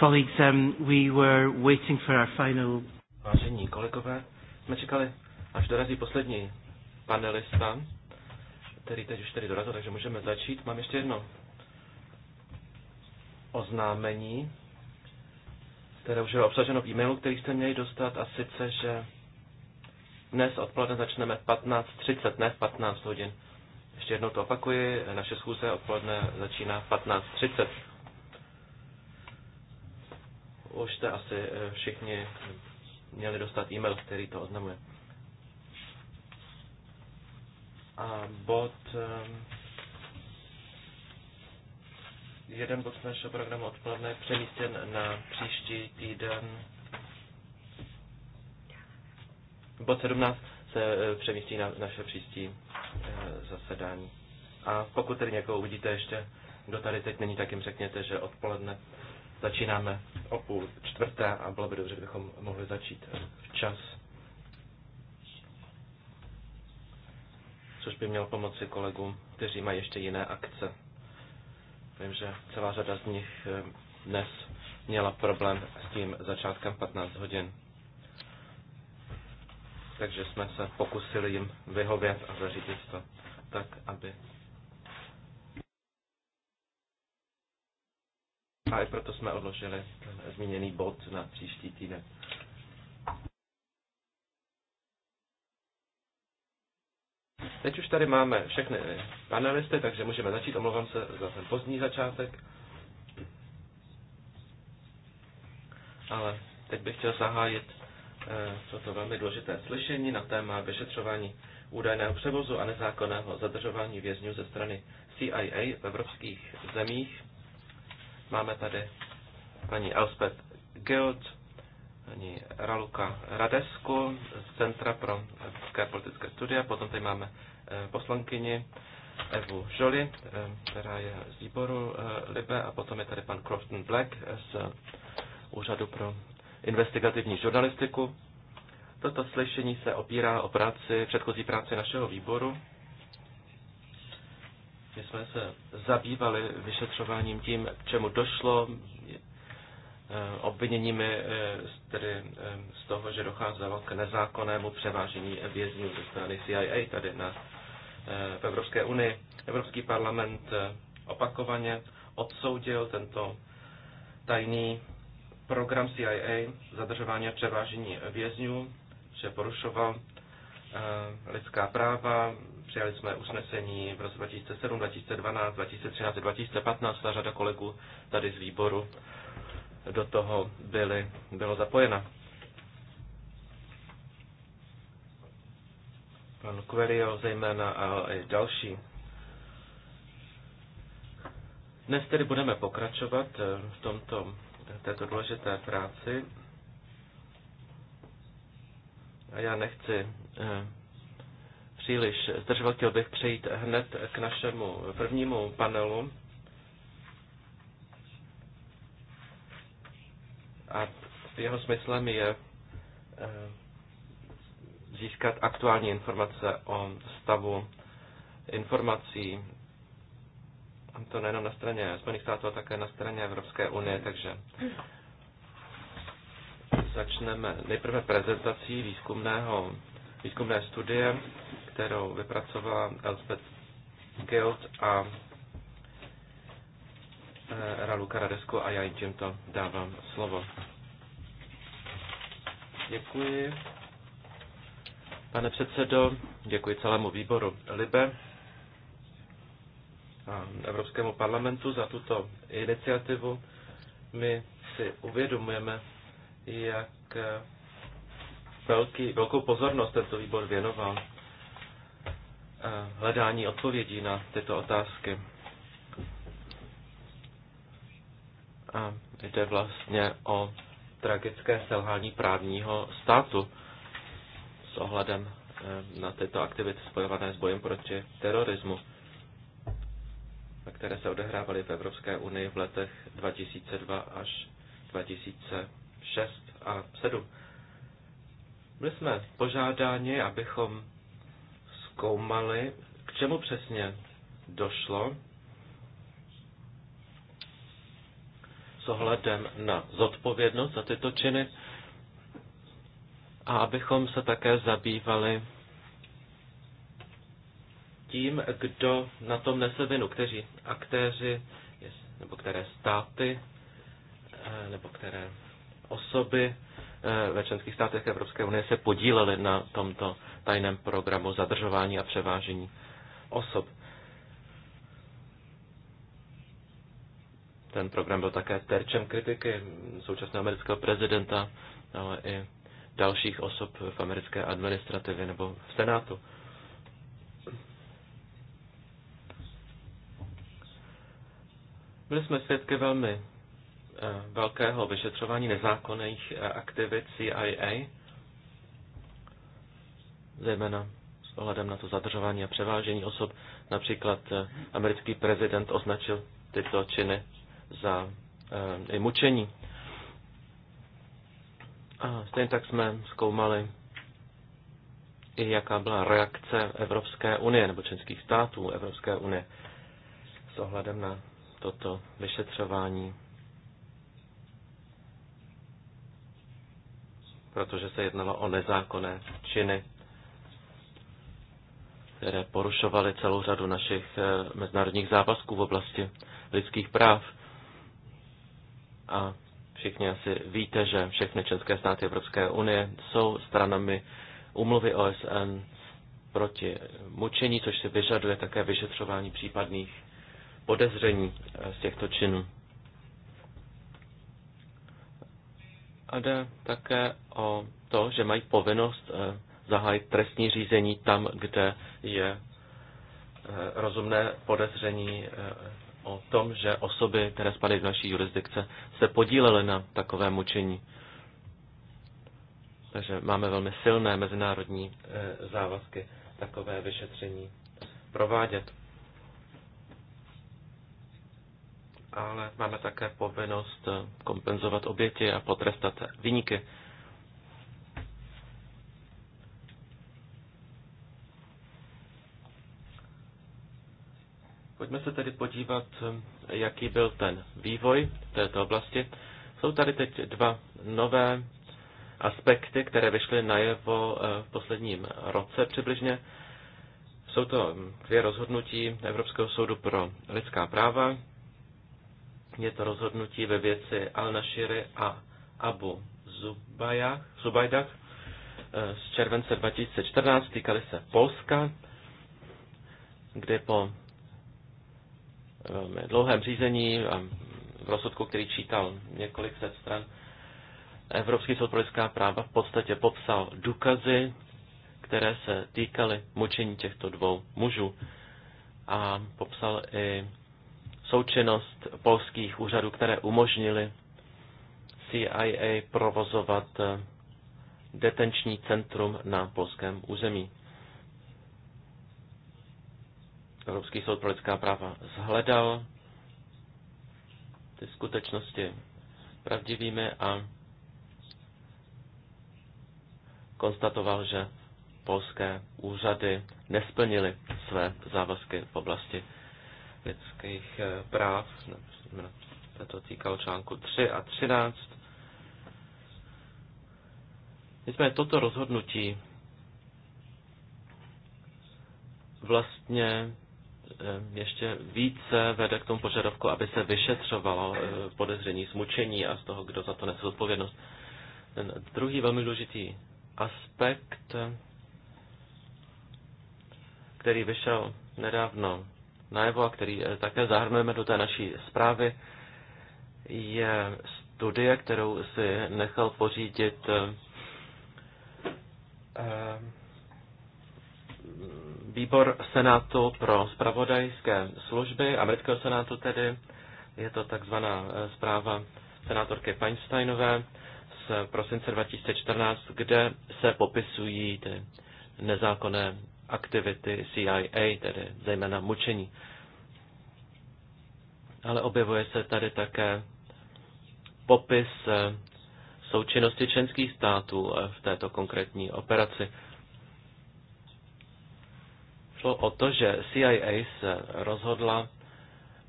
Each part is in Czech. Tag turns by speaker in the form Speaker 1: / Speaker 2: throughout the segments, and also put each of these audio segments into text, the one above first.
Speaker 1: Colleagues, um, we were waiting for our final...
Speaker 2: Vážení kolegové, jsme čekali, až dorazí poslední panelista, který teď už tady dorazil, takže můžeme začít. Mám ještě jedno oznámení, které už je obsaženo v e-mailu, který jste měli dostat, a sice, že dnes odpoledne začneme v 15.30, ne v 15 hodin. Ještě jednou to opakuji, naše schůze odpoledne začíná v 15.30. Už jste asi eh, všichni měli dostat e-mail, který to oznamuje. A bod eh, jeden bod našeho programu odpoledne je přemístěn na
Speaker 1: příští týden.
Speaker 2: Bod 17 se eh, přemístí na naše příští zasedání. A pokud tedy někoho uvidíte ještě, kdo tady teď není, tak jim řekněte, že odpoledne Začínáme o půl čtvrté a bylo by dobře, kdybychom mohli začít včas. Což by mělo pomoci kolegům, kteří mají ještě jiné akce. Vím, že celá řada z nich eh, dnes měla problém s tím začátkem 15 hodin. Takže jsme se pokusili jim vyhovět a zařídit to tak, aby A i proto jsme odložili zmíněný bod na příští týden. Teď už tady máme všechny panelisty, takže můžeme začít. Omlouvám se za ten pozdní začátek. Ale teď bych chtěl zahájit eh, toto velmi důležité slyšení na téma vyšetřování údajného převozu a nezákonného zadržování vězňů ze strany CIA v evropských zemích. Máme tady paní Elspeth Gild, paní Raluka Radesku z Centra pro evropské politické studia, potom tady máme eh, poslankyni Evu Žoli, eh, která je z výboru eh, Libe, a potom je tady pan Crofton Black z Úřadu pro investigativní žurnalistiku. Toto slyšení se opírá o práci, předchozí práci našeho výboru my jsme se zabývali vyšetřováním tím, k čemu došlo, e, obviněními e, tedy e, z toho, že docházelo k nezákonnému převážení vězňů ze strany CIA tady na, v Evropské unii. Evropský parlament opakovaně odsoudil tento tajný program CIA zadržování a převážení vězňů, že porušoval lidská práva, Přijali jsme usnesení v roce 2007, 2012, 2013 a 2015. a řada kolegů tady z výboru do toho byly, bylo zapojena. Pan Querio zejména a i další. Dnes tedy budeme pokračovat eh, v tomto, této důležité práci. A já nechci eh, příliš zdržoval, chtěl bych přejít hned k našemu prvnímu panelu. A jeho smyslem je eh, získat aktuální informace o stavu informací. To nejenom na straně Spojených států, ale také na straně Evropské unie, takže začneme nejprve prezentací výzkumného výzkumné studie, kterou vypracovala Elspeth Guild a eh, Ralu Karadesku a já jim tímto dávám slovo. Děkuji. Pane předsedo, děkuji celému výboru LIBE a Evropskému parlamentu za tuto iniciativu. My si uvědomujeme, jak eh, velký, velkou pozornost tento výbor věnoval eh, hledání odpovědí na tyto otázky. A jde vlastně o tragické selhání právního státu s ohledem eh, na tyto aktivity spojované s bojem proti terorismu, které se odehrávaly v Evropské unii v letech 2002 až 2006 a 2007. My jsme požádáni, abychom zkoumali, k čemu přesně došlo s ohledem na zodpovědnost za tyto činy a abychom se také zabývali tím, kdo na tom nese vinu, kteří aktéři, nebo které státy, eh, nebo které osoby Eh, ve členských státech Evropské unie se podíleli na tomto tajném programu zadržování a převážení osob. Ten program byl také terčem kritiky současného amerického prezidenta, ale i dalších osob v americké administrativě nebo v Senátu. Byli jsme svědky velmi Eh, velkého vyšetřování nezákonných eh, aktivit CIA, zejména s ohledem na to zadržování a převážení osob. Například eh, americký prezident označil tyto činy za i mučení. A stejně tak jsme zkoumali i jaká byla reakce Evropské unie nebo členských států Evropské unie s ohledem na toto vyšetřování protože se jednalo o nezákonné činy, které porušovaly celou řadu našich eh, mezinárodních závazků v oblasti lidských práv. A všichni asi víte, že všechny členské státy Evropské unie jsou stranami umluvy OSN proti mučení, což si vyžaduje také vyšetřování případných podezření eh, z těchto činů. A jde také o to, že mají povinnost eh, zahájit trestní řízení tam, kde je eh, rozumné podezření eh, o tom, že osoby, které spadají do naší jurisdikce, se podílely na takovém mučení. Takže máme velmi silné mezinárodní závazky takové vyšetření provádět. ale máme také povinnost eh, kompenzovat oběti a potrestat vyníky. Pojďme se tedy podívat, eh, jaký byl ten vývoj v této oblasti. Jsou tady teď dva nové aspekty, které vyšly najevo eh, v posledním roce přibližně. Jsou to hm, dvě rozhodnutí Evropského soudu pro lidská práva, je to rozhodnutí ve věci al a Abu Zubajdach eh, z července 2014, týkali se Polska, kde po eh, velmi dlouhém řízení a v rozsudku, který čítal několik set stran, Evropský soud pro lidská práva v podstatě popsal důkazy, které se týkaly mučení těchto dvou mužů a popsal i součinnost polských úřadů, které umožnili CIA provozovat eh, detenční centrum na polském území. Evropský soud pro lidská práva zhledal ty skutečnosti pravdivými a konstatoval, že polské úřady nesplnily své závazky v oblasti lidských eh, práv, se to týkal článku 3 a 13. Nicméně toto rozhodnutí vlastně eh, ještě více vede k tomu požadavku, aby se vyšetřovalo eh, podezření zmučení a z toho, kdo za to nese odpovědnost. Ten druhý velmi důležitý aspekt, který vyšel nedávno najevo a který eh, také zahrnujeme do té naší zprávy, je studie, kterou si nechal pořídit eh, eh, výbor Senátu pro spravodajské služby, amerického senátu tedy, je to takzvaná zpráva senátorky Feinsteinové z prosince 2014, kde se popisují ty nezákonné aktivity CIA, tedy zejména mučení. Ale objevuje se tady také popis eh, součinnosti členských států eh, v této konkrétní operaci. Šlo o to, že CIA se rozhodla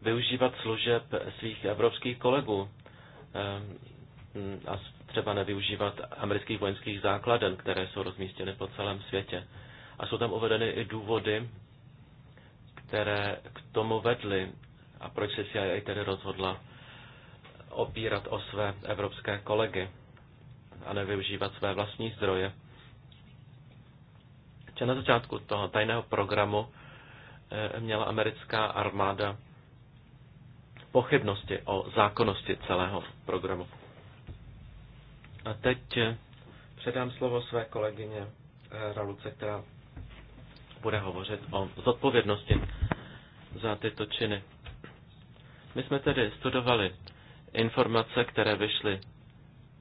Speaker 2: využívat služeb svých evropských kolegů eh, a třeba nevyužívat amerických vojenských základen, které jsou rozmístěny po celém světě a jsou tam uvedeny i důvody, které k tomu vedly a proč se CIA tedy rozhodla opírat o své evropské kolegy a nevyužívat své vlastní zdroje. Če na začátku toho tajného programu eh, měla americká armáda pochybnosti o zákonnosti celého programu. A teď eh, předám slovo své kolegyně eh, Raluce, která bude hovořit o zodpovědnosti za tyto činy. My jsme tedy studovali informace, které vyšly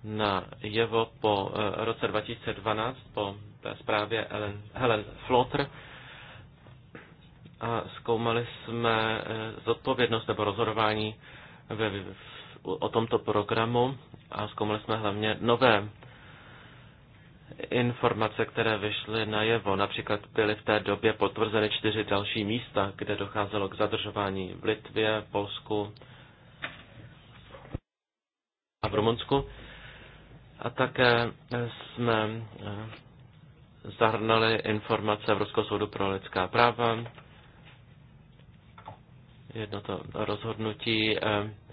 Speaker 2: na jevo po eh, roce 2012, po té zprávě Helen, Helen Flotter, a zkoumali jsme eh, zodpovědnost nebo rozhodování ve, v, o tomto programu a zkoumali jsme hlavně nové informace, které vyšly najevo. Například byly v té době potvrzeny čtyři další místa, kde docházelo k zadržování v Litvě, Polsku a v Rumunsku. A také jsme eh, zahrnuli informace Ruskou soudu pro lidská práva. Jedno to rozhodnutí eh,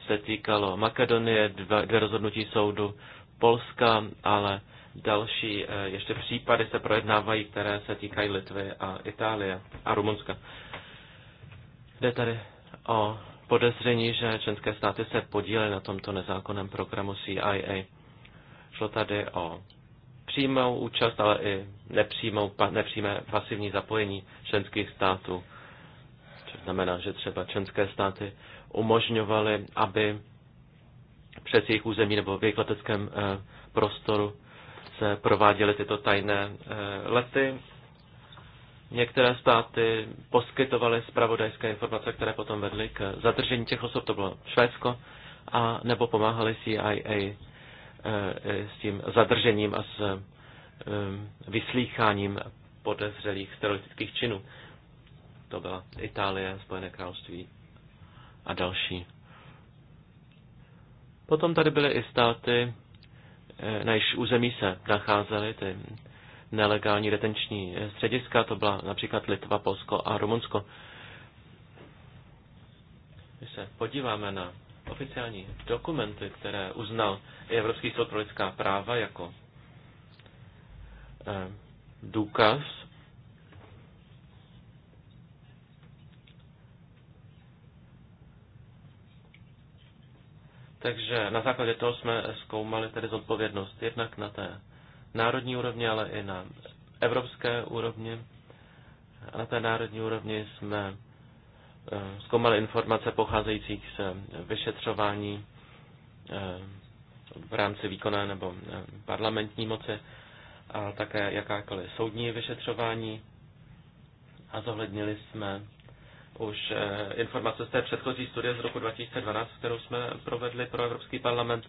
Speaker 2: se týkalo Makedonie, dva, dvě rozhodnutí soudu Polska, ale Další eh, ještě případy se projednávají, které se týkají Litvy a Itálie a Rumunska. Jde tady o podezření, že členské státy se podílely na tomto nezákonném programu CIA. Šlo tady o přímou účast, ale i nepřímou, nepřímé pasivní zapojení členských států. Což znamená, že třeba členské státy umožňovaly, aby přes jejich území nebo v jejich leteckém eh, prostoru se prováděly tyto tajné eh, lety. Některé státy poskytovaly zpravodajské informace, které potom vedly k zadržení těch osob, to bylo Švédsko, a nebo pomáhali CIA eh, eh, s tím zadržením a s vyslýcháním podezřelých teroristických činů. To byla Itálie, Spojené království a další. Potom tady byly i státy, Eh, na již území se nacházely ty nelegální detenční střediska, to byla například Litva, Polsko a Rumunsko. Když se podíváme na oficiální dokumenty, které uznal i Evropský soud pro lidská práva jako eh, důkaz Takže na základě toho jsme zkoumali tedy zodpovědnost jednak na té národní úrovni, ale i na evropské úrovni. A na té národní úrovni jsme eh, zkoumali informace pocházejících z vyšetřování eh, v rámci výkonné nebo eh, parlamentní moci a také jakákoliv soudní vyšetřování. A zohlednili jsme už eh, informace z té předchozí studie z roku 2012, kterou jsme provedli pro Evropský parlament.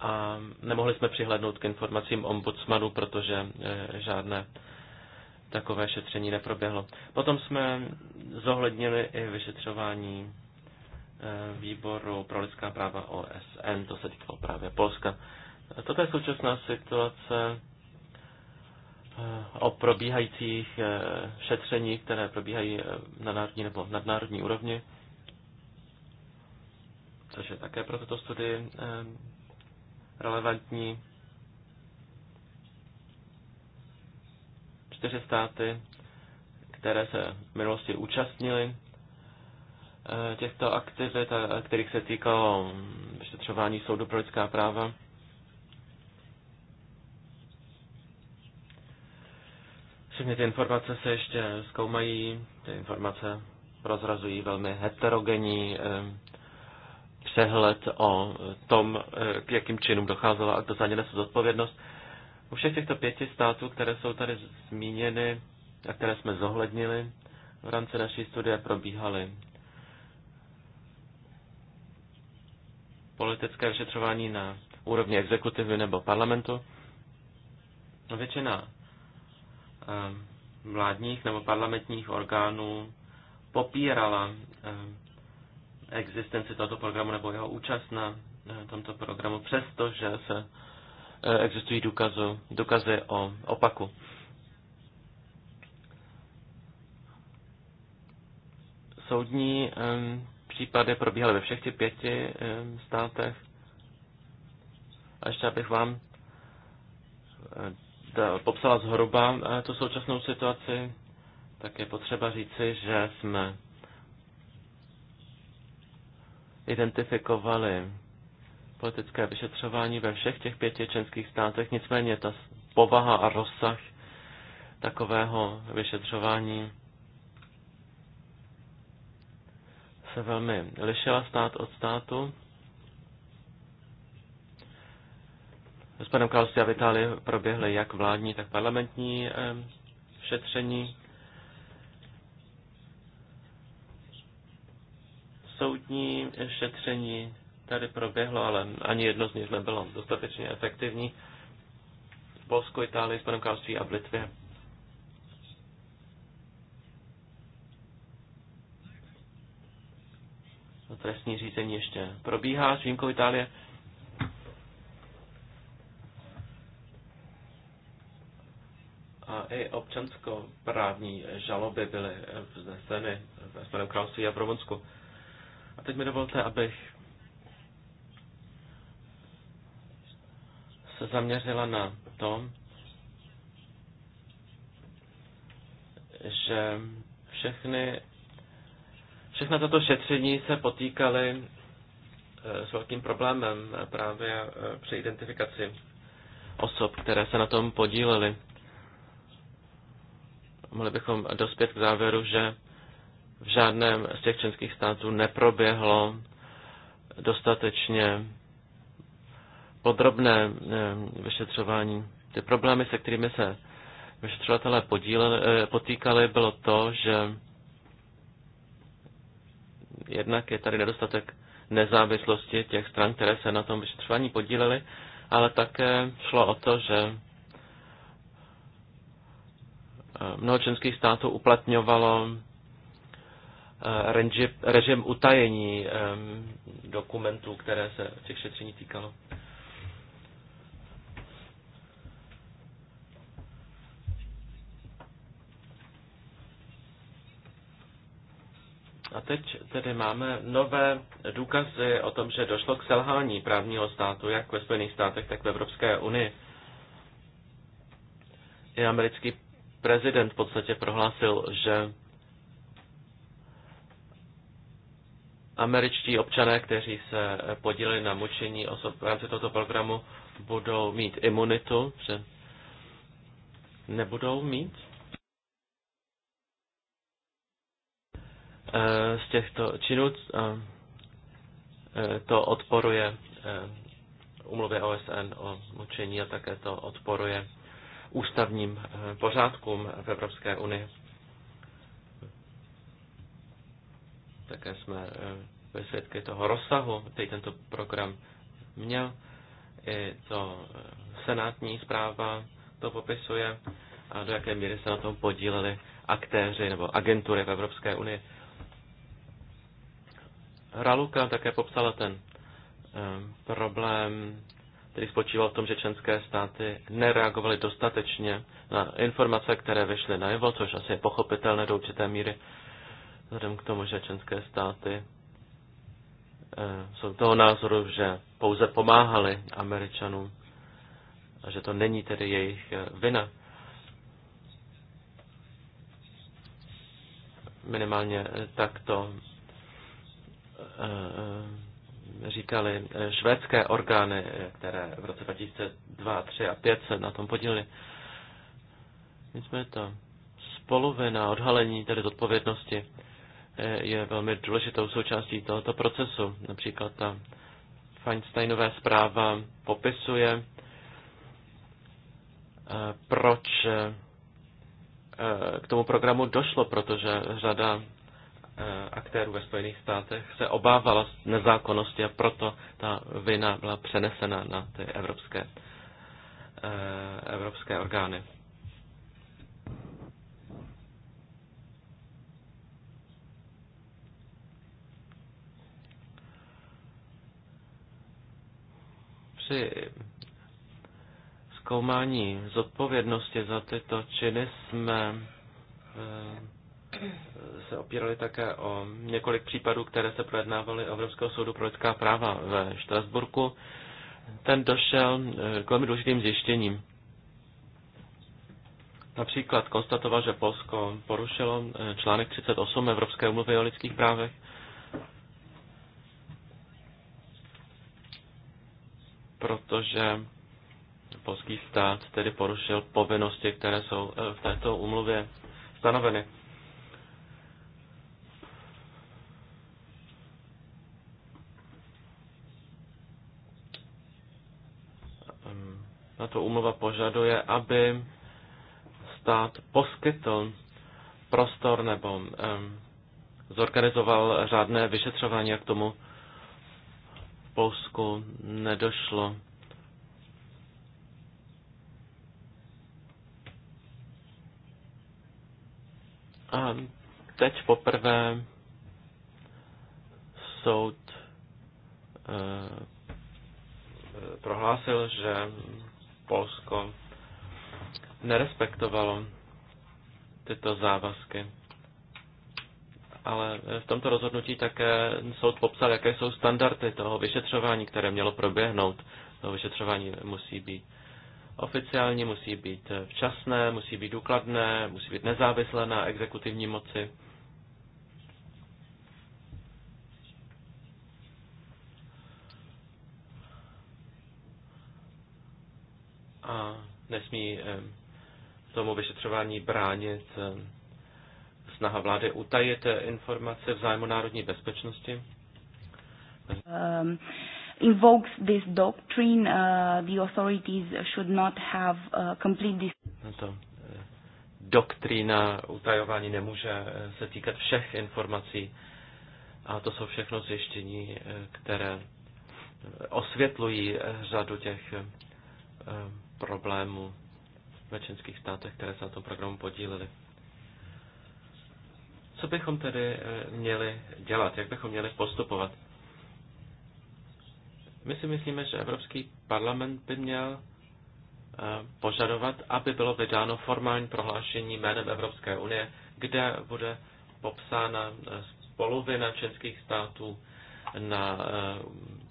Speaker 2: A nemohli jsme přihlednout k informacím ombudsmanu, protože eh, žádné takové šetření neproběhlo. Potom jsme zohlednili i vyšetřování eh, výboru pro lidská práva OSN, to se týkalo právě Polska. Toto je současná situace o probíhajících eh, šetření, které probíhají eh, na národní nebo nadnárodní úrovni, což je také pro tuto studii eh, relevantní. Čtyři státy, které se v minulosti účastnily těchto aktivit, kterých se týkalo vyšetřování soudu pro lidská práva, Všechny ty informace se ještě zkoumají, ty informace prozrazují velmi heterogenní eh, přehled o tom, eh, k jakým činům docházelo a kdo za ně nese zodpovědnost. U všech těchto pěti států, které jsou tady zmíněny a které jsme zohlednili, v rámci naší studie probíhaly politické vyšetřování na úrovni exekutivy nebo parlamentu. Většina Eh, vládních nebo parlamentních orgánů popírala eh, existenci tohoto programu nebo jeho účast na eh, tomto programu, přestože se existují důkazu, důkazy o opaku. Soudní případy probíhaly ve všech těch pěti státech. A ještě abych vám Eh, popsala zhruba eh, tu současnou situaci, tak je potřeba říci, že jsme identifikovali politické vyšetřování ve všech těch pěti členských státech, nicméně ta povaha a rozsah takového vyšetřování se velmi lišila stát od státu. ve Spojeném království a v Itálii proběhly jak vládní, tak parlamentní šetření. Soudní šetření tady proběhlo, ale ani jedno z nich nebylo dostatečně efektivní. V Polsku, Itálii, Spojeném království a v Litvě. trestní řízení ještě probíhá s výjimkou Itálie. a i občanskoprávní žaloby byly vzneseny ve Spojeném království a v Rumunsku. A teď mi dovolte, abych se zaměřila na to, že všechny, všechna tato šetření se potýkaly eh, s velkým problémem právě eh, při identifikaci osob, které se na tom podílely mohli bychom dospět k závěru, že v žádném z těch členských států neproběhlo dostatečně podrobné eh, vyšetřování. Ty problémy, se kterými se vyšetřovatelé eh, potýkali, bylo to, že jednak je tady nedostatek nezávislosti těch stran, které se na tom vyšetřování podílely, ale také šlo o to, že Eh, mnoho členských států uplatňovalo eh, režim utajení eh, dokumentů, které se těch šetření týkalo. A teď tedy máme nové důkazy o tom, že došlo k selhání právního státu, jak ve Spojených státech, tak v Evropské unii. I americký prezident v podstatě prohlásil, že američtí občané, kteří se podíleli na mučení osob v rámci tohoto programu, budou mít imunitu, že nebudou mít eh, z těchto činů. Eh, to odporuje eh, umluvě OSN o mučení a také to odporuje ústavním eh, pořádkům v Evropské unii. Také jsme eh, ve svědky toho rozsahu, který tento program měl. I to eh, senátní zpráva to popisuje a do jaké míry se na tom podíleli aktéři nebo agentury v Evropské unii. Raluka také popsala ten problém který spočíval v tom, že členské státy nereagovaly dostatečně na informace, které vyšly jevo, což asi je pochopitelné do určité míry, vzhledem k tomu, že členské státy eh, jsou toho názoru, že pouze pomáhali Američanům a že to není tedy jejich eh, vina. Minimálně eh, takto říkali eh, švédské orgány, eh, které v roce 2002, 2003 a 2005 se na tom podílili. Nicméně to spoluvina odhalení tedy odpovědnosti eh, je velmi důležitou součástí tohoto procesu. Například ta Feinsteinová zpráva popisuje, proč k tomu programu došlo, protože řada Eh, aktérů ve Spojených státech se obávala nezákonnosti a proto ta vina byla přenesena na ty evropské, eh, evropské orgány. Při zkoumání zodpovědnosti za tyto činy jsme eh, se opírali také o několik případů, které se projednávaly Evropského soudu pro lidská práva ve Štrasburku. Ten došel eh, k velmi důležitým zjištěním. Například konstatoval, že Polsko porušilo eh, článek 38 Evropské umluvy o lidských právech, protože polský stát tedy porušil povinnosti, které jsou eh, v této umluvě stanoveny. na to umluva požaduje, aby stát poskytl prostor nebo um, zorganizoval řádné vyšetřování, jak tomu v Polsku nedošlo. A teď poprvé soud uh, prohlásil, že Polsko nerespektovalo tyto závazky. Ale v tomto rozhodnutí také soud popsal, jaké jsou standardy toho vyšetřování, které mělo proběhnout. To vyšetřování musí být oficiální, musí být včasné, musí být důkladné, musí být nezávislé na exekutivní moci. a nesmí eh, tomu vyšetřování bránit eh, snaha vlády utajit eh, informace v zájmu národní bezpečnosti.
Speaker 3: Um, invokes this doctrine, uh, the authorities should not have uh, complete this.
Speaker 2: No to doktrína utajování nemůže se týkat všech informací a to jsou všechno zjištění, které osvětlují řadu těch problémů ve členských státech, které se na tom programu podílely. Co bychom tedy eh, měli dělat? Jak bychom měli postupovat? My si myslíme, že Evropský parlament by měl eh, požadovat, aby bylo vydáno formální prohlášení jménem Evropské unie, kde bude popsána eh, spoluvina členských států na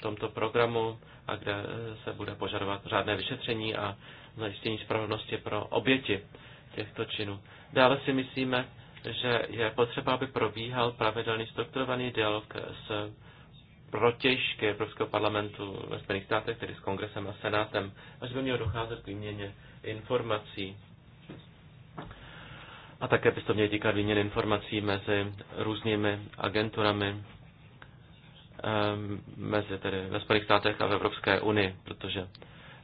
Speaker 2: tomto programu a kde eh, se bude požadovat řádné vyšetření a zajištění spravedlnosti pro oběti těchto činů. Dále si myslíme, že je potřeba, aby probíhal pravidelný strukturovaný dialog s protěžky Evropského parlamentu ve Spojených státech, tedy s kongresem a senátem, až by mělo docházet k výměně informací. A také by se to měl týkat výměny informací mezi různými agenturami Eh, mezi tedy ve Spojených státech a v Evropské unii, protože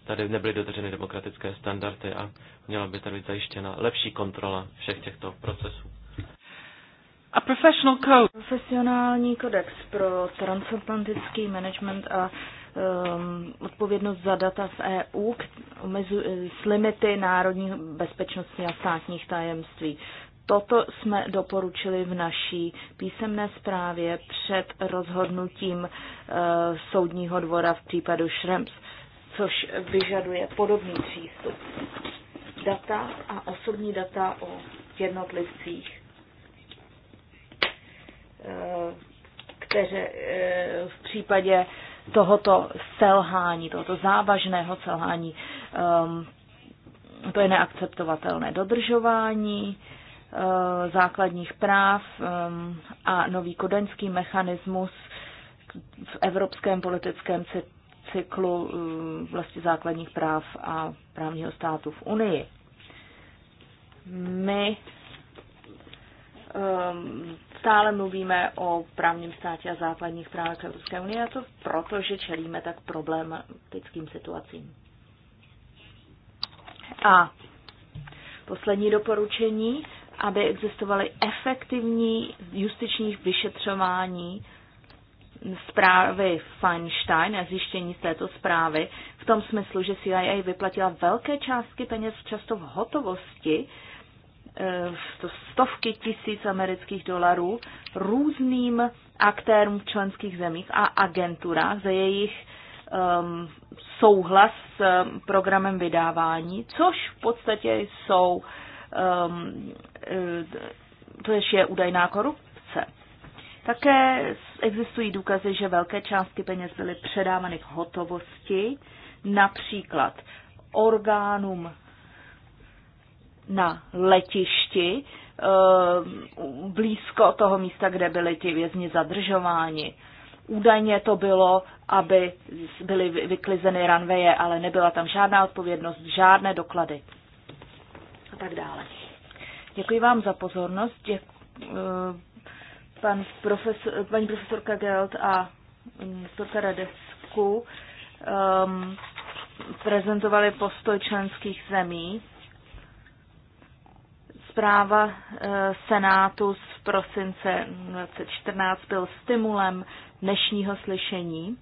Speaker 2: tady nebyly dodrženy demokratické standardy a měla by tady být zajištěna lepší kontrola všech těchto procesů.
Speaker 3: A professional code. Profesionální kodex pro transatlantický management a um, odpovědnost za data v EU k, omezu, s limity národní bezpečnosti a státních tajemství. Toto jsme doporučili v naší písemné zprávě před rozhodnutím e, soudního dvora v případu Šrems, což vyžaduje podobný přístup. Data a osobní data o jednotlivcích, eh, které eh, v případě tohoto selhání, tohoto závažného selhání, ehm, to je neakceptovatelné dodržování, Eh, základních práv eh, a nový kodaňský mechanismus v evropském politickém cyklu eh, vlastně základních práv a právního státu v Unii. My stále mluvíme o právním státě a základních právech Evropské unie a to proto, že čelíme tak problematickým situacím. A poslední doporučení aby existovaly efektivní justiční vyšetřování zprávy Feinstein a zjištění z této zprávy v tom smyslu, že CIA vyplatila velké částky peněz často v hotovosti, e, to stovky tisíc amerických dolarů různým aktérům v členských zemích a agenturách za jejich um, souhlas s programem vydávání, což v podstatě jsou uh, um, e, to je údajná korupce. Také existují důkazy, že velké částky peněz byly předávány v hotovosti, například orgánům na letišti um, blízko toho místa, kde byli ti vězni zadržováni. Údajně to bylo, aby byly vyklizeny ranveje, ale nebyla tam žádná odpovědnost, žádné doklady tak dále. Děkuji vám za pozornost. Děk, eh, pan profesor, paní profesorka Geld a profesorka Radesku um, prezentovali postoj členských zemí. Zpráva uh, Senátu z prosince 2014 byl stimulem dnešního slyšení.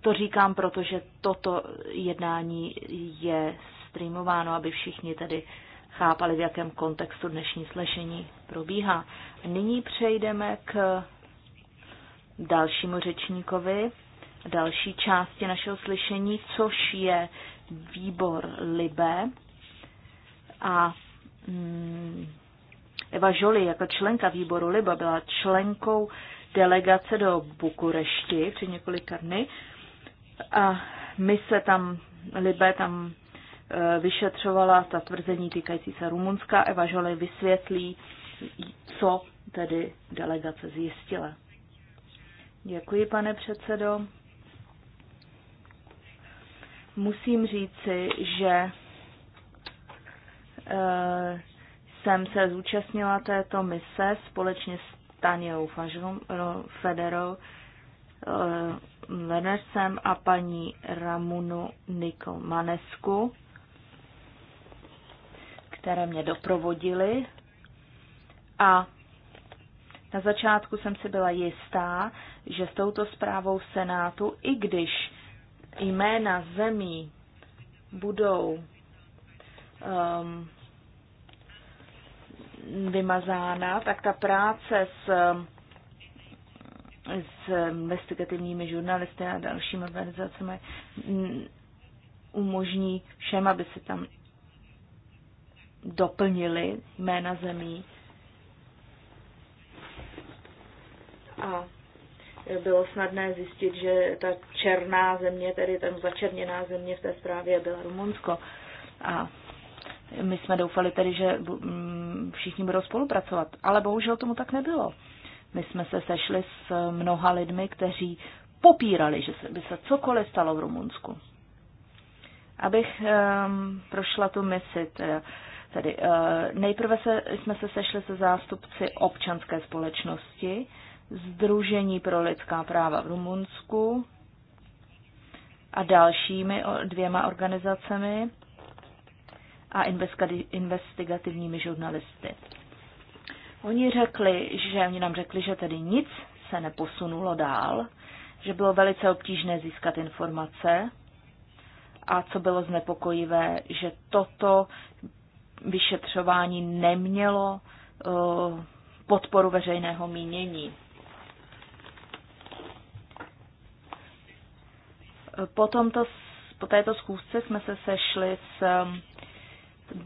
Speaker 3: To říkám, protože toto jednání je streamováno, aby všichni tedy chápali, v jakém kontextu dnešní slyšení probíhá. Nyní přejdeme k dalšímu řečníkovi, další části našeho slyšení, což je výbor Libe. A mm, Eva Žoli jako členka výboru Liba byla členkou delegace do Bukurešti před několika dny. A my se tam, Libe tam Eh, vyšetřovala ta tvrzení týkající se Rumunska. Eva Žoli vysvětlí, co tedy delegace zjistila. Děkuji, pane předsedo. Musím říci, že eh, jsem se zúčastnila této mise společně s Tanějou eh, Federou, Lenersem a paní Ramunu Nikol Manesku které mě doprovodily. A na začátku jsem si byla jistá, že s touto zprávou Senátu, i když jména zemí budou um, vymazána, tak ta práce s, s investigativními žurnalisty a dalšími organizacemi umožní všem, aby se tam doplnili jména zemí. A bylo snadné zjistit, že ta černá země, tedy tam začerněná země v té zprávě byla Rumunsko. A my jsme doufali tedy, že mm, všichni budou spolupracovat, ale bohužel tomu tak nebylo. My jsme se sešli s mnoha lidmi, kteří popírali, že by se cokoliv stalo v Rumunsku. Abych um, prošla tu misi, teda, Tedy eh, nejprve se, jsme se sešli se zástupci občanské společnosti, Združení pro lidská práva v Rumunsku a dalšími dvěma organizacemi a investigativními žurnalisty. Oni řekli, že oni nám řekli, že tedy nic se neposunulo dál, že bylo velice obtížné získat informace a co bylo znepokojivé, že toto vyšetřování nemělo eh, podporu veřejného mínění. Po, tomto, po této schůzce jsme se sešli s eh,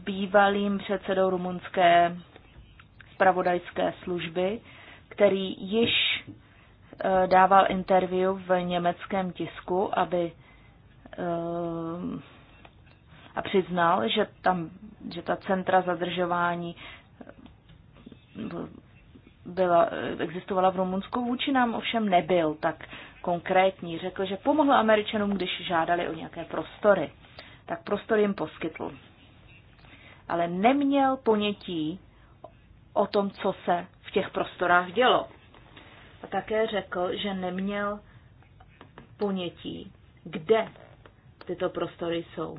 Speaker 3: bývalým předsedou rumunské spravodajské služby, který již eh, dával interview v německém tisku, aby a přiznal, že, tam, že ta centra zadržování eh, byla, existovala v Rumunsku, vůči nám ovšem nebyl tak konkrétní. Řekl, že pomohl Američanům, když žádali o nějaké prostory. Tak prostor jim poskytl. Ale neměl ponětí o tom, co se v těch prostorách dělo. A také řekl, že neměl ponětí, kde tyto prostory jsou.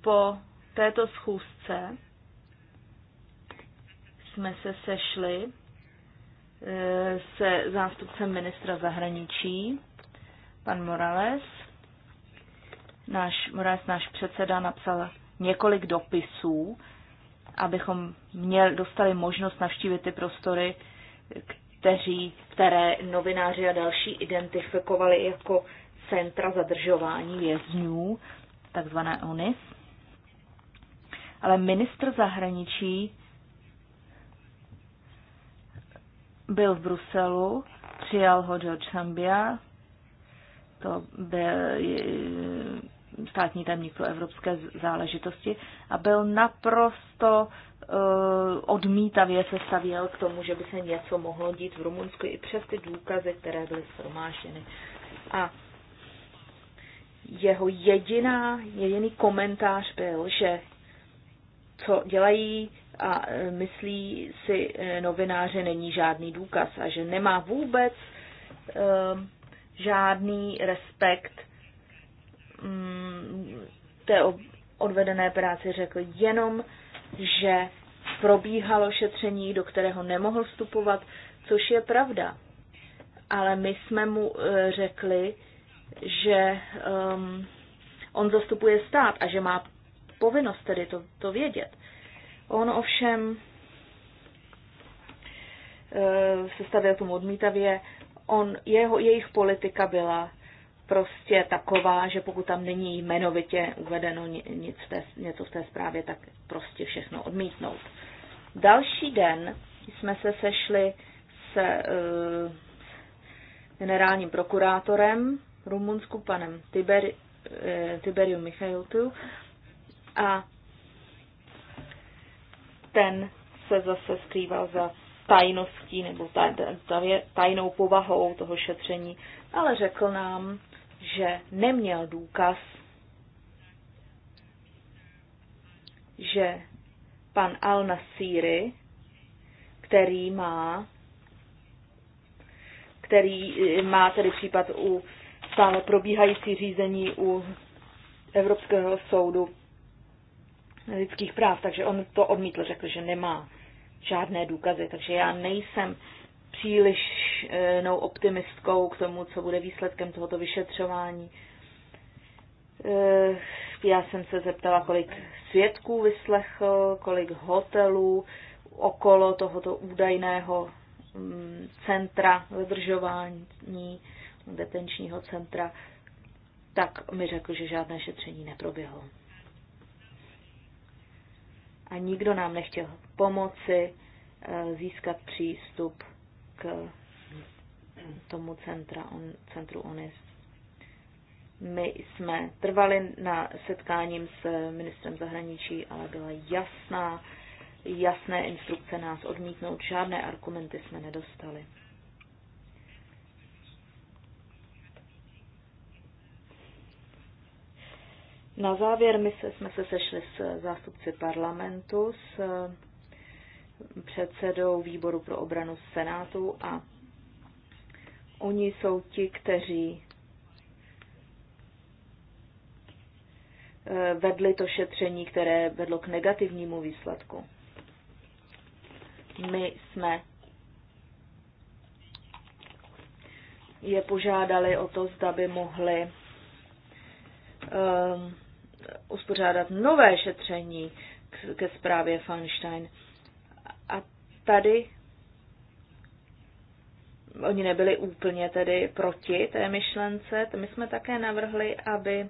Speaker 3: po této schůzce jsme se sešli e, se zástupcem ministra zahraničí, pan Morales. Náš, Morales, náš předseda, napsal několik dopisů, abychom měl, dostali možnost navštívit ty prostory, kteří, které novináři a další identifikovali jako centra zadržování vězňů, takzvané UNIS ale ministr zahraničí byl v Bruselu, přijal ho George Sambia, to byl státní tajemník pro evropské záležitosti a byl naprosto uh, odmítavě se stavěl k tomu, že by se něco mohlo dít v Rumunsku i přes ty důkazy, které byly shromážděny. A jeho jediná, jediný komentář byl, že co dělají a e, myslí si e, novináře, není žádný důkaz a že nemá vůbec e, žádný respekt mm, té odvedené práci řekl jenom, že probíhalo šetření, do kterého nemohl vstupovat, což je pravda. Ale my jsme mu řekli, že um, on zastupuje stát a že má povinnost tedy to, to vědět. On ovšem eh, se stavil tomu odmítavě. On, jeho, jejich politika byla prostě taková, že pokud tam není jmenovitě uvedeno nic v té, něco v té zprávě, tak prostě všechno odmítnout. Další den jsme se sešli s e, generálním prokurátorem Rumunsku, panem Tiber, e, eh, Tiberiu Michailtu, a ten se zase skrýval za tajností nebo tajnou povahou toho šetření, ale řekl nám, že neměl důkaz, že pan Al-Nasiri, který má který má tedy případ u stále probíhající řízení u Evropského soudu lidských práv, takže on to odmítl, řekl, že nemá žádné důkazy, takže já nejsem příliš eh, no, optimistkou k tomu, co bude výsledkem tohoto vyšetřování. Eh, já jsem se zeptala, kolik svědků vyslechl, kolik hotelů okolo tohoto údajného mm, centra zadržování, detenčního centra, tak mi řekl, že žádné šetření neproběhlo a nikdo nám nechtěl pomoci eh, získat přístup k tomu centra, on, centru ONIS. My jsme trvali na setkáním s ministrem zahraničí, ale byla jasná, jasné instrukce nás odmítnout, žádné argumenty jsme nedostali. Na závěr my se, jsme se sešli s eh, zástupci parlamentu, s eh, předsedou výboru pro obranu Senátu a oni jsou ti, kteří eh, vedli to šetření, které vedlo k negativnímu výsledku. My jsme je požádali o to, zda by mohli um, uspořádat nové šetření k, ke zprávě Feinstein. A tady oni nebyli úplně tedy proti té myšlence. My jsme také navrhli, aby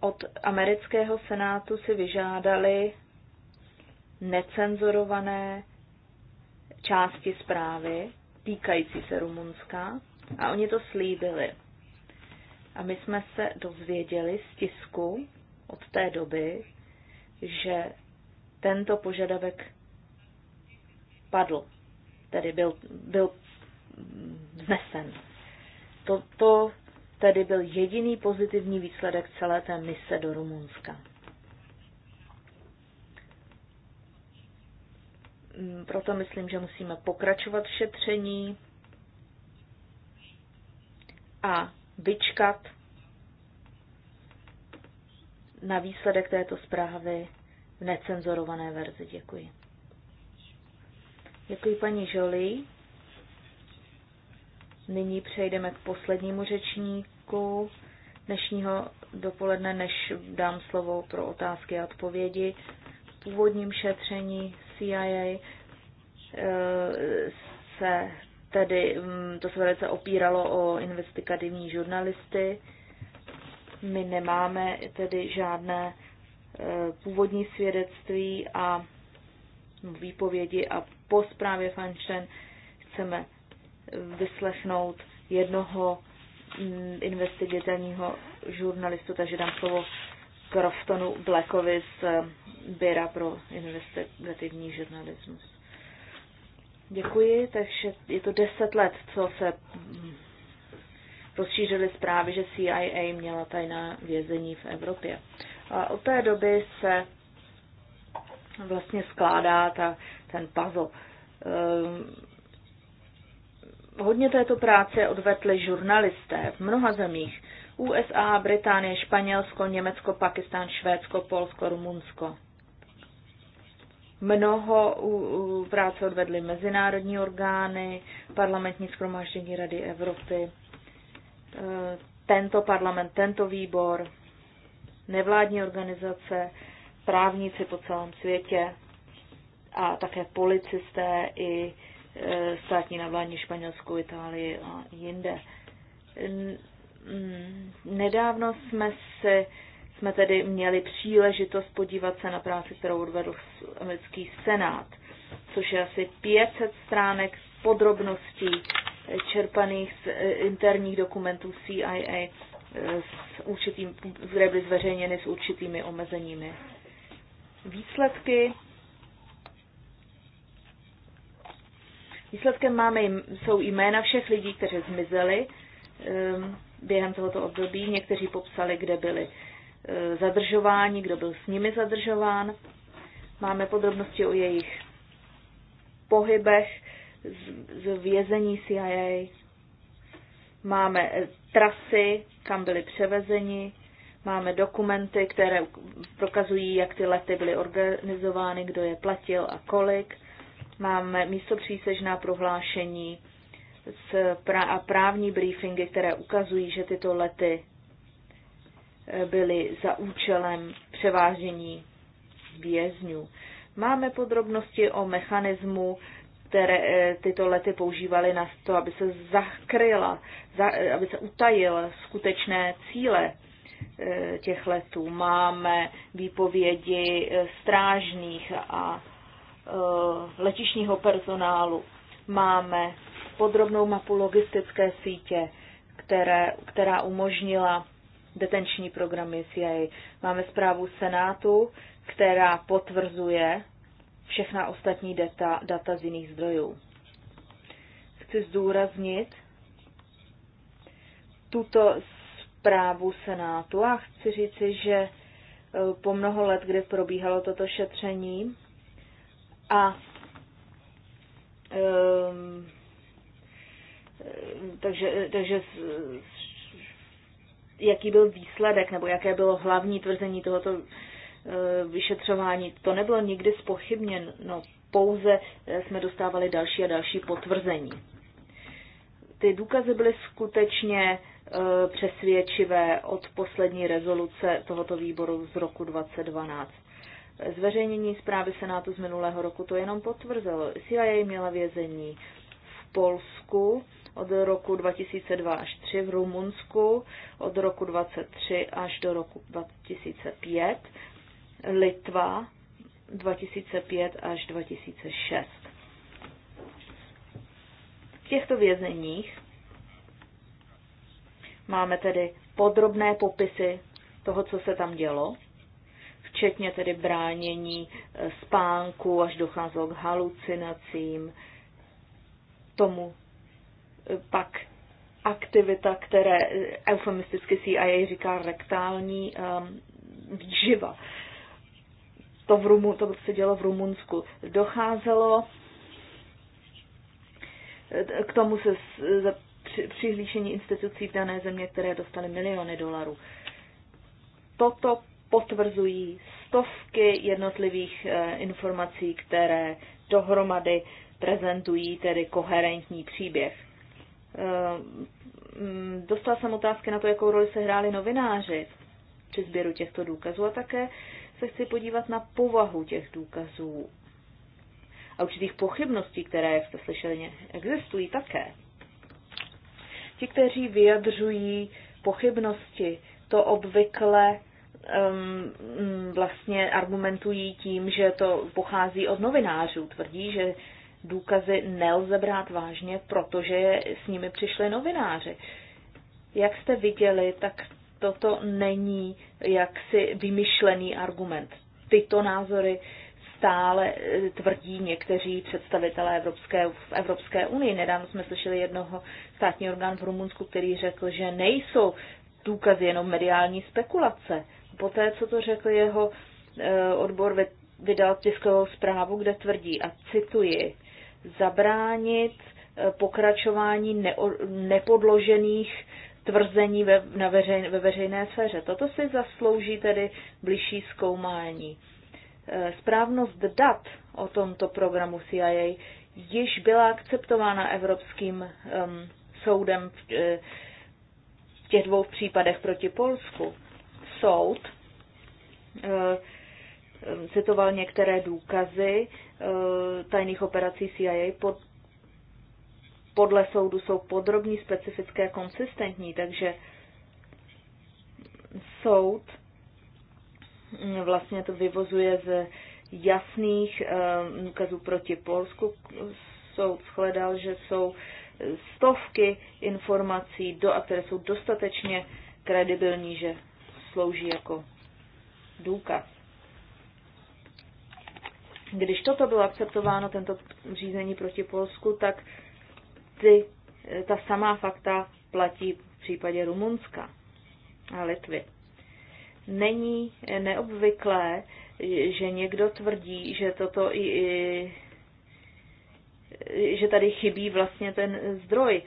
Speaker 3: od amerického senátu si vyžádali necenzurované části zprávy týkající se Rumunska a oni to slíbili. A my jsme se dozvěděli z tisku od té doby, že tento požadavek padl, tedy byl, byl vznesen. To, to tedy byl jediný pozitivní výsledek celé té mise do Rumunska. Mm, proto myslím, že musíme pokračovat v šetření a vyčkat na výsledek této zprávy v necenzorované verzi. Děkuji. Děkuji paní Žoli. Nyní přejdeme k poslednímu řečníku dnešního dopoledne, než dám slovo pro otázky a odpovědi. V původním šetření CIA eh, se Tady mm, to se velice opíralo o investigativní žurnalisty. My nemáme tedy žádné e, původní svědectví a výpovědi a po zprávě Feinstein chceme vyslechnout jednoho mm, investigativního žurnalistu, takže dám slovo Croftonu Blackovi z e, Běra pro investigativní žurnalismus. Děkuji, takže je to deset let, co se rozšířily zprávy, že CIA měla tajná vězení v Evropě. A od té doby se vlastně skládá ta, ten puzzle. Ehm, hodně této práce odvetli žurnalisté v mnoha zemích. USA, Británie, Španělsko, Německo, Pakistán, Švédsko, Polsko, Rumunsko. Mnoho práce odvedly mezinárodní orgány, parlamentní schromáždění Rady Evropy, e, tento parlament, tento výbor, nevládní organizace, právníci po celém světě a také policisté i e, státní nevládní Španělsku, Itálii a jinde. Mm, nedávno jsme si jsme tedy měli příležitost podívat se na práci, kterou odvedl americký senát, což je asi 500 stránek podrobností čerpaných z eh, interních dokumentů CIA eh, s určitým, které byly zveřejněny s určitými omezeními. Výsledky Výsledkem máme, jsou jména všech lidí, kteří zmizeli ehm, během tohoto období. Někteří popsali, kde byli E, zadržování, kdo byl s nimi zadržován. Máme podrobnosti o jejich pohybech z, vězení CIA. Máme e, trasy, kam byli převezeni. Máme dokumenty, které prokazují, jak ty lety byly organizovány, kdo je platil a kolik. Máme místo přísežná prohlášení a právní briefingy, které ukazují, že tyto lety byly za účelem převážení vězňů. Máme podrobnosti o mechanismu, které eh, tyto lety používaly na to, aby se zakryla, za, eh, aby se utajil skutečné cíle eh, těch letů. Máme výpovědi strážných a letišního personálu. Máme podrobnou mapu logistické sítě, které, která umožnila detenční programy CIA. Máme zprávu Senátu, která potvrzuje všechna ostatní data, data z jiných zdrojů. Chci zdůraznit tuto zprávu Senátu a chci říci, že e, po mnoho let, kdy probíhalo toto šetření a um, takže, takže jaký byl výsledek nebo jaké bylo hlavní tvrzení tohoto e, vyšetřování. To nebylo nikdy spochybněno, pouze e, jsme dostávali další a další potvrzení. Ty důkazy byly skutečně e, přesvědčivé od poslední rezoluce tohoto výboru z roku 2012. Zveřejnění zprávy Senátu z minulého roku to jenom potvrzelo. CIA měla vězení v Polsku, od roku 2002 až 3 v Rumunsku, od roku 23 až do roku 2005, Litva 2005 až 2006. V těchto vězeních máme tedy podrobné popisy toho, co se tam dělo, včetně tedy bránění e, spánku, až docházelo k halucinacím, tomu, pak aktivita, které eufemisticky CIA říká rektální um, výživa. To, v Rumu, to se dělo v Rumunsku. Docházelo eh, k tomu se za přihlíšení institucí v dané země, které dostaly miliony dolarů. Toto potvrzují stovky jednotlivých eh, informací, které dohromady prezentují tedy koherentní příběh Eh, dostala jsem otázky na to, jakou roli se hráli novináři při sběru těchto důkazů a také se chci podívat na povahu těch důkazů a určitých pochybností, které, jak jste slyšeli, existují také. Ti, kteří vyjadřují pochybnosti, to obvykle um, vlastně argumentují tím, že to pochází od novinářů. Tvrdí, že důkazy nelze brát vážně, protože s nimi přišli novináři. Jak jste viděli, tak toto není jaksi vymyšlený argument. Tyto názory stále eh, tvrdí někteří představitelé Evropské, v Evropské unii. Nedávno jsme slyšeli jednoho státního orgán v Rumunsku, který řekl, že nejsou důkazy jenom mediální spekulace. Poté, co to řekl jeho eh, odbor, vydal tiskovou zprávu, kde tvrdí, a cituji, zabránit eh, pokračování nepodložených tvrzení ve, na veřej, ve veřejné sféře. Toto si zaslouží tedy bližší zkoumání. Eh, správnost dat o tomto programu CIA již byla akceptována Evropským um, soudem v, eh, v těch dvou případech proti Polsku. Soud uh, citoval některé důkazy, Eh, tajných operací CIA pod, podle soudu jsou podrobní, specifické, a konsistentní, takže soud mm, vlastně to vyvozuje z jasných eh, důkazů proti Polsku. Soud shledal, že jsou stovky informací, do, a které jsou dostatečně kredibilní, že slouží jako důkaz. Když toto bylo akceptováno, tento řízení proti Polsku, tak ty, eh, ta samá fakta platí v případě Rumunska a Litvy. Není eh, neobvyklé, eh, že někdo tvrdí, že toto i, i že tady chybí vlastně ten zdroj.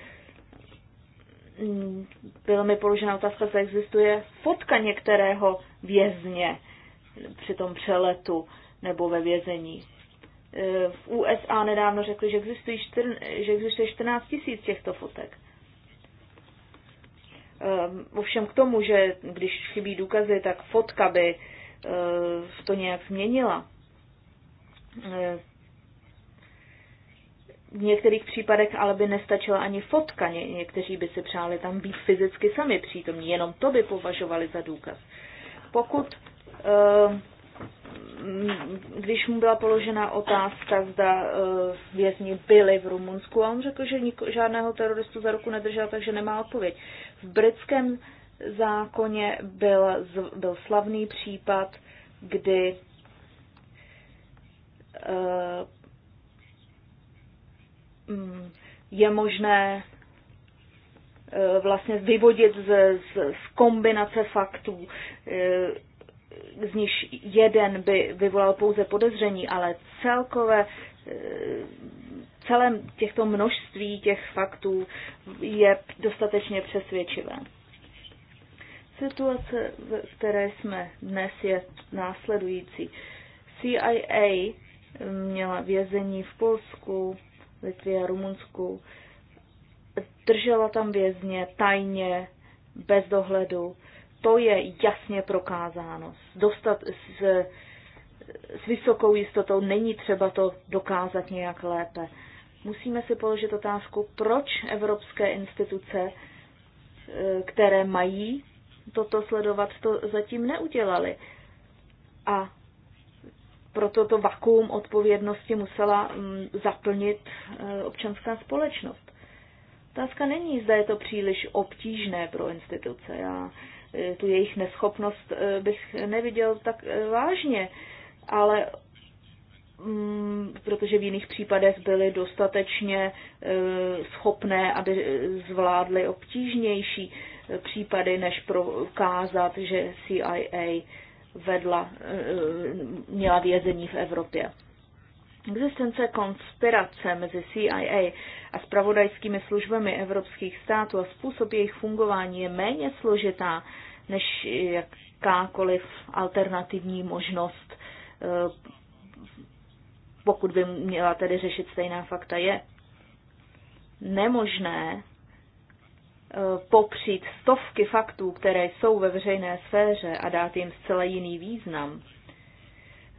Speaker 3: Hmm, byla mi položena otázka, zda existuje fotka některého vězně při tom přeletu nebo ve vězení. E, v USA nedávno řekli, že, existují čtyř, že existuje 14 tisíc těchto fotek. Ehm, ovšem k tomu, že když chybí důkazy, tak fotka by e, to nějak změnila. E, v některých případech ale by nestačila ani fotka. Ně- někteří by si přáli tam být fyzicky sami přítomní. Jenom to by považovali za důkaz. Pokud ehm, když mu byla položena otázka, zda eh, vězni byli v Rumunsku, a on řekl, že niko, žádného teroristu za ruku nedržel, takže nemá odpověď. V britském zákoně byl, byl slavný případ, kdy eh, mm, je možné eh, vlastně vyvodit z, z, z kombinace faktů z nich jeden by vyvolal pouze podezření, ale celkové eh, celém těchto množství těch faktů je dostatečně přesvědčivé. Situace, v které jsme dnes, je následující. CIA měla vězení v Polsku, Litvě a Rumunsku. Držela tam vězně tajně, bez dohledu to je jasně prokázáno. Dostat s, s vysokou jistotou není třeba to dokázat nějak lépe. Musíme si položit otázku, proč evropské instituce, e, které mají toto sledovat, to zatím neudělali. A proto to vakuum odpovědnosti musela mm, zaplnit e, občanská společnost. Otázka není, zda je to příliš obtížné pro instituce. Já tu jejich neschopnost eh, bych neviděl tak eh, vážně, ale mm, protože v jiných případech byly dostatečně eh, schopné, aby zvládly obtížnější případy, než prokázat, že CIA vedla, měla vězení v Evropě. Existence konspirace mezi CIA a spravodajskými službami evropských států a způsob jejich fungování je méně složitá než jakákoliv alternativní možnost, eh, pokud by měla tedy řešit stejná fakta, je nemožné eh, popřít stovky faktů, které jsou ve veřejné sféře a dát jim zcela jiný význam.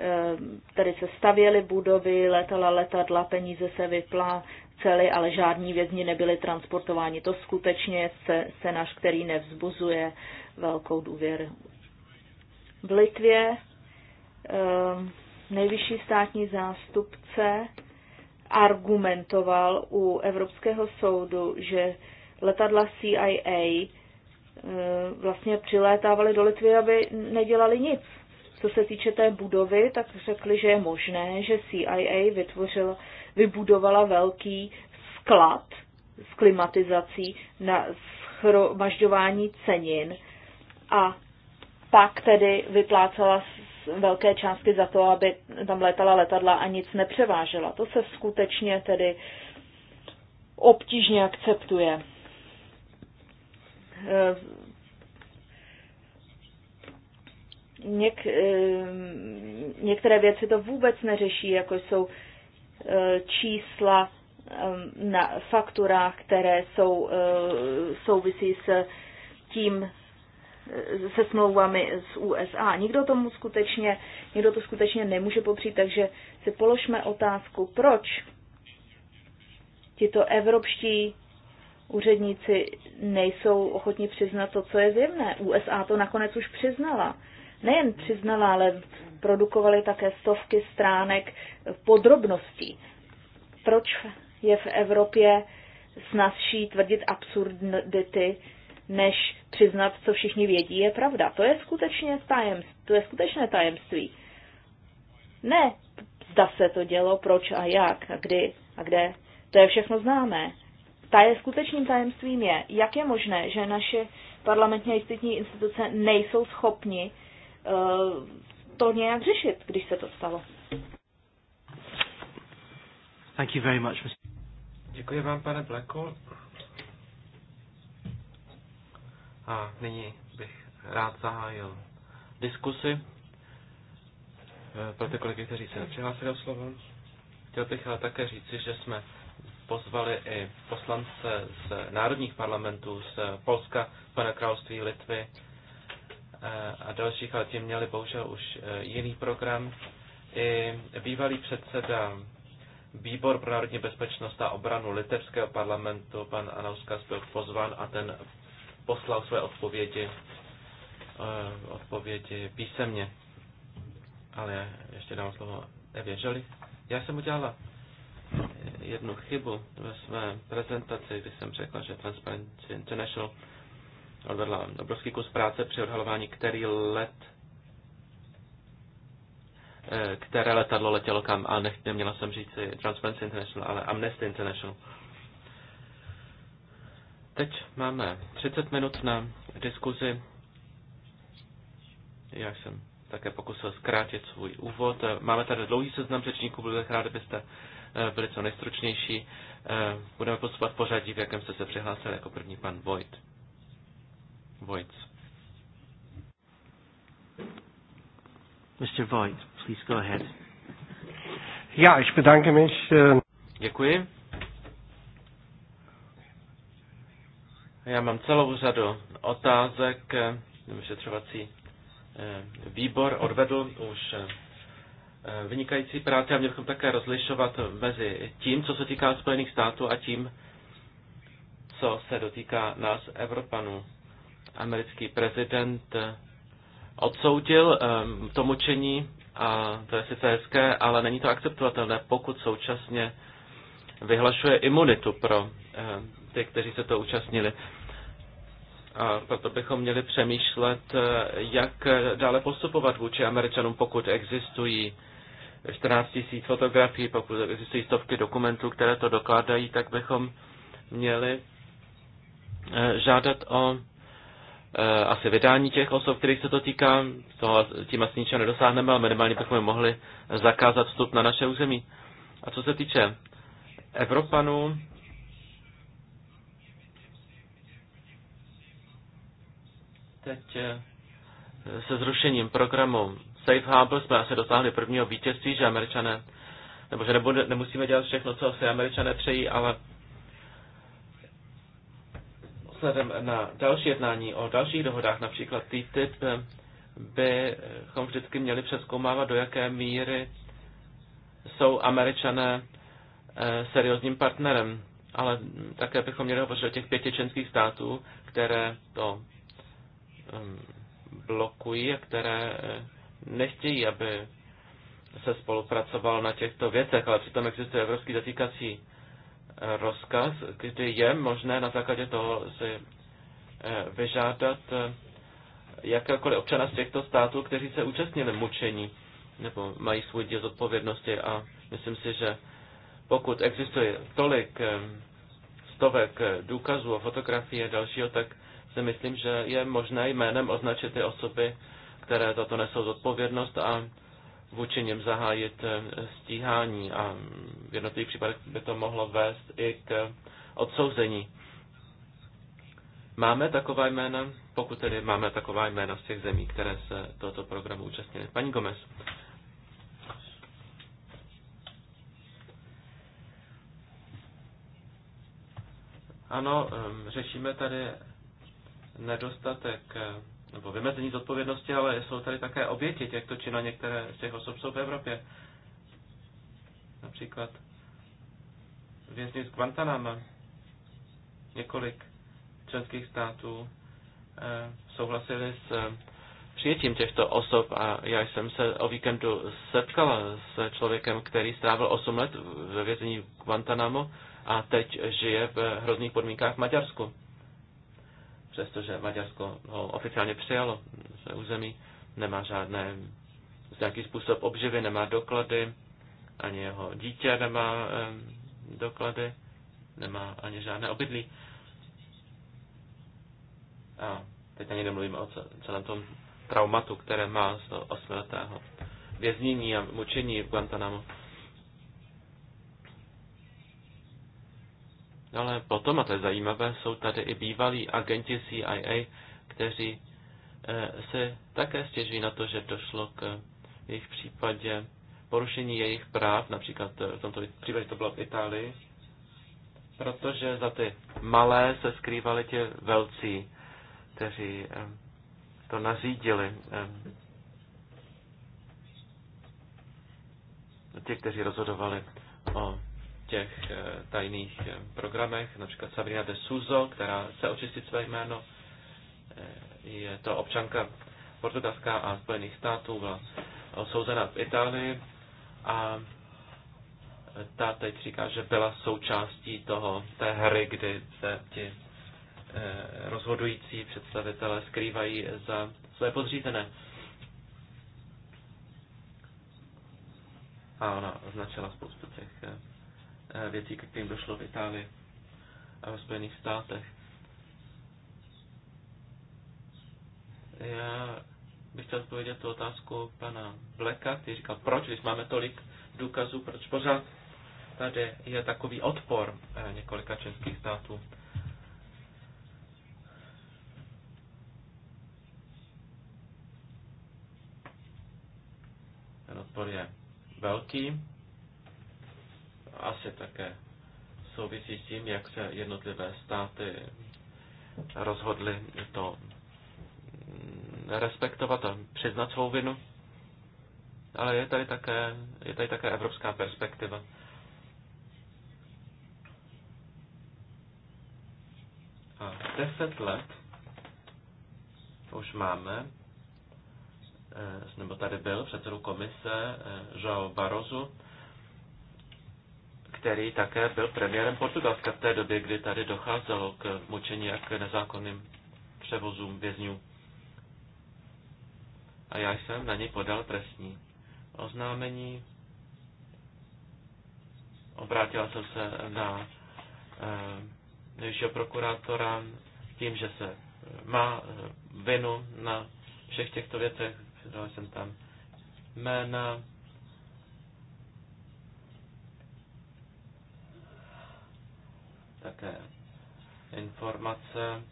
Speaker 3: Eh, tady se stavěly budovy, letala letadla, peníze se vyplácely, ale žádní vězni nebyli transportováni. To skutečně je scénář, který nevzbuzuje velkou důvěru. V Litvě eh, nejvyšší státní zástupce argumentoval u Evropského soudu, že letadla CIA eh, vlastně přilétávaly do Litvy, aby nedělali nic co se týče té budovy, tak řekli, že je možné, že CIA vytvořila, vybudovala velký sklad s klimatizací na schromažďování cenin a pak tedy vyplácela velké částky za to, aby tam letala letadla a nic nepřevážela. To se skutečně tedy obtížně akceptuje eh, Něk, eh, některé věci to vůbec neřeší, jako jsou eh, čísla eh, na fakturách, které jsou, souvisí s tím, se smlouvami z USA. Nikdo tomu skutečně, nikdo to skutečně nemůže popřít, takže si položme otázku, proč tito evropští úředníci nejsou ochotni přiznat to, co je zjevné. USA to nakonec už přiznala nejen přiznala, ale produkovali také stovky stránek podrobností. Proč je v Evropě snazší tvrdit absurdity, než přiznat, co všichni vědí, je pravda. To je skutečně tajemství. To je skutečné tajemství. Ne, zda se to dělo, proč a jak a kdy a kde. To je všechno známé. Ta je skutečným tajemstvím je, jak je možné, že naše parlamentní a instituce nejsou schopni Eh, to nějak řešit, když se to stalo.
Speaker 1: Thank you very much, Mr.
Speaker 2: Děkuji vám, pane Blacko. A nyní bych rád zahájil diskusi eh, pro ty kolegy, kteří se nepřihlásili o slovo. Chtěl bych ale také říci, že jsme pozvali i poslance z národních parlamentů z Polska, pana království Litvy, a dalších, ale ti měli bohužel už e, jiný program. I bývalý předseda Výbor pro národní bezpečnost a obranu litevského parlamentu, pan Anauskas, byl pozván a ten poslal své odpovědi, e, odpovědi písemně. Ale ještě dám slovo Evě Želi. Já jsem udělala jednu chybu ve své prezentaci, kdy jsem řekla, že Transparency International odvedla obrovský kus práce při odhalování, který let eh, které letadlo letělo kam, a nech, neměla jsem říct Transparency International, ale Amnesty International. Teď máme 30 minut na diskuzi. Já jsem také pokusil zkrátit svůj úvod. Máme tady dlouhý seznam řečníků, budu rád, byste eh, byli co nejstručnější. Eh, budeme postupovat pořadí, v jakém jste se přihlásil jako první pan Vojt. Voigt.
Speaker 1: Mr. Vojt, please go ahead. Ja, ich bedanke mich. Äh, Děkuji.
Speaker 2: Já mám celou řadu otázek. Vyšetřovací eh, výbor odvedl už eh, vynikající práci a měl bychom také rozlišovat mezi tím, co se týká Spojených států a tím, co se dotýká nás, Evropanů americký prezident eh, odsoudil eh, to mučení, a to je sice hezké, ale není to akceptovatelné, pokud současně vyhlašuje imunitu pro eh, ty, kteří se to účastnili. A proto bychom měli přemýšlet, jak dále postupovat vůči Američanům, pokud existují 14 000 fotografií, pokud existují stovky dokumentů, které to dokládají, tak bychom měli žádat o Eh, asi vydání těch osob, kterých se to týká. Toho, tím asi ničeho nedosáhneme, ale minimálně bychom mohli zakázat vstup na naše území. A co se týče Evropanů, teď eh, se zrušením programu Safe Harbor jsme asi dosáhli prvního vítězství, že američané, nebo že nebude, nemusíme dělat všechno, co asi američané přejí, ale Vzhledem na další jednání o dalších dohodách, například TTIP, bychom vždycky měli přeskoumávat, do jaké míry jsou američané eh, seriózním partnerem. Ale také bychom měli hovořit o těch pěti členských států, které to ehm, blokují a které eh, nechtějí, aby se spolupracoval na těchto věcech, ale přitom existuje evropský zatýkací rozkaz, kdy je možné na základě toho si eh, vyžádat eh, jakékoliv občana z těchto států, kteří se účastnili mučení nebo mají svůj díl zodpovědnosti a myslím si, že pokud existuje tolik eh, stovek důkazů a fotografií a dalšího, tak si myslím, že je možné jménem označit ty osoby, které za to nesou zodpovědnost a vůči něm zahájit eh, stíhání a v jednotlivých případech by to mohlo vést i k odsouzení. Máme taková jména, pokud tedy máme taková jména z těch zemí, které se tohoto programu účastnily. Paní Gomez. Ano, ehm, řešíme tady nedostatek eh, nebo vymezení zodpovědnosti, ale jsou tady také oběti těchto činů. Některé z těch osob jsou v Evropě. Například vězni z Guantanama. Několik členských států eh, souhlasili s eh, přijetím těchto osob a já jsem se o víkendu setkala s člověkem, který strávil 8 let ve vězení v Guantanamo a teď žije v hrozných podmínkách v Maďarsku přestože Maďarsko ho oficiálně přijalo své území, nemá žádné, nějaký způsob obživy, nemá doklady, ani jeho dítě nemá eh, doklady, nemá ani žádné obydlí. A teď ani nemluvím o celém tom traumatu, které má z toho osmiletého věznění a mučení v Guantanamo. Ale potom, a to je zajímavé, jsou tady i bývalí agenti CIA, kteří eh, se také stěžují na to, že došlo k jejich případě porušení jejich práv, například eh, v tomto případě to bylo v Itálii, protože za ty malé se skrývali ti velcí, kteří eh, to nařídili. Ti, kteří rozhodovali o těch eh, tajných eh, programech, například Sabrina de Suzo, která chce očistit své jméno. Eh, je to občanka portugalská a Spojených států, byla souzena v Itálii a ta teď říká, že byla součástí toho, té hry, kdy se ti rozhodující představitelé skrývají za své podřízené. A ona označila spoustu těch Eh, věcí, ke kterým došlo v Itálii a ve Spojených státech. Já bych chtěl odpovědět tu otázku pana Bleka, který říkal, proč, když máme tolik důkazů, proč pořád tady je takový odpor eh, několika českých států. Ten odpor je velký asi také souvisí s tím, jak se jednotlivé státy rozhodly to respektovat a přiznat svou vinu. Ale je tady také, je tady také evropská perspektiva. A deset let už máme, eh, nebo tady byl předsedu komise eh, João Barozu, který také byl premiérem Portugalska v té době, kdy tady docházelo k mučení a k nezákonným převozům vězňů. A já jsem na něj podal trestní oznámení. Obrátila jsem se na eh, nejvyššího prokurátora tím, že se eh, má eh, vinu na všech těchto věcech. Dal jsem tam jména, také informace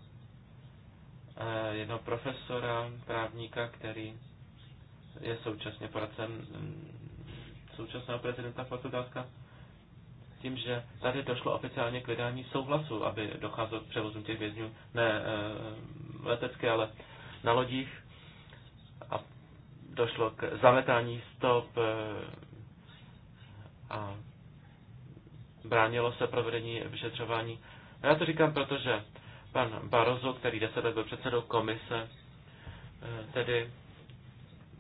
Speaker 2: eh, jednoho profesora, právníka, který je současně poradcem mm, současného prezidenta Portugalska, tím, že tady došlo oficiálně k vydání souhlasu, aby docházelo k převozu těch vězňů, ne eh, letecky, ale na lodích. A došlo k zametání stop eh, a bránilo se provedení vyšetřování. A já to říkám, protože pan Barozo, který deset let byl předsedou komise, eh, tedy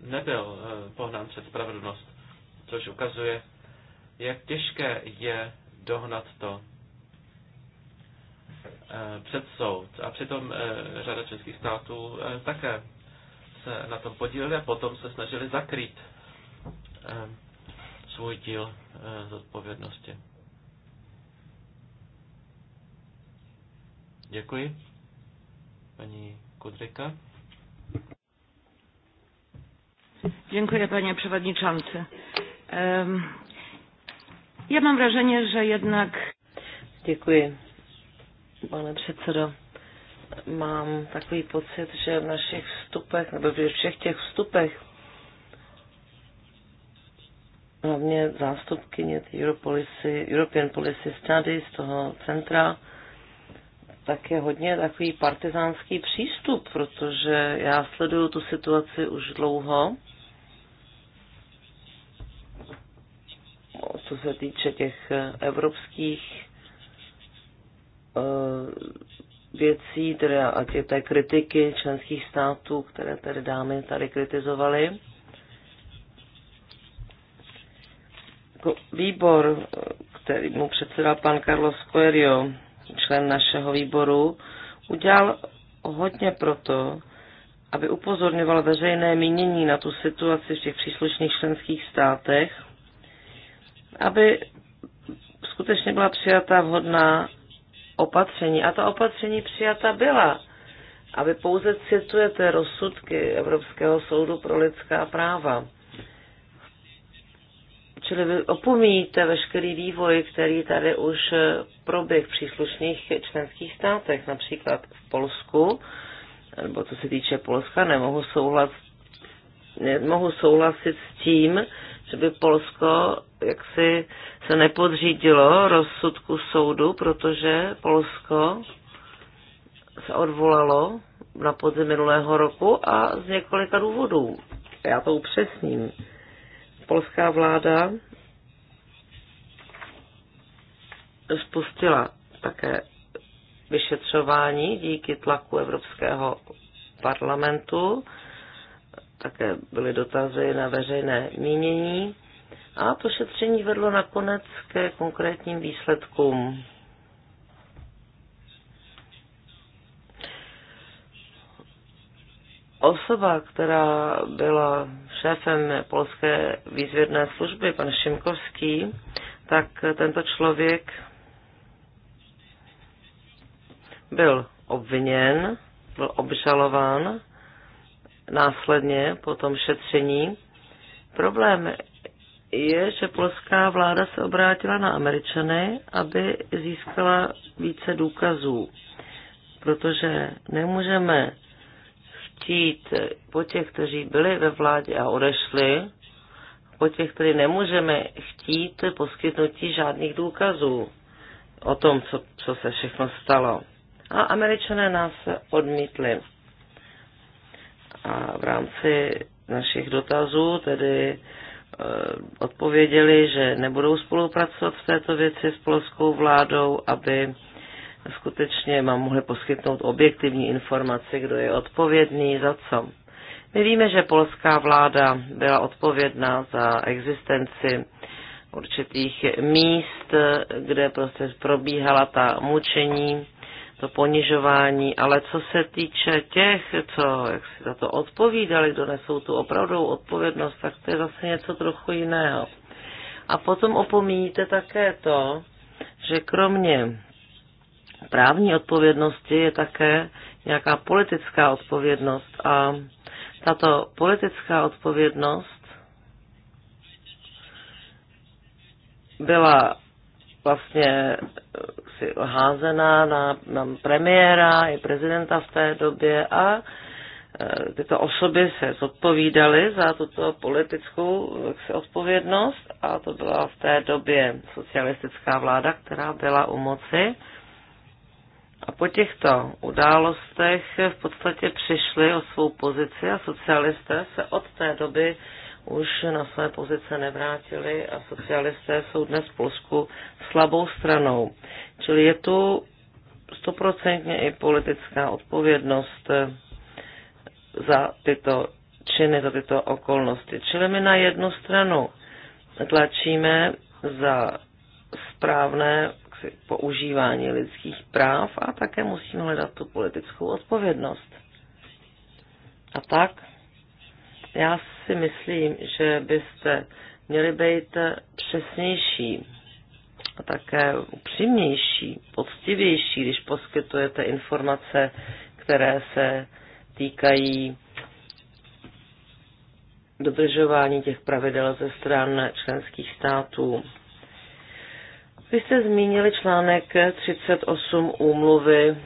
Speaker 2: nebyl eh, pohnán před spravedlnost, což ukazuje, jak těžké je dohnat to eh, před soud. A přitom řada českých států také se na tom podílili a potom se snažili zakrýt svůj díl zodpovědnosti. Děkuji. Paní Kudryka.
Speaker 4: Dziękuję panie przewodniczący. Um, já mám wrażenie, že jednak... Děkuji, pane předsedo. Mám takový pocit, že v našich vstupech, nebo v všech těch vstupech, hlavně zástupkyně Europolicy, European Policy Study z toho centra, tak je hodně takový partizánský přístup, protože já sleduju tu situaci už dlouho. Co se týče těch eh, evropských eh, věcí, tedy a tě, té kritiky členských států, které tady dámy tady kritizovaly. Jako výbor, eh, který mu předsedal pan Carlos Coelho, člen našeho výboru, udělal hodně proto, aby upozorňoval veřejné mínění na tu situaci v těch příslušných členských státech, aby skutečně byla přijata vhodná opatření. A ta opatření přijata byla. A vy pouze citujete rozsudky Evropského soudu pro lidská práva. Čili vy opomíjíte veškerý vývoj, který tady už eh, proběh v příslušných členských státech, například v Polsku, nebo co se týče Polska, nemohu souhlasit, nemohu souhlasit s tím, že by Polsko jaksi se nepodřídilo rozsudku soudu, protože Polsko se odvolalo na podzim minulého roku a z několika důvodů. Já to upřesním polská vláda spustila také vyšetřování díky tlaku Evropského parlamentu. Také byly dotazy na veřejné mínění. A to šetření vedlo nakonec ke konkrétním výsledkům. Osoba, která byla šéfem polské výzvědné služby, pan Šimkovský, tak tento člověk byl obviněn, byl obžalován následně po tom šetření. Problém je, že polská vláda se obrátila na Američany, aby získala více důkazů, protože nemůžeme chtít eh, po těch, kteří byli ve vládě a odešli, po těch, kteří nemůžeme chtít poskytnutí žádných důkazů o tom, co, co se všechno stalo. A američané nás odmítli. A v rámci našich dotazů tedy eh, odpověděli, že nebudou spolupracovat v této věci s polskou vládou, aby skutečně vám mohli poskytnout objektivní informace, kdo je odpovědný za co. My víme, že polská vláda byla odpovědná za existenci určitých míst, kde prostě probíhala ta mučení, to ponižování, ale co se týče těch, co jak si za to odpovídali, kdo nesou tu opravdu odpovědnost, tak to je zase něco trochu jiného. A potom opomíjíte také to, že kromě právní odpovědnosti je také nějaká politická odpovědnost a tato politická odpovědnost byla vlastně eh, si házená na, na premiéra i prezidenta v té době a eh, tyto osoby se zodpovídaly za tuto politickou eh, odpovědnost a to byla v té době socialistická vláda, která byla u moci. A po těchto událostech v podstatě přišli o svou pozici a socialisté se od té doby už na své pozice nevrátili a socialisté jsou dnes v Polsku slabou stranou. Čili je tu stoprocentně i politická odpovědnost za tyto činy, za tyto okolnosti. Čili my na jednu stranu tlačíme za správné jaksi používání lidských práv a také musíme hledat tu politickou odpovědnost. A tak já si myslím, že byste měli být přesnější a také upřímnější, poctivější, když poskytujete informace, které se týkají dodržování těch pravidel ze stran členských států. Vy jste zmínili článek 38 úmluvy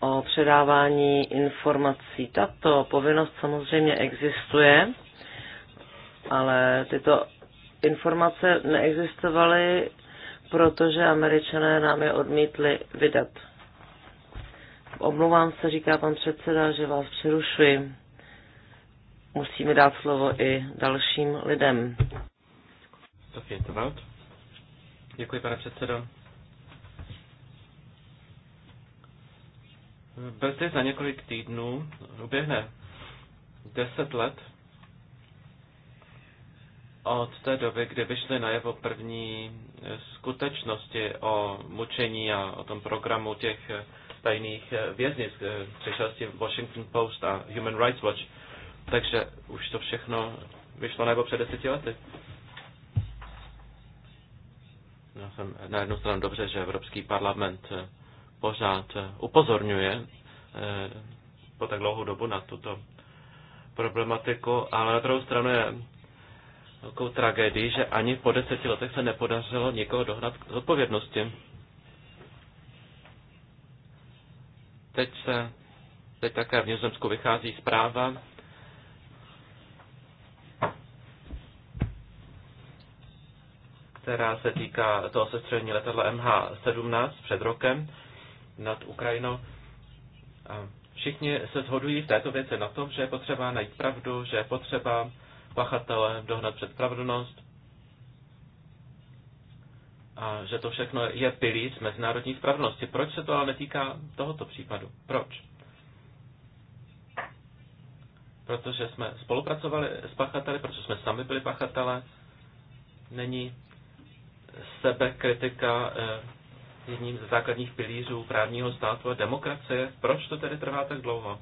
Speaker 4: o předávání informací. Tato povinnost samozřejmě existuje, ale tyto informace neexistovaly, protože američané nám je odmítli vydat. Omlouvám se, říká pan předseda, že vás přerušuji. Musíme dát slovo i dalším lidem.
Speaker 2: Okay, Děkuji, pane předsedo. Brzy za několik týdnů uběhne deset let od té doby, kdy vyšly najevo první skutečnosti o mučení a o tom programu těch tajných věznic, eh, přišel s tím Washington Post a Human Rights Watch. Takže už to všechno vyšlo najevo před deseti lety. jsem na jednu stranu dobře, že Evropský parlament pořád upozorňuje eh, po tak dlouhou dobu na tuto problematiku, ale na druhou stranu je velkou tragédií, že ani po deseti letech se nepodařilo někoho dohnat k odpovědnosti. Teď se teď také v Nizozemsku vychází zpráva která se týká toho sestřelení letadla MH17 před rokem nad Ukrajinou. Všichni se shodují v této věci na tom, že je potřeba najít pravdu, že je potřeba pachatele dohnat před pravdnost a že to všechno je pilíř mezinárodní spravedlnosti. Proč se to ale netýká tohoto případu? Proč? Protože jsme spolupracovali s pachateli, protože jsme sami byli pachatele. Není sebekritika eh, jedním ze základních pilířů právního státu a demokracie. Proč to tedy trvá tak dlouho?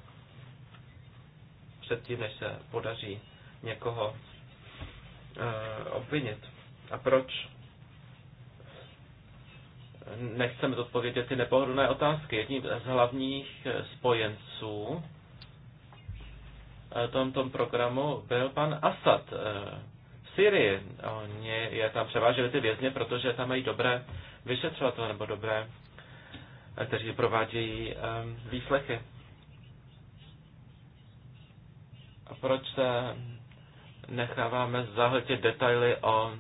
Speaker 2: Předtím, než se podaří někoho eh, obvinit. A proč nechceme zodpovědět ty nepohodlné otázky? Jedním z hlavních eh, spojenců tomto programu byl pan Assad Syrii. Oni je tam převáželi ty vězně, protože tam mají dobré vyšetřovatele nebo dobré, eh, kteří provádějí um, výslechy. A proč se necháváme zahltit detaily o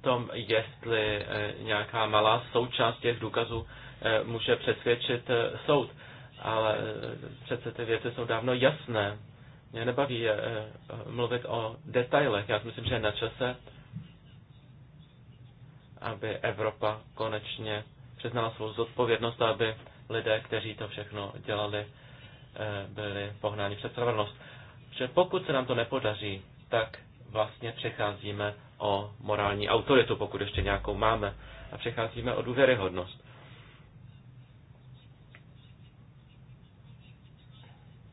Speaker 2: tom, jestli eh, nějaká malá součást těch důkazů může přesvědčit soud. Ale přece ty věci jsou dávno jasné. Mě nebaví je, eh, eh, mluvit o detailech. Já si myslím, že je na čase, aby Evropa konečně přiznala svou zodpovědnost, aby lidé, kteří to všechno dělali, eh, byli pohnáni před spravedlnost. Že pokud se nám to nepodaří, tak vlastně přecházíme o morální autoritu, pokud ještě nějakou máme, a přecházíme o důvěryhodnost.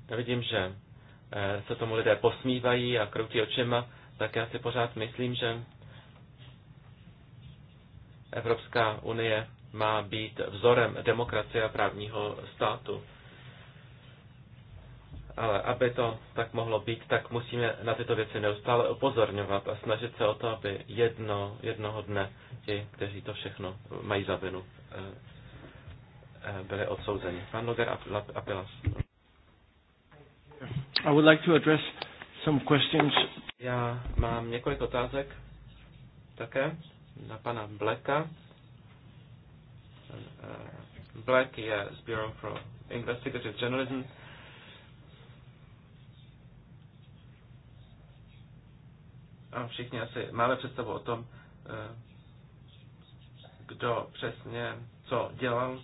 Speaker 2: Já vidím, že se eh, tomu lidé posmívají a kroutí očima, tak já si pořád myslím, že Evropská unie má být vzorem demokracie a právního státu. Ale aby to tak mohlo být, tak musíme na tyto věci neustále upozorňovat a snažit se o to, aby jedno, jednoho dne ti, kteří to všechno mají za vinu, eh, eh, byli odsouzeni. Pan Loger Apilas.
Speaker 1: I would like to address
Speaker 2: some questions. Já mám několik otázek také na pana Blacka. Black je z Bureau for Investigative Journalism. A všichni asi máme představu o tom, eh, kdo přesně co dělal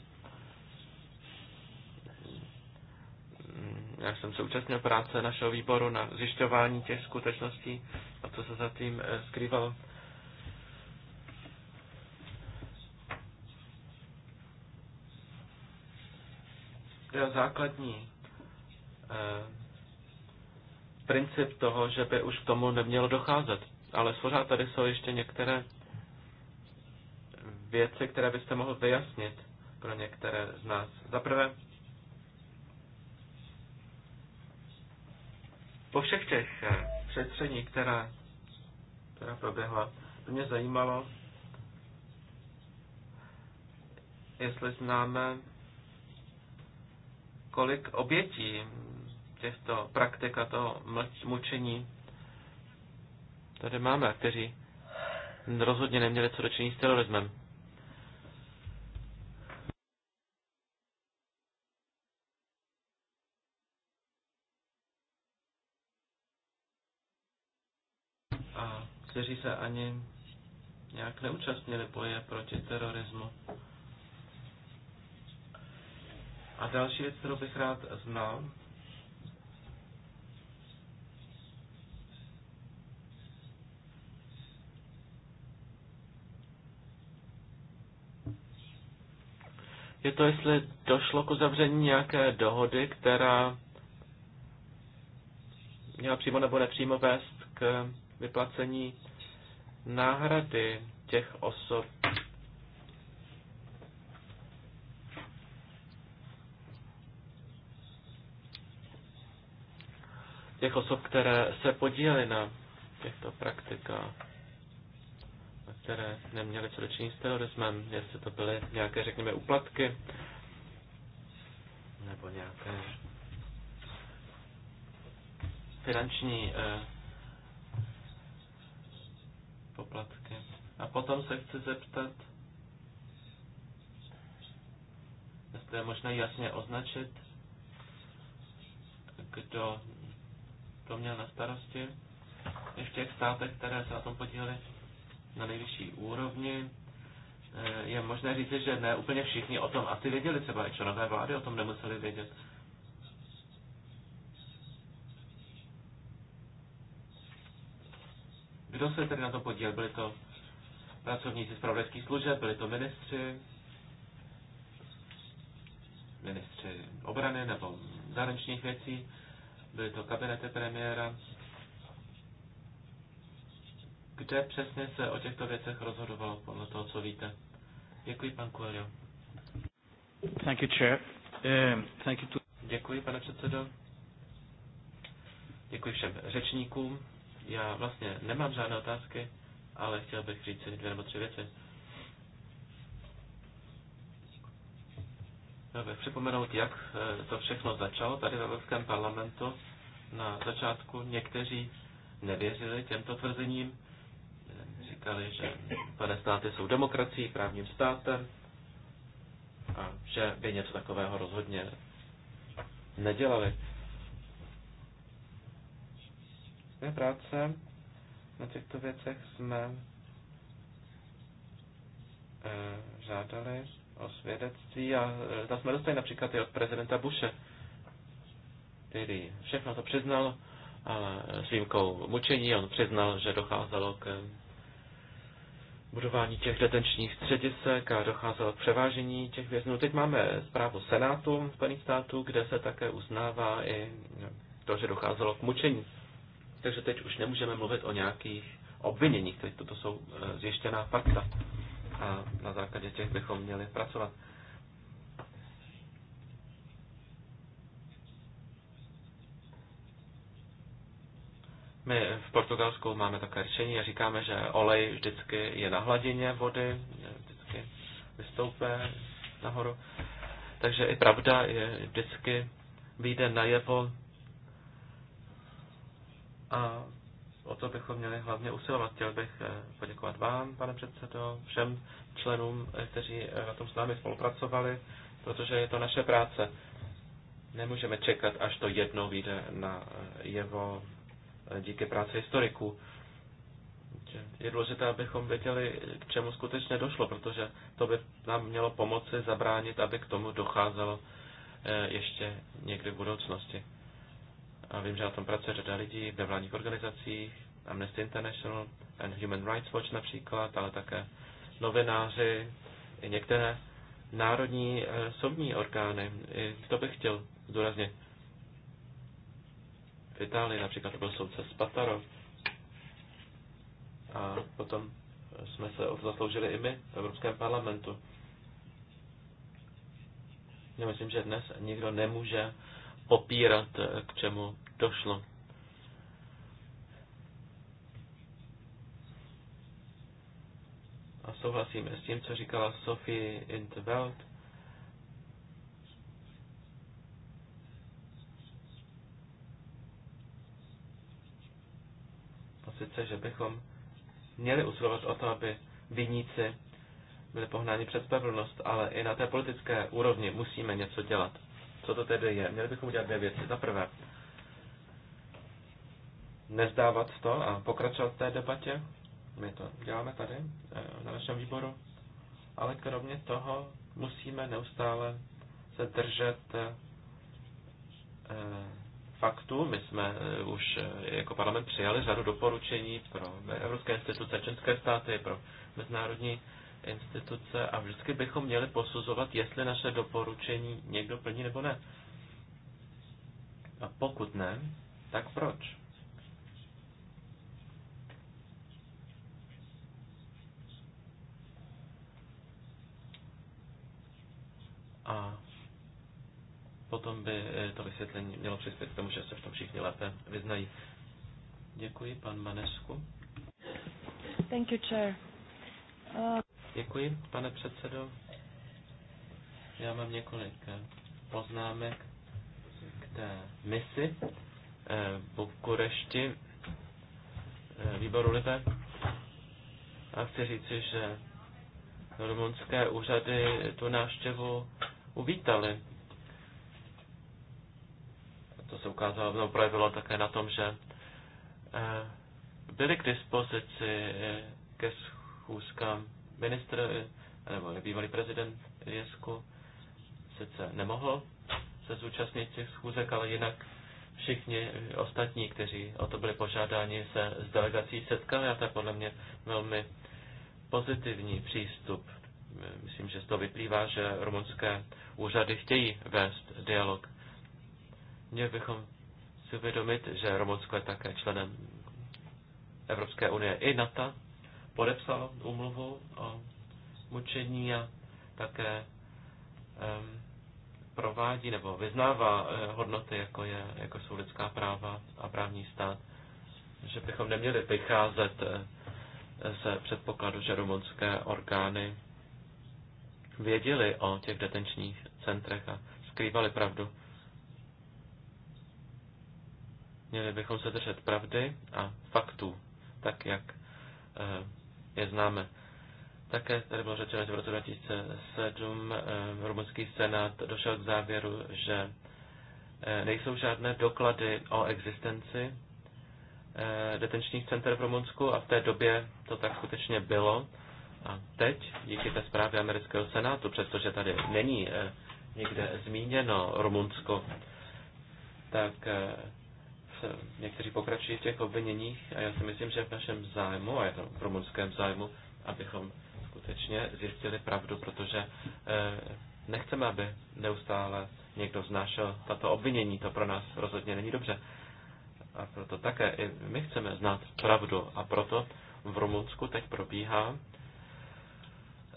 Speaker 2: já jsem současně práce našeho výboru na zjišťování těch skutečností a co se zatím eh, skrývalo. základní eh, princip toho, že by už k tomu nemělo docházet. Ale pořád tady jsou ještě některé věci, které byste mohl vyjasnit
Speaker 3: pro některé z nás.
Speaker 2: Za prvé, Po všech těch eh, šetření, která, která proběhla, to mě zajímalo, jestli známe, kolik obětí těchto praktik a toho mučení tady máme, kteří rozhodně neměli co dočinit s terorismem.
Speaker 1: kteří se ani
Speaker 2: nějak neúčastnili boje proti terorismu. A další věc, kterou bych rád znal, je to, jestli došlo k uzavření nějaké dohody, která měla přímo nebo nepřímo vést k vyplacení náhrady těch osob, těch osob, které se podílely na těchto praktikách, které neměly co dočinit s terorismem, jestli to byly nějaké, řekněme, uplatky, nebo nějaké finanční eh, poplatky. A potom se chci zeptat, jestli je možné jasně označit, kdo to měl na starosti, i v těch státech, které se na tom podíleli na nejvyšší úrovni. Eh, je možné říct, že ne úplně všichni o tom asi věděli, třeba i členové vlády o tom nemuseli vědět. Kdo se tedy na to podíl? Byli to pracovníci pravdeckých služeb, byli to ministři, ministři obrany nebo zahraničních věcí, byly to kabinety premiéra, kde přesně se o těchto věcech rozhodovalo podle toho, co víte. Děkuji, pan Coelho. Thank you, chair. Um, thank you to... Děkuji, pane předsedo. Děkuji všem řečníkům. Já vlastně nemám žádné otázky, ale chtěl bych říct si dvě nebo tři věci. Chtěl bych připomenout, jak eh, to všechno začalo tady v Evropském parlamentu. Na začátku někteří nevěřili těmto tvrzením. Eh, říkali, že pane státy jsou demokracií, právním státem a že by něco takového rozhodně nedělali. Ve práce na těchto věcech jsme eh, žádali o svědectví a eh, tam jsme dostali například i od prezidenta Bushe, který všechno to přiznal, ale eh, s výjimkou mučení on přiznal, že docházelo k budování těch detenčních středisek a docházelo k převážení těch věznů. Teď máme zprávu Senátu Spojených států, kde se také uznává i to, že docházelo k mučení. Takže teď už nemůžeme mluvit o nějakých obviněních, teď toto jsou e, zjištěná fakta a na základě těch bychom měli pracovat. My v Portugalsku máme také řešení a říkáme, že olej vždycky je na hladině vody, vždycky vystoupí nahoru. Takže i pravda je vždycky vyjde najevo a o to bychom měli hlavně usilovat. Chtěl bych eh, poděkovat vám, pane předsedo, všem členům, eh, kteří eh, na tom s námi spolupracovali, protože je to naše práce. Nemůžeme čekat, až to jednou vyjde na jeho díky práci historiků. Je důležité, abychom věděli, k čemu skutečně došlo, protože to by nám mělo pomoci zabránit, aby k tomu docházelo ještě někdy v budoucnosti a vím, že na tom pracuje řada lidí ve vládních organizacích, Amnesty International and Human Rights Watch například, ale také novináři, i některé národní eh, soudní orgány. I to bych chtěl zdůraznit. V Itálii například to byl soudce Spataro. A potom jsme se o to zasloužili i my v Evropském parlamentu. Já myslím, že dnes nikdo nemůže popírat, eh, k čemu došlo. A souhlasím s tím, co říkala Sophie world. A sice, že bychom měli usilovat o to, aby viníci byli pohnáni před spravedlnost, ale i na té politické úrovni musíme něco dělat co to tedy je. Měli bychom udělat dvě věci. Za prvé, nezdávat to a pokračovat v té debatě. My to děláme tady, eh, na našem výboru. Ale kromě toho musíme neustále se držet eh, faktu. My jsme eh, už jako parlament přijali řadu doporučení pro evropské instituce, české státy, pro mezinárodní instituce a vždycky bychom měli posuzovat, jestli naše doporučení někdo plní nebo ne. A pokud ne, tak proč? A potom by eh, to vysvětlení mělo přispět k tomu, že se v tom všichni lépe vyznají. Děkuji, pan Manesku.
Speaker 1: Thank you, Chair. Uh,
Speaker 2: Děkuji, pane předsedo. Já mám několik eh, poznámek k té misi eh, v Bukurešti eh, výboru Libe. A chci říci, že rumunské úřady tu návštěvu uvítali. To se ukázalo, no, projevilo také na tom, že byli k dispozici ke schůzkám ministr nebo nebývalý prezident Jesku sice nemohl se zúčastnit těch schůzek, ale jinak všichni ostatní, kteří o to byli požádáni, se s delegací setkali a to je podle mě velmi pozitivní přístup. Myslím, že z toho vyplývá, že rumunské úřady chtějí vést dialog. Měli bychom si uvědomit, že Rumunsko je také členem Evropské unie i NATO, podepsalo umluvu o mučení a také um, provádí nebo vyznává eh, hodnoty, jako, je, jako jsou lidská práva a právní stát, že bychom neměli vycházet eh, ze předpokladu, že rumunské orgány věděli o těch detenčních centrech a skrývali pravdu. Měli bychom se držet pravdy a faktů, tak jak eh, je známe. Také tady bylo řečeno, že v roce 2007 eh, rumunský senát došel k závěru, že eh, nejsou žádné doklady o existenci eh, detenčních center v Rumunsku a v té době to tak skutečně bylo. A teď, díky té zprávě amerického senátu, přestože tady není nikde zmíněno Rumunsko, tak někteří pokračují v těch obviněních a já si myslím, že v našem zájmu, a je to v rumunském zájmu, abychom skutečně zjistili pravdu, protože eh, nechceme, aby neustále někdo znášel tato obvinění. To pro nás rozhodně není dobře. A proto také i my chceme znát pravdu. A proto v Rumunsku teď probíhá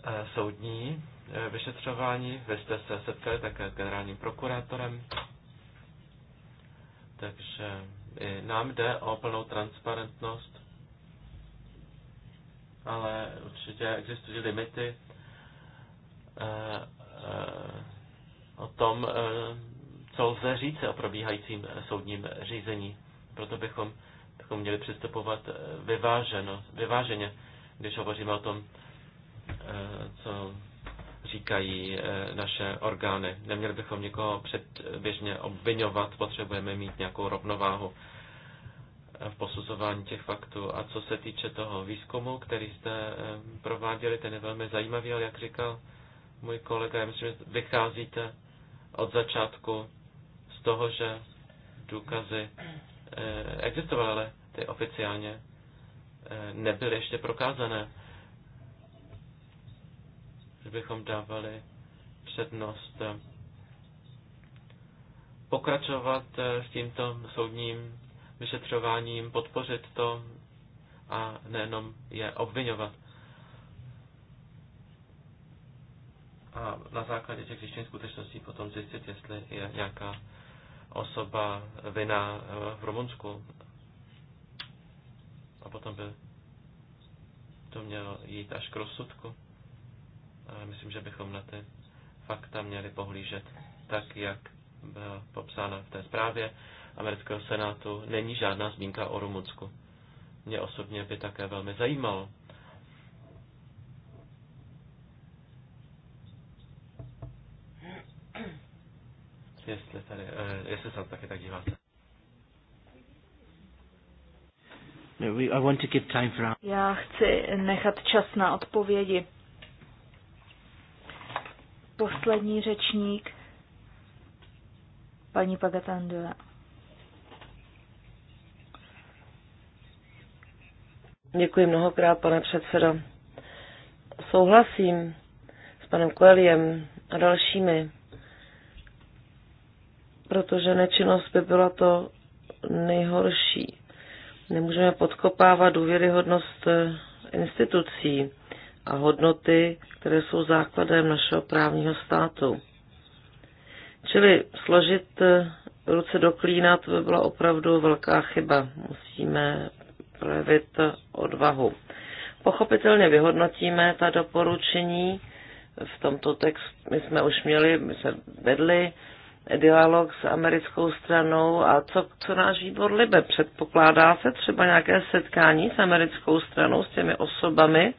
Speaker 2: eh, soudní eh, vyšetřování. Vy jste se setkali také s generálním prokurátorem takže nám jde o plnou transparentnost, ale určitě existují limity eh, eh, o tom, eh, co lze říct o probíhajícím soudním řízení. Proto bychom, bychom měli přistupovat vyváženo, vyváženě, když hovoříme o tom, co říkají eh, naše orgány. Neměli bychom někoho předběžně obvinovat, potřebujeme mít nějakou rovnováhu v posuzování těch faktů. A co se týče toho výzkumu, který jste eh, prováděli, ten je velmi zajímavý, ale jak říkal můj kolega, já myslím, že vycházíte od začátku z toho, že důkazy eh, existovaly, ale ty oficiálně nebyly ještě prokázané že bychom dávali přednost eh, pokračovat eh, s tímto soudním vyšetřováním, podpořit to a nejenom je obvinovat. A na základě těch zjištěných skutečností potom zjistit, jestli je nějaká osoba vina eh, v Rumunsku. A potom by to mělo jít až k rozsudku. Ale myslím, že bychom na ty fakta měli pohlížet tak, jak byla popsána v té zprávě amerického senátu. Není žádná zmínka o Rumunsku. Mě osobně by také velmi zajímalo, jestli, tady, eh, jestli se taky tak díváte.
Speaker 1: No,
Speaker 3: Já chci nechat čas na odpovědi poslední řečník, paní Pagatandula.
Speaker 4: Děkuji mnohokrát, pane předsedo. Souhlasím s panem Koeliem a dalšími, protože nečinnost by byla to nejhorší. Nemůžeme podkopávat důvěryhodnost eh, institucí a hodnoty, které jsou základem našeho právního státu. Čili složit ruce do klína, to by byla opravdu velká chyba. Musíme projevit odvahu. Pochopitelně vyhodnotíme ta doporučení. V tomto textu my jsme už měli, my jsme vedli dialog s americkou stranou a co, co náš výbor libe. Předpokládá se třeba nějaké setkání s americkou stranou, s těmi osobami,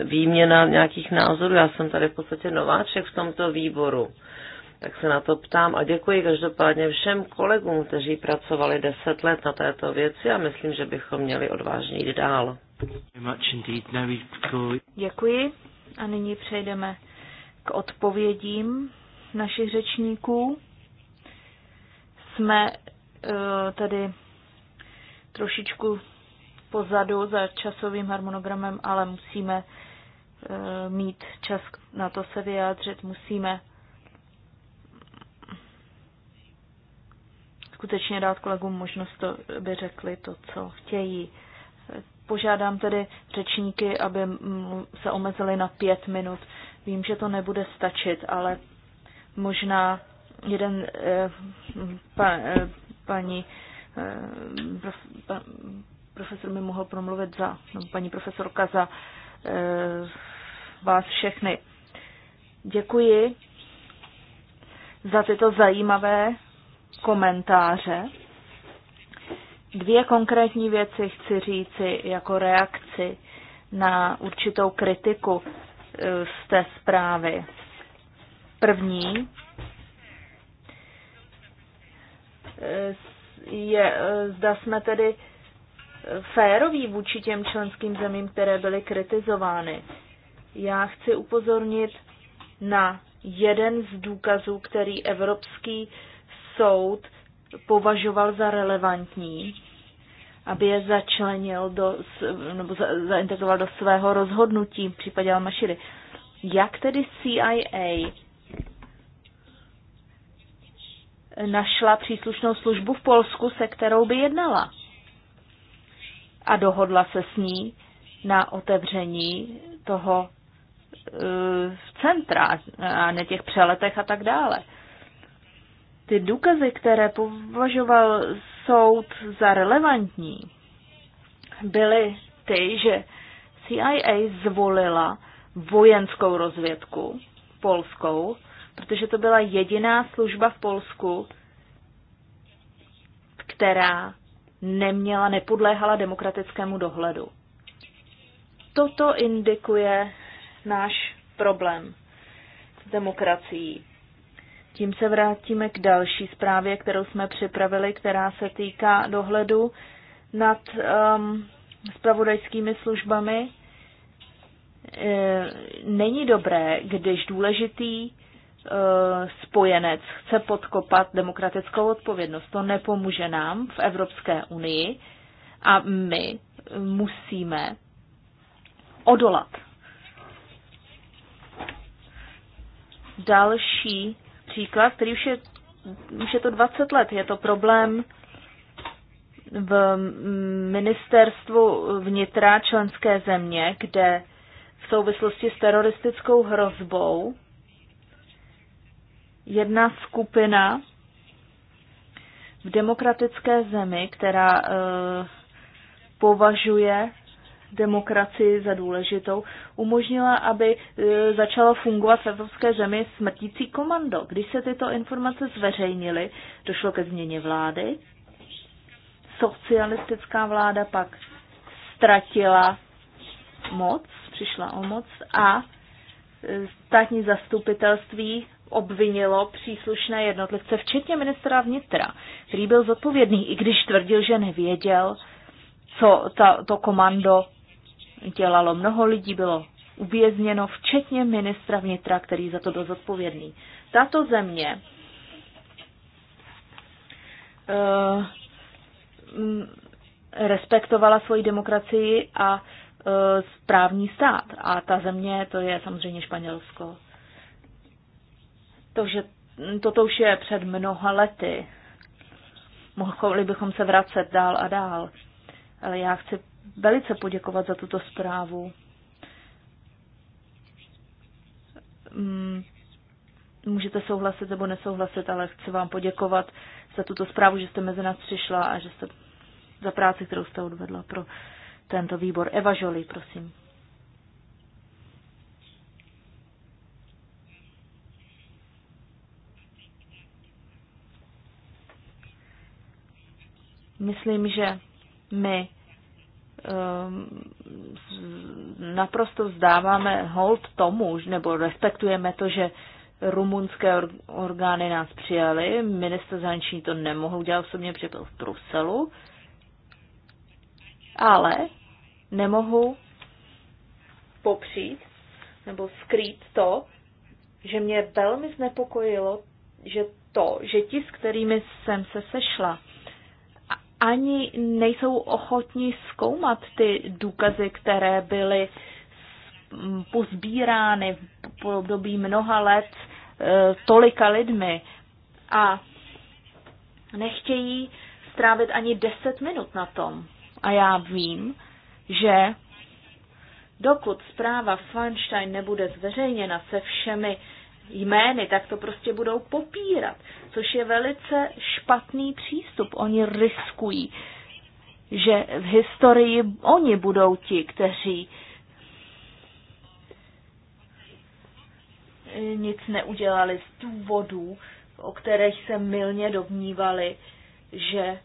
Speaker 4: výměna nějakých názorů. Já jsem tady v podstatě nováček v tomto výboru, tak se na to ptám a děkuji každopádně všem kolegům, kteří pracovali deset let na této věci a myslím, že bychom měli odvážně jít
Speaker 3: dál. Děkuji a nyní přejdeme k odpovědím našich řečníků. Jsme eh, tady trošičku pozadu za časovým harmonogramem, ale musíme e, mít čas na to se vyjádřit, musíme skutečně dát kolegům možnost, to, aby řekli to, co chtějí. Požádám tedy řečníky, aby se omezili na pět minut. Vím, že to nebude stačit, ale možná jeden eh, pa, eh, paní eh, pa, profesor mi mohl promluvit za, nebo paní profesorka za e, vás všechny. Děkuji za tyto zajímavé komentáře. Dvě konkrétní věci chci říci jako reakci na určitou kritiku eh, z té zprávy. První eh, je, zda jsme tedy férový vůči těm členským zemím, které byly kritizovány. Já chci upozornit na jeden z důkazů, který Evropský soud považoval za relevantní, aby je začlenil do, nebo zaintegroval do svého rozhodnutí v případě Almaširy. Jak tedy CIA našla příslušnou službu v Polsku, se kterou by jednala? a dohodla se s ní na otevření toho eh, centra a ne těch přeletech a tak dále. Ty důkazy, které považoval soud za relevantní, byly ty, že CIA zvolila vojenskou rozvědku polskou, protože to byla jediná služba v Polsku, která neměla, nepodléhala demokratickému dohledu. Toto indikuje náš problém s demokracií. Tím se vrátíme k další zprávě, kterou jsme připravili, která se týká dohledu nad um, spravodajskými službami. E, není dobré, když důležitý Eh, spojenec chce podkopat demokratickou odpovědnost. To nepomůže nám v Evropské unii a my musíme odolat. Další příklad, který už je, už je to 20 let, je to problém v ministerstvu vnitra členské země, kde v souvislosti s teroristickou hrozbou jedna skupina v demokratické zemi, která eh, považuje demokracii za důležitou, umožnila, aby eh, začalo fungovat v evropské zemi smrtící komando. Když se tyto informace zveřejnily, došlo ke změně vlády. Socialistická vláda pak ztratila moc, přišla o moc a eh, státní zastupitelství obvinilo příslušné jednotlivce, včetně ministra vnitra, který byl zodpovědný, i když tvrdil, že nevěděl, co ta, to komando dělalo. Mnoho lidí bylo uvězněno, včetně ministra vnitra, který za to byl zodpovědný. Tato země uh, respektovala svoji demokracii a eh, správní stát. A ta země, to je samozřejmě Španělsko to, že toto už je před mnoha lety. Mohli bychom se vracet dál a dál. Ale já chci velice poděkovat za tuto zprávu. Mm, můžete souhlasit nebo nesouhlasit, ale chci vám poděkovat za tuto zprávu, že jste mezi nás přišla a že jste za práci, kterou jste odvedla pro tento výbor. Eva Žolí, prosím. Myslím, že my ehm, naprosto vzdáváme hold tomu, nebo respektujeme to, že rumunské orgány nás přijali. Minister zahraniční to nemohl udělat osobně, protože byl v Bruselu. Ale nemohu popřít nebo skrýt to, že mě velmi znepokojilo, že to, že ti, s kterými jsem se sešla, ani nejsou ochotní zkoumat ty důkazy, které byly pozbírány po období mnoha let eh, tolika lidmi a nechtějí strávit ani deset minut na tom. A já vím, že dokud zpráva Feinstein nebude zveřejněna se všemi jmény, tak to prostě budou popírat, což je velice špatný přístup. Oni riskují, že v historii oni budou ti, kteří nic neudělali z důvodů, o kterých se milně domnívali, že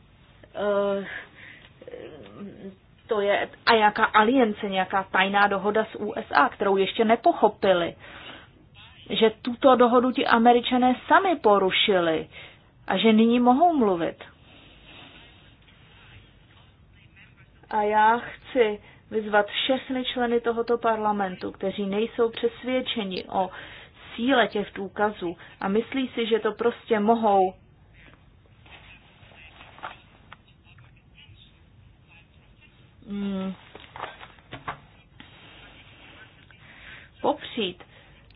Speaker 3: uh, to je a nějaká aliance, nějaká tajná dohoda s USA, kterou ještě nepochopili. Uh, že tuto dohodu ti američané sami porušili a že nyní mohou mluvit. A já chci vyzvat všechny členy tohoto parlamentu, kteří nejsou přesvědčeni o síle těch důkazů a myslí si, že to prostě mohou hmm, popřít,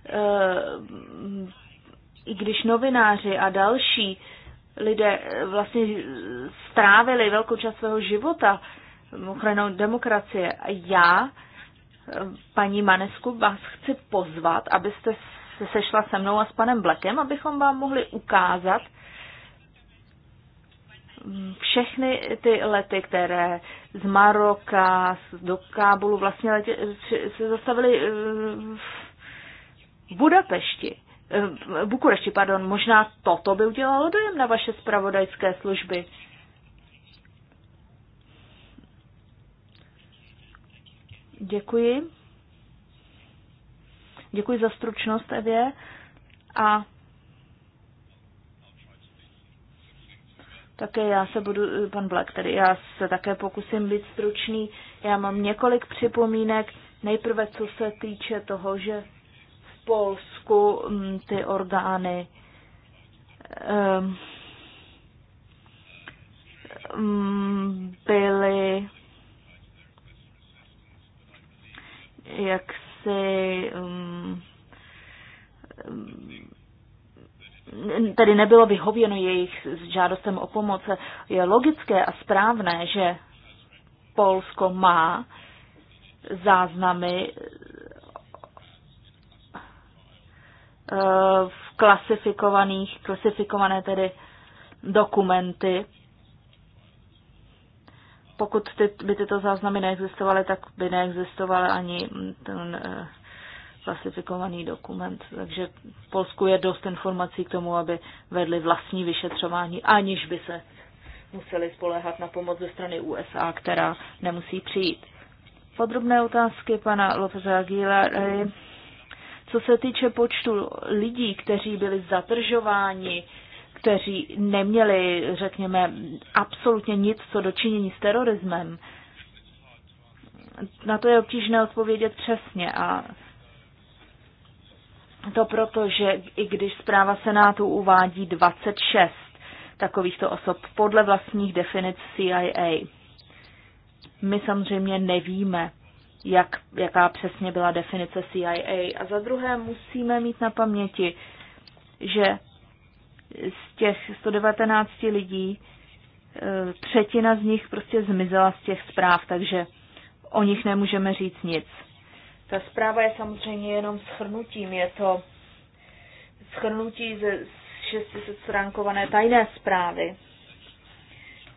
Speaker 3: Eh, i když novináři a další lidé eh, vlastně strávili velkou část svého života ochranou demokracie. já, eh, paní Manesku, vás chci pozvat, abyste se sešla se mnou a s panem Blekem, abychom vám mohli ukázat mm, všechny ty lety, které z Maroka, do Kábulu vlastně letě, se zastavili v Budapešti, eh, Bukurešti, pardon, možná toto by udělalo dojem na vaše spravodajské služby. Děkuji. Děkuji za stručnost, Evě. A také já se budu, pan Black, tedy já se také pokusím být stručný. Já mám několik připomínek. Nejprve, co se týče toho, že Polsku mm, ty orgány mm, byly jaksi mm, tedy nebylo vyhověno jejich žádostem o pomoc. Je logické a správné, že Polsko má záznamy Eh, v klasifikovaných, klasifikované tedy dokumenty. Pokud ty, by tyto záznamy neexistovaly, tak by neexistoval ani ten eh, klasifikovaný dokument. Takže v Polsku je dost informací k tomu, aby vedli vlastní vyšetřování, aniž by se museli spolehat na pomoc ze strany USA, která nemusí přijít. Podrobné otázky pana Lopeza Aguilera co se týče počtu lidí, kteří byli zatržováni, kteří neměli, řekněme, absolutně nic co dočinění s terorismem, na to je obtížné odpovědět přesně a to proto, že i když zpráva Senátu uvádí 26 takovýchto osob podle vlastních definic CIA, my samozřejmě nevíme, jak, jaká přesně byla definice CIA. A za druhé musíme mít na paměti, že z těch 119 lidí e, třetina z nich prostě zmizela z těch zpráv, takže o nich nemůžeme říct nic. Ta zpráva je samozřejmě jenom schrnutím, je to schrnutí ze 600 stránkované tajné zprávy,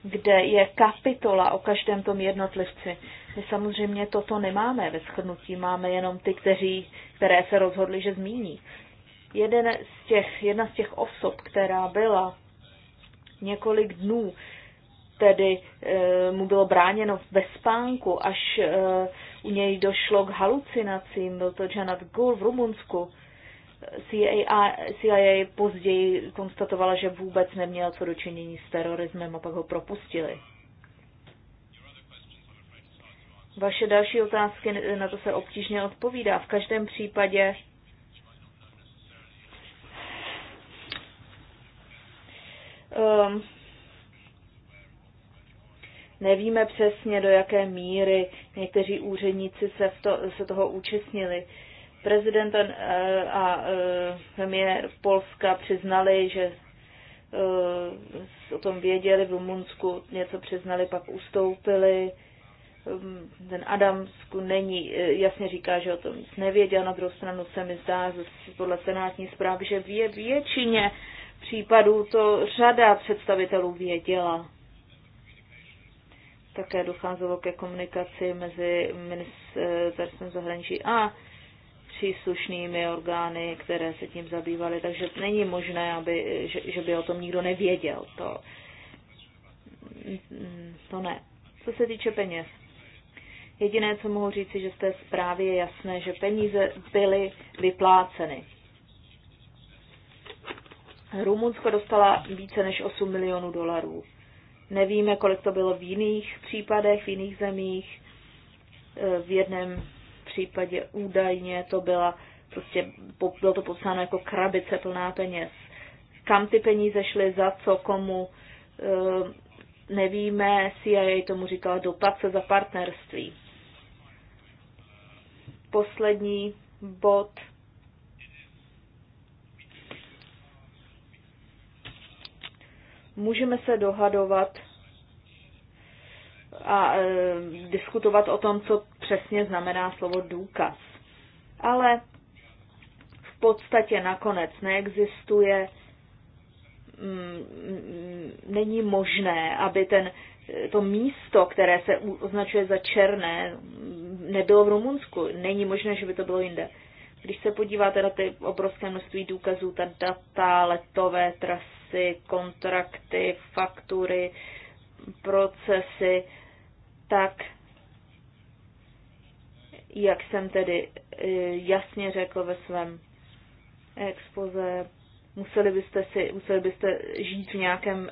Speaker 3: kde je kapitola o každém tom jednotlivci. My samozřejmě toto nemáme ve schrnutí, máme jenom ty, kteří, které se rozhodli, že zmíní. Jeden z těch, jedna z těch osob, která byla několik dnů, tedy e, mu bylo bráněno ve spánku, až e, u něj došlo k halucinacím, byl to Janat Gul v Rumunsku. CIA, CIA později konstatovala, že vůbec neměl co dočinění s terorismem a pak ho propustili. Vaše další otázky, na to se obtížně odpovídá. V každém případě um, nevíme přesně, do jaké míry někteří úředníci se, v to, se toho účastnili. Prezident a, a premiér Polska přiznali, že ehm, o tom věděli v Rumunsku, něco přiznali, pak ustoupili. Um, ten Adamsku není, eh, jasně říká, že o tom nic nevěděl, na druhou stranu se mi zdá podle senátní zprávy, že vě, většině případů to řada představitelů věděla. Také docházelo ke komunikaci mezi ministerstvem zahraničí a příslušnými orgány, které se tím zabývaly, takže není možné, aby, že, že by o tom nikdo nevěděl. To, to ne. Co se týče peněz, Jediné, co mohu říci, že z té zprávy je jasné, že peníze byly vypláceny. Rumunsko dostala více než 8 milionů dolarů. Nevíme, kolik to bylo v jiných případech, v jiných zemích. E, v jednom případě údajně to byla prostě, bylo to popsáno jako krabice plná peněz. Kam ty peníze šly, za co, komu, e, nevíme, CIA tomu říkala dopad se za partnerství poslední bod. Můžeme se dohadovat a e, diskutovat o tom, co přesně znamená slovo důkaz. Ale v podstatě nakonec neexistuje, m, mm, mm, není možné, aby ten, to místo, které se označuje za černé, nebylo v Rumunsku. Není možné, že by to bylo jinde. Když se podíváte na ty obrovské množství důkazů, ta data, letové trasy, kontrakty, faktury, procesy, tak jak jsem tedy eh, jasně řekl ve svém expoze, museli byste, si, museli byste žít v nějakém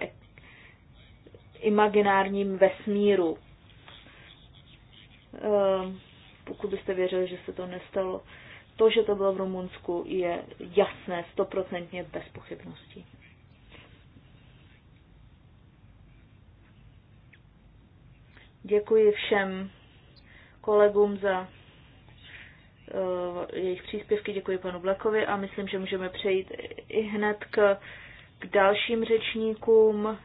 Speaker 3: imaginárním vesmíru, Ehm, pokud byste věřili, že se to nestalo. To, že to bylo v Rumunsku, je jasné, stoprocentně bez pochybností. Děkuji všem kolegům za eh, jejich příspěvky, děkuji panu Blakovi a myslím, že můžeme přejít i hned k, k dalším řečníkům.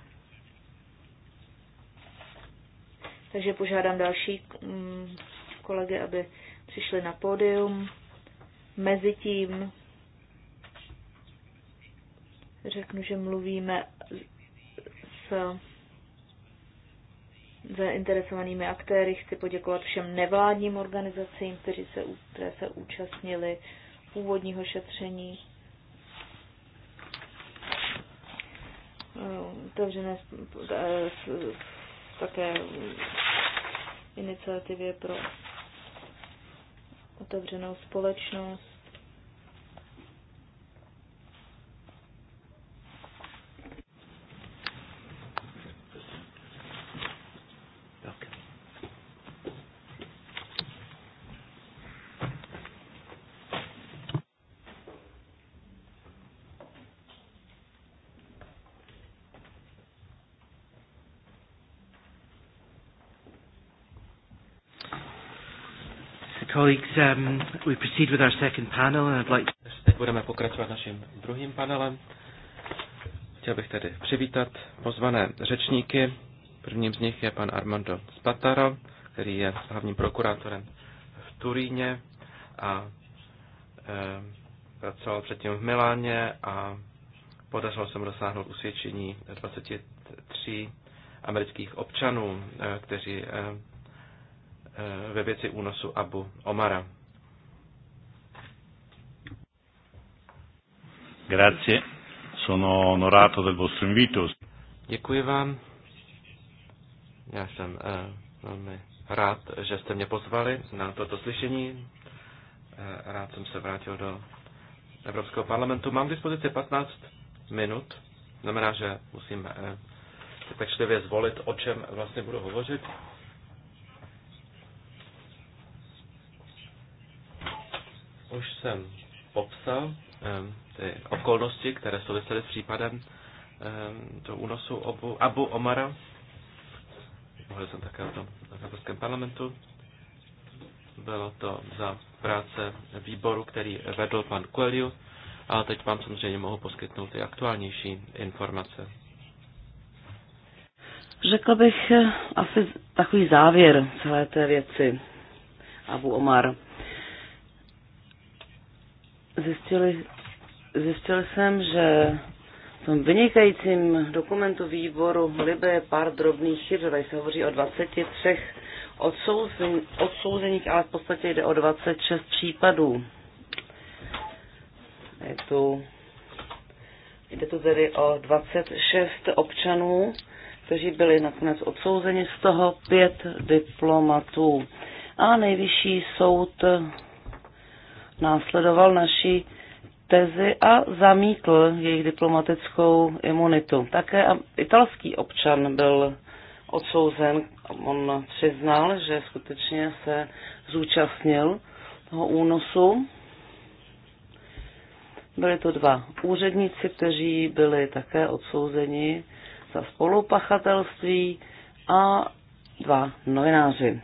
Speaker 3: Takže požádám další mm, kolegy, aby přišli na pódium. Mezitím řeknu, že mluvíme s zainteresovanými aktéry. Chci poděkovat všem nevládním organizacím, kteří se, které se účastnili původního šetření. Eh, otevřené eh, také iniciativě pro otevřenou společnost
Speaker 1: Colleagues, um, we proceed with our second panel and I'd like to... Budeme pokračovat naším druhým panelem. Chtěl
Speaker 2: bych tedy přivítat pozvané řečníky. Prvním z nich je pan Armando Spataro, který je hlavním prokurátorem v Turíně a e, pracoval předtím v Miláně a podařilo se mu dosáhnout usvědčení 23 amerických občanů, e, kteří e, Eh, ve věci únosu Abu Omara. Grazie, sono onorato del
Speaker 1: vostro invito.
Speaker 2: Děkuji vám. Já jsem uh, velmi rád, že jste mě pozvali na toto slyšení. Uh, rád jsem se vrátil do Evropského parlamentu. Mám k dispozici 15 minut, znamená, že musím uh, pečlivě zvolit, o čem vlastně budu hovořit. Už jsem popsal ehm, ty okolnosti, které souvisely s případem ehm, do únosu obu, Abu Omara. Mluvil jsem také o tom na Evropském parlamentu. Bylo to za práce výboru, který vedl pan Coelho. ale teď vám samozřejmě mohu poskytnout i aktuálnější informace.
Speaker 4: Řekl bych eh, asi takový závěr celé té věci. Abu Omar Zjistili, zjistil jsem, že v tom vynikajícím dokumentu výboru Libe je pár drobných chyb, tady se hovoří o 23 odsouzení, odsouzených, ale v podstatě jde o 26 případů. Je tu, jde tu tedy o 26 občanů, kteří byli nakonec odsouzeni, z toho pět diplomatů. A nejvyšší soud následoval naší tezi a zamítl jejich diplomatickou imunitu. Také italský občan byl odsouzen. On přiznal, že skutečně se zúčastnil toho únosu. Byli to dva úředníci, kteří byli také odsouzeni za spolupachatelství a dva novináři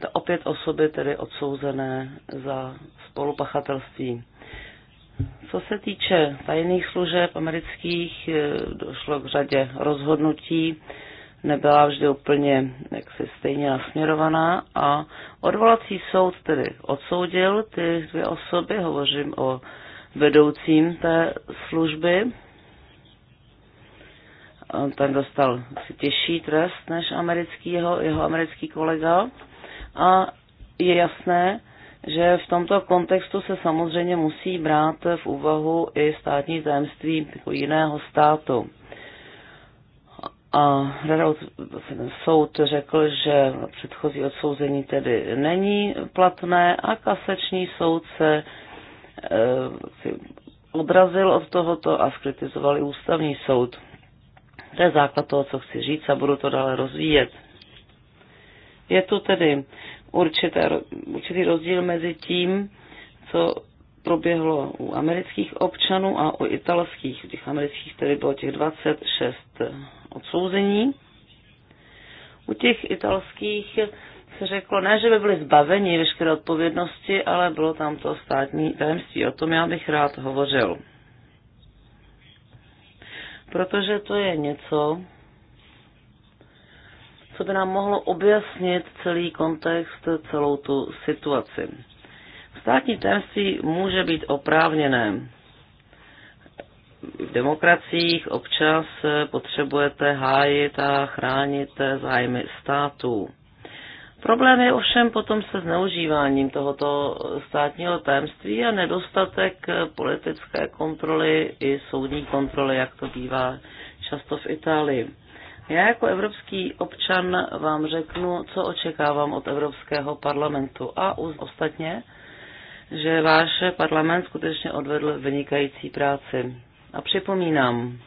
Speaker 4: to opět osoby tedy odsouzené za spolupachatelství. Co se týče tajných služeb amerických, došlo k řadě rozhodnutí, nebyla vždy úplně jaksi stejně nasměrovaná a odvolací soud tedy odsoudil ty dvě osoby, hovořím o vedoucím té služby. Ten dostal si těžší trest než americký jeho, jeho americký kolega. A je jasné, že v tomto kontextu se samozřejmě musí brát v úvahu i státní tajemství jako jiného státu. A soud řekl, že předchozí odsouzení tedy není platné a kasační soud se e, odrazil od tohoto a skritizoval i ústavní soud. To je základ toho, co chci říct a budu to dále rozvíjet. Je tu tedy určité, určitý rozdíl mezi tím, co proběhlo u amerických občanů a u italských. U těch amerických tedy bylo těch 26 odsouzení. U těch italských se řeklo, ne, že by byli zbaveni veškeré odpovědnosti, ale bylo tam to státní tajemství. O tom já bych rád hovořil. Protože to je něco, co by nám mohlo objasnit celý kontext, celou tu situaci. Státní tajemství může být oprávněné. V demokraciích občas potřebujete hájit a chránit zájmy států. Problém je ovšem potom se zneužíváním tohoto státního tajemství a nedostatek politické kontroly i soudní kontroly, jak to bývá často v Itálii. Já jako evropský občan vám řeknu, co očekávám od Evropského parlamentu a uz ostatně, že váš parlament skutečně odvedl vynikající práci. A připomínám,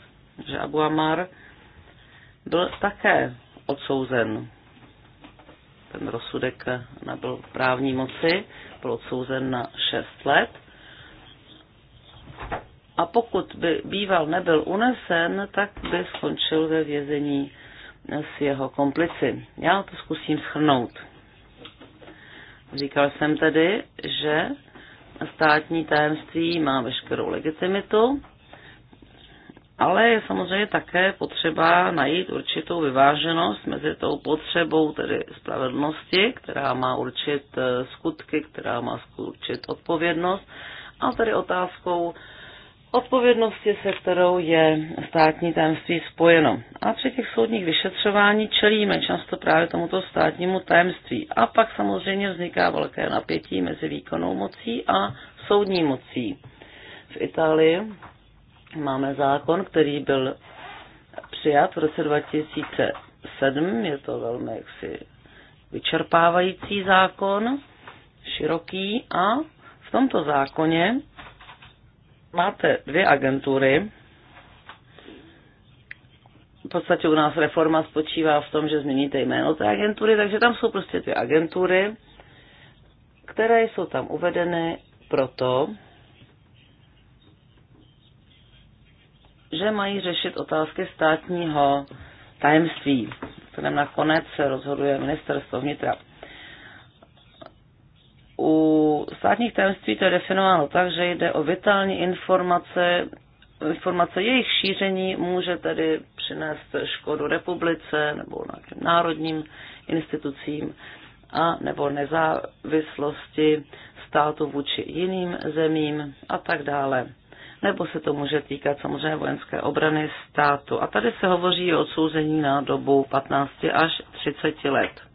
Speaker 4: že Abu Amar byl také odsouzen. Ten rozsudek nabyl právní moci, byl odsouzen na 6 let a pokud by býval nebyl unesen, tak by skončil ve vězení s jeho komplici. Já to zkusím schrnout. Říkal jsem tedy, že státní tajemství má veškerou legitimitu, ale je samozřejmě také potřeba najít určitou vyváženost mezi tou potřebou tedy spravedlnosti, která má určit eh, skutky, která má určit odpovědnost, a tedy otázkou odpovědnosti, se kterou je státní tajemství spojeno. A při těch soudních vyšetřování čelíme často právě tomuto státnímu tajemství. A pak samozřejmě vzniká velké napětí mezi výkonnou mocí a soudní mocí. V Itálii máme zákon, který byl přijat v roce 2007. Je to velmi jaksi vyčerpávající zákon, široký a v tomto zákoně máte dvě agentury. V podstatě u nás reforma spočívá v tom, že změníte jméno té agentury, takže tam jsou prostě dvě agentury, které jsou tam uvedeny proto, že mají řešit otázky státního tajemství, kterém nakonec se rozhoduje ministerstvo vnitra. U státních tajemství to je definováno tak, že jde o vitální informace, informace jejich šíření může tedy přinést škodu republice nebo nějakým národním institucím a nebo nezávislosti státu vůči jiným zemím a tak dále. Nebo se to může týkat samozřejmě vojenské obrany státu. A tady se hovoří o odsouzení na dobu 15 až 30 let.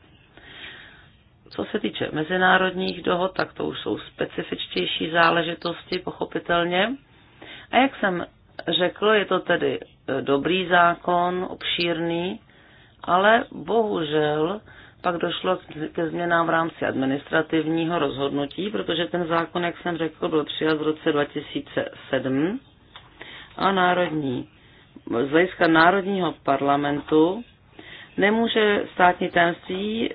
Speaker 4: Co se týče mezinárodních dohod, tak to už jsou specifičtější záležitosti, pochopitelně. A jak jsem řekl, je to tedy e, dobrý zákon, obšírný, ale bohužel pak došlo ke změnám v rámci administrativního rozhodnutí, protože ten zákon, jak jsem řekl, byl přijat v roce 2007 a národní, z hlediska národního parlamentu Nemůže státní tajemství eh,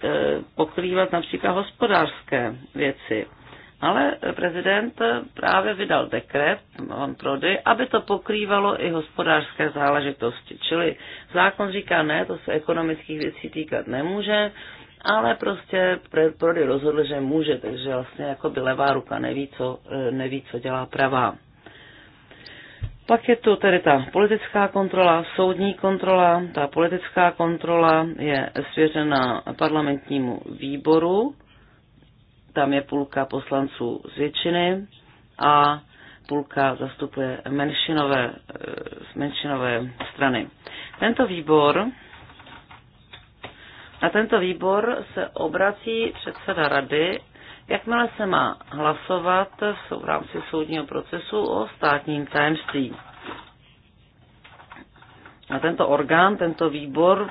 Speaker 4: pokrývat například hospodářské věci. Ale prezident právě vydal dekret, on prody, aby to pokrývalo i hospodářské záležitosti. Čili zákon říká ne, to se ekonomických věcí týkat nemůže, ale prostě prody rozhodl, že může, takže vlastně jako by levá ruka neví, co, eh, neví, co dělá pravá. Pak je tu tedy ta politická kontrola, soudní kontrola. Ta politická kontrola je svěřena parlamentnímu výboru. Tam je půlka poslanců z většiny a půlka zastupuje menšinové, eh, menšinové strany. Tento výbor na tento výbor se obrací předseda rady Jakmile se má hlasovat v rámci soudního procesu o státním tajemství. A tento orgán, tento výbor,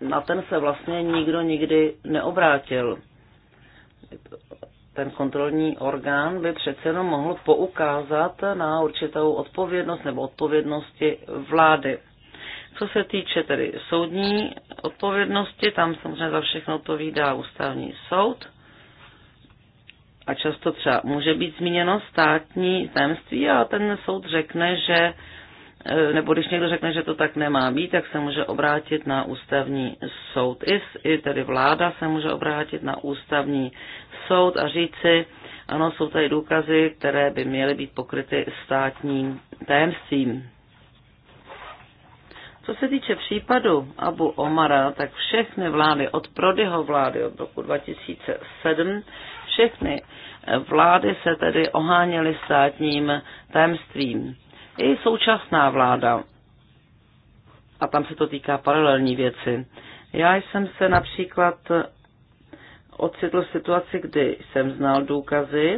Speaker 4: na ten se vlastně nikdo nikdy neobrátil. Ten kontrolní orgán by přece jenom mohl poukázat na určitou odpovědnost nebo odpovědnosti vlády. Co se týče tedy soudní odpovědnosti, tam samozřejmě za všechno odpovídá ústavní soud a často třeba může být zmíněno státní tajemství a ten soud řekne, že e, nebo když někdo řekne, že to tak nemá být, tak se může obrátit na ústavní soud. I, i tedy vláda se může obrátit na ústavní soud a říci, ano, jsou tady důkazy, které by měly být pokryty státním tajemstvím. Co se týče případu Abu Omara, tak všechny vlády od Prodyho vlády od roku 2007 všechny vlády se tedy oháněly státním tajemstvím. I současná vláda, a tam se to týká paralelní věci. Já jsem se například ocitl v situaci, kdy jsem znal důkazy,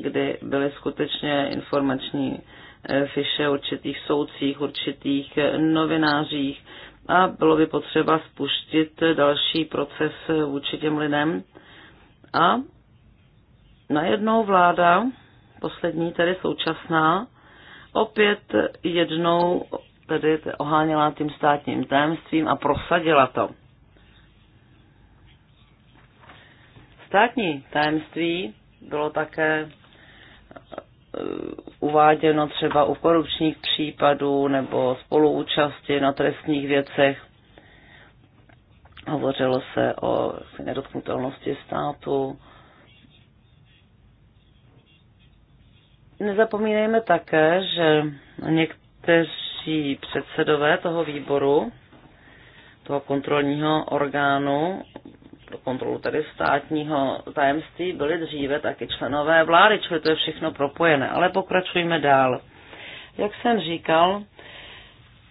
Speaker 4: kdy byly skutečně informační fiše určitých soudcích, určitých novinářích a bylo by potřeba spuštit další proces vůči těm lidem. A najednou vláda, poslední tedy současná, opět jednou tedy oháněla tím státním tajemstvím a prosadila to. Státní tajemství bylo také eh, uváděno třeba u korupčních případů nebo spoluúčasti na trestních věcech. Hovořilo se o nedotknutelnosti státu, Nezapomínejme také, že někteří předsedové toho výboru, toho kontrolního orgánu, pro kontrolu tedy státního tajemství, byli dříve taky členové vlády, čili to je všechno propojené. Ale pokračujeme dál. Jak jsem říkal,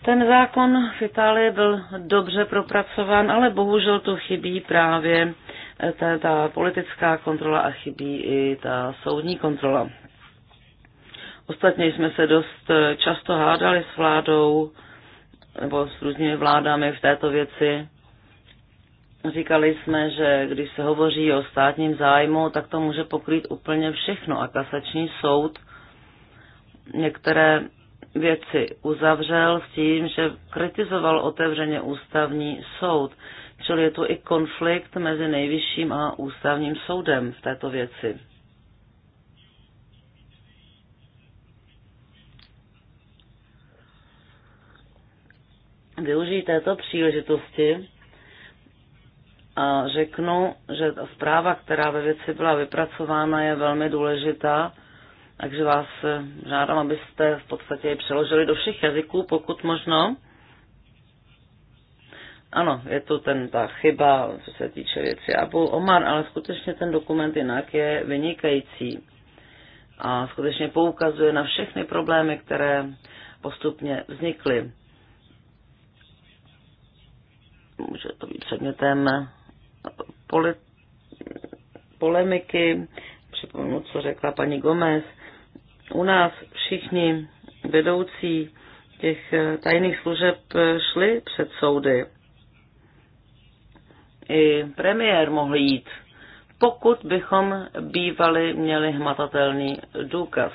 Speaker 4: ten zákon v Itálii byl dobře propracován, ale bohužel tu chybí právě ta, ta politická kontrola a chybí i ta soudní kontrola. Ostatně jsme se dost eh, často hádali s vládou nebo s různými vládami v této věci. Říkali jsme, že když se hovoří o státním zájmu, tak to může pokrýt úplně všechno a kasační soud některé věci uzavřel s tím, že kritizoval otevřeně ústavní soud. Čili je tu i konflikt mezi nejvyšším a ústavním soudem v této věci. využiji této příležitosti a řeknu, že ta zpráva, která ve věci byla vypracována, je velmi důležitá, takže vás žádám, abyste v podstatě ji přeložili do všech jazyků, pokud možno. Ano, je to ten, ta chyba, co se týče věci Abu Omar, ale skutečně ten dokument jinak je vynikající a skutečně poukazuje na všechny problémy, které postupně vznikly může to být předmětem pole, polemiky. Připomnu, co řekla paní Gomez. U nás všichni vedoucí těch eh, tajných služeb eh, šli před soudy. I premiér mohl jít, pokud bychom bývali měli hmatatelný důkaz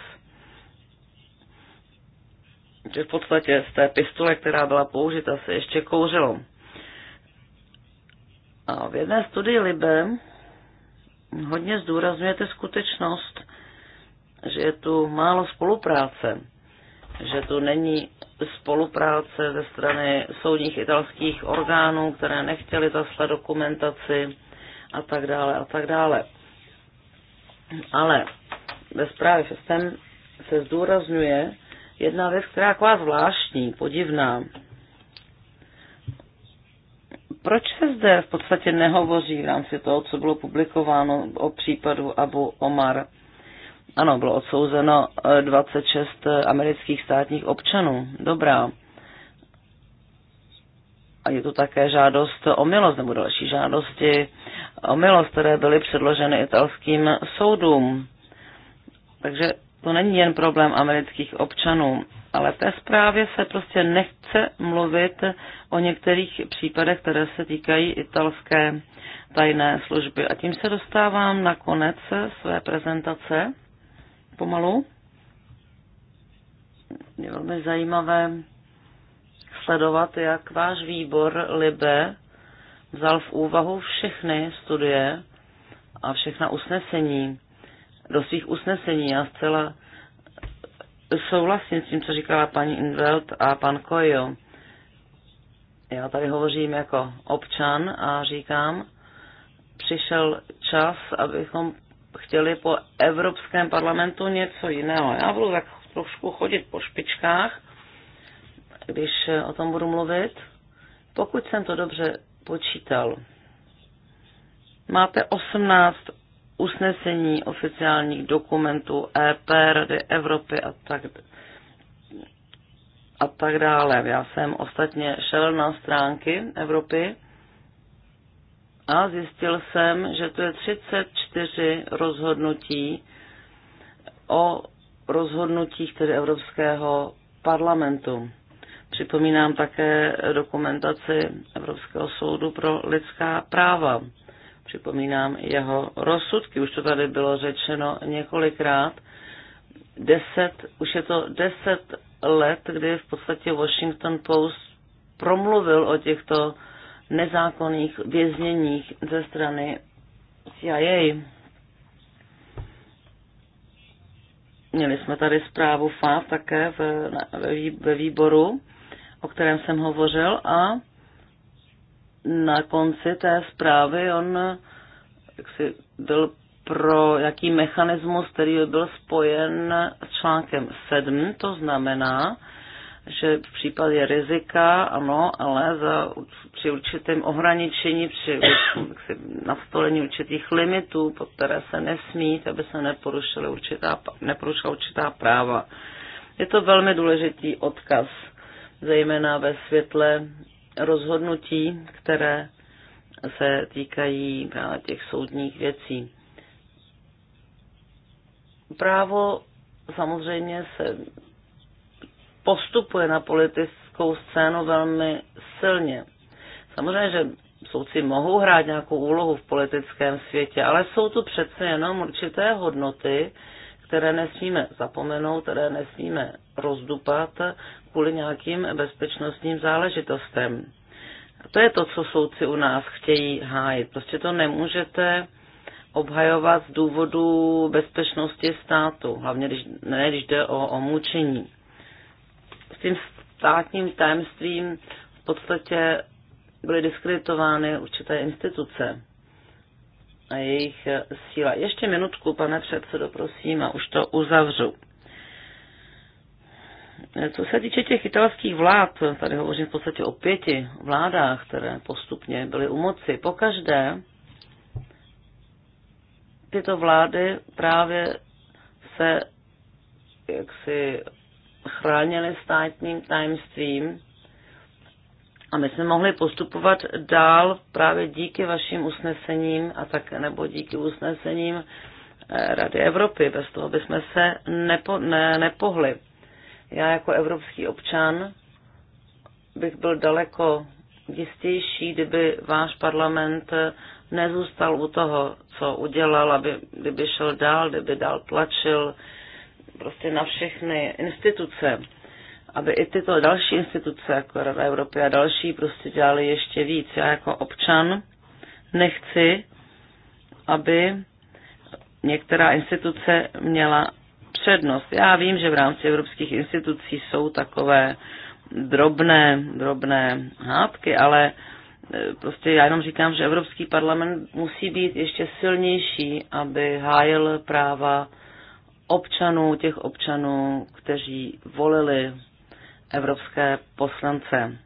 Speaker 4: že v podstatě z té pistole, která byla použita, se ještě kouřilo. A v jedné studii Libe hodně zdůrazňujete skutečnost, že je tu málo spolupráce, že tu není spolupráce ze strany soudních italských orgánů, které nechtěly zaslat dokumentaci a tak dále a tak dále. Ale ve zprávě se zdůrazňuje jedna věc, která je taková zvláštní, podivná, proč se zde v podstatě nehovoří v rámci toho, co bylo publikováno o případu Abu Omar? Ano, bylo odsouzeno 26 eh, eh, amerických státních občanů. Dobrá. A je tu také žádost o milost, nebo další žádosti o milost, které byly předloženy italským soudům. Takže to není jen problém amerických občanů. Ale té zprávě se prostě nechce mluvit o některých případech, které se týkají italské tajné služby. A tím se dostávám na konec své prezentace. Pomalu. Je velmi zajímavé sledovat, jak váš výbor Libe vzal v úvahu všechny studie a všechna usnesení. Do svých usnesení já zcela souhlasím s tím, co říkala paní Invelt a pan Kojo. Já tady hovořím jako občan a říkám, přišel čas, abychom chtěli po Evropském parlamentu něco jiného. Já budu tak trošku chodit po špičkách, když o tom budu mluvit. Pokud jsem to dobře počítal, máte 18 usnesení oficiálních dokumentů EP, Rady Evropy a tak, a tak dále. Já jsem ostatně šel na stránky Evropy a zjistil jsem, že to je 34 rozhodnutí o rozhodnutích tedy Evropského parlamentu. Připomínám také dokumentaci Evropského soudu pro lidská práva připomínám jeho rozsudky, už to tady bylo řečeno několikrát, deset, už je to deset let, kdy v podstatě Washington Post promluvil o těchto nezákonných vězněních ze strany CIA. Měli jsme tady zprávu FAF také ve, ve výboru, o kterém jsem hovořil a na konci té zprávy on jaksi byl pro jaký mechanismus, který by byl spojen s článkem 7, to znamená, že v případě rizika, ano, ale za, při určitém ohraničení, při jaksi, nastolení určitých limitů, pod které se nesmí, aby se neporušila určitá, neporušila určitá práva. Je to velmi důležitý odkaz, zejména ve světle rozhodnutí, které se týkají právě těch soudních věcí. Právo samozřejmě se postupuje na politickou scénu velmi silně. Samozřejmě, že soudci mohou hrát nějakou úlohu v politickém světě, ale jsou tu přece jenom určité hodnoty, které nesmíme zapomenout, které nesmíme rozdupat kvůli nějakým bezpečnostním záležitostem. To je to, co soudci u nás chtějí hájit. Prostě to nemůžete obhajovat z důvodu bezpečnosti státu, hlavně když, ne, když jde o, omučení. S tím státním tajemstvím v podstatě byly diskreditovány určité instituce a jejich síla. Ještě minutku, pane předsedo, prosím, a už to uzavřu. Co se týče těch italských vlád, tady hovořím v podstatě o pěti vládách, které postupně byly u moci, po každé tyto vlády právě se jaksi chránily státním tajemstvím a my jsme mohli postupovat dál právě díky vašim usnesením a tak nebo díky usnesením eh, Rady Evropy. Bez toho bychom se nepo, ne, nepohli. Já jako evropský občan bych byl daleko jistější, kdyby váš parlament nezůstal u toho, co udělal, aby, kdyby šel dál, kdyby dál tlačil prostě na všechny instituce, aby i tyto další instituce, jako v Evropě a další, prostě dělali ještě víc. Já jako občan nechci, aby některá instituce měla přednost. Já vím, že v rámci evropských institucí jsou takové drobné, drobné hádky, ale e, prostě já jenom říkám, že Evropský parlament musí být ještě silnější, aby hájil práva občanů, těch občanů, kteří volili evropské poslance.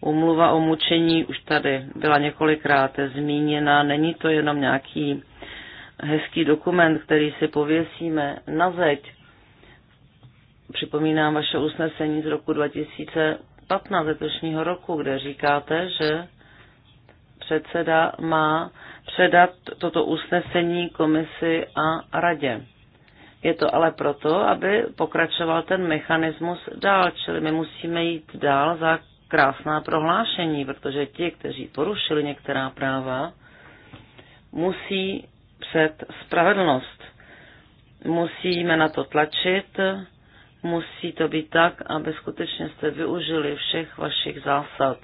Speaker 4: Umluva o mučení už tady byla několikrát zmíněna, není to jenom nějaký hezký dokument, který si pověsíme na zeď. Připomínám vaše usnesení z roku 2015 letošního roku, kde říkáte, že předseda má předat toto usnesení komisi a radě. Je to ale proto, aby pokračoval ten mechanismus dál, čili my musíme jít dál za krásná prohlášení, protože ti, kteří porušili některá práva, musí vracet spravedlnost. Musíme na to tlačit, musí to být tak, aby skutečně jste využili všech vašich zásad.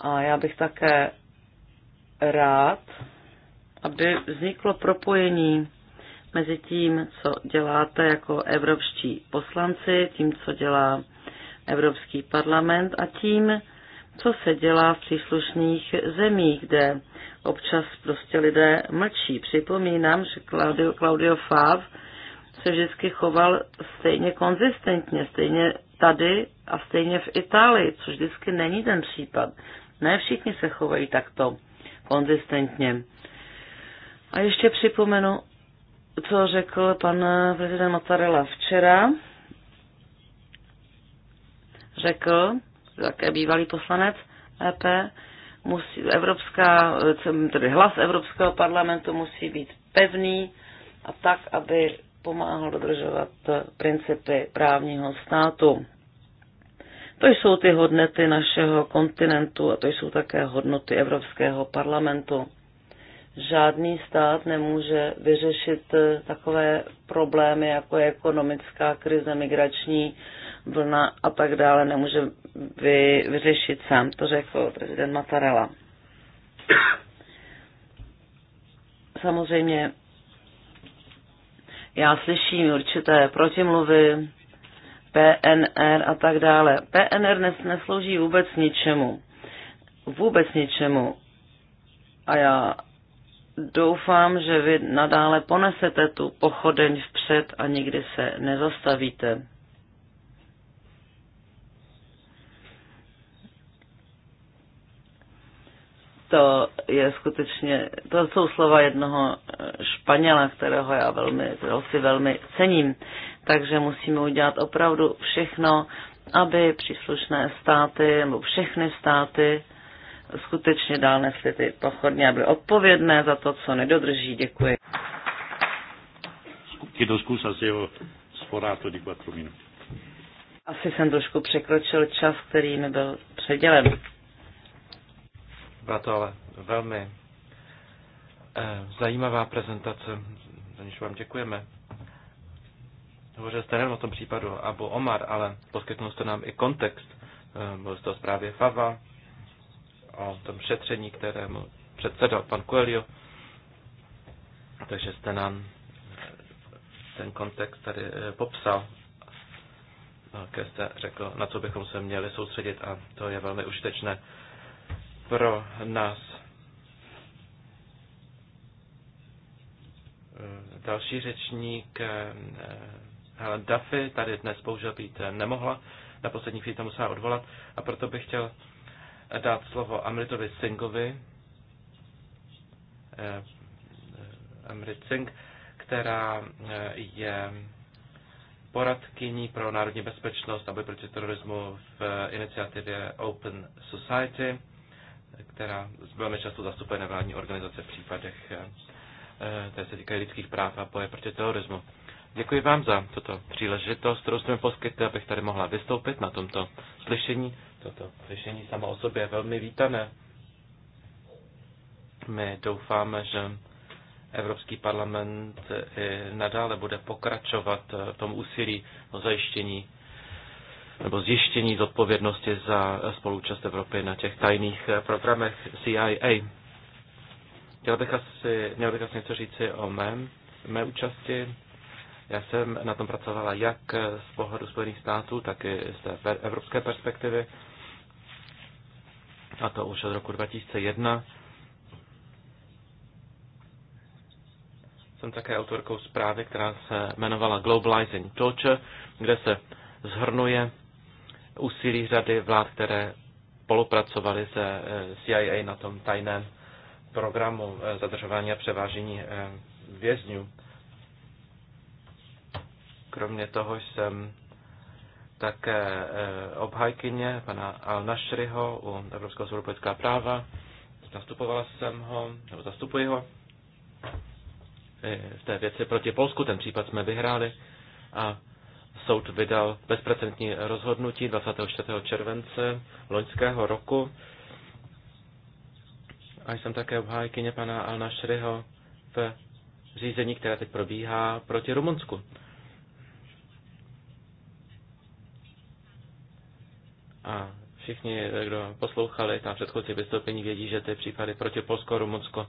Speaker 4: A já bych také rád, aby vzniklo propojení mezi tím, co děláte jako evropští poslanci, tím, co dělá Evropský parlament a tím, co se dělá v příslušných zemích, kde občas prostě lidé mlčí. Připomínám, že Claudio, Claudio Fav se vždycky choval stejně konzistentně, stejně tady a stejně v Itálii, což vždycky není ten případ. Ne všichni se chovají takto konzistentně. A ještě připomenu, co řekl pan prezident Matarela včera. Řekl, také bývalý poslanec EP, musí, Evropská, tedy hlas Evropského parlamentu musí být pevný a tak, aby pomáhal dodržovat principy právního státu. To jsou ty hodnoty našeho kontinentu a to jsou také hodnoty Evropského parlamentu. Žádný stát nemůže vyřešit takové problémy, jako je ekonomická krize, migrační vlna a tak dále nemůže vy, vyřešit sám, to řekl prezident Matarela. Samozřejmě já slyším určité protimluvy, PNR a tak dále. PNR nes, neslouží vůbec ničemu. Vůbec ničemu. A já doufám, že vy nadále ponesete tu pochodeň vpřed a nikdy se nezastavíte. to je skutečně, to jsou slova jednoho Španěla, kterého já velmi, kterého si velmi cením. Takže musíme udělat opravdu všechno, aby příslušné státy nebo všechny státy skutečně dál nesly ty pochodně aby byly odpovědné za to, co nedodrží. Děkuji. Asi jsem trošku překročil čas, který mi byl předělen.
Speaker 2: Byla to ale velmi eh, zajímavá prezentace, za níž vám děkujeme. Hovořil jste nejen o tom případu Abu Omar, ale poskytnul jste nám i kontext. Byl eh, jste o zprávě FAVA, o tom šetření, kterému předsedal pan Coelho. Takže jste nám eh, ten kontext tady popsal, které jste řekl, na co bychom se měli soustředit a to je velmi užitečné pro nás e, další řečník e, Helen Duffy tady dnes bohužel být nemohla, na poslední chvíli to musela odvolat a proto bych chtěl dát slovo Amritovi Singovi, e, Amrit Singh, která je poradkyní pro národní bezpečnost a boj proti terorismu v iniciativě Open Society která velmi často zastupuje nevládní organizace v případech, eh, které se týkají lidských práv a boje proti terorismu. Děkuji vám za tuto příležitost, kterou jste mi poskytli, abych tady mohla vystoupit na tomto slyšení. Toto slyšení samo o sobě je velmi vítané. My doufáme, že Evropský parlament i nadále bude pokračovat v tom úsilí o zajištění nebo zjištění zodpovědnosti za spolúčast Evropy na těch tajných eh, programech CIA. Chtěl bych asi, měl bych asi něco říci o mém, mé účasti. Já jsem na tom pracovala jak z pohledu Spojených států, tak i z té evropské perspektivy. A to už od roku 2001. Jsem také autorkou zprávy, která se jmenovala Globalizing Torture, kde se zhrnuje úsilí řady vlád, které spolupracovali se eh, CIA na tom tajném programu eh, zadržování a převážení eh, vězňů. Kromě toho jsem také obhajkyně pana Al-Nashriho u Evropského soudu práva. Zastupovala jsem ho, nebo zastupuji ho v té věci proti Polsku. Ten případ jsme vyhráli a soud vydal bezprecedentní rozhodnutí 24. července loňského roku. A jsem také obhájkyně pana Alna Šryho v řízení, které teď probíhá proti Rumunsku. A všichni, kdo poslouchali ta předchozí vystoupení, vědí, že ty případy proti Polsko a Rumunsko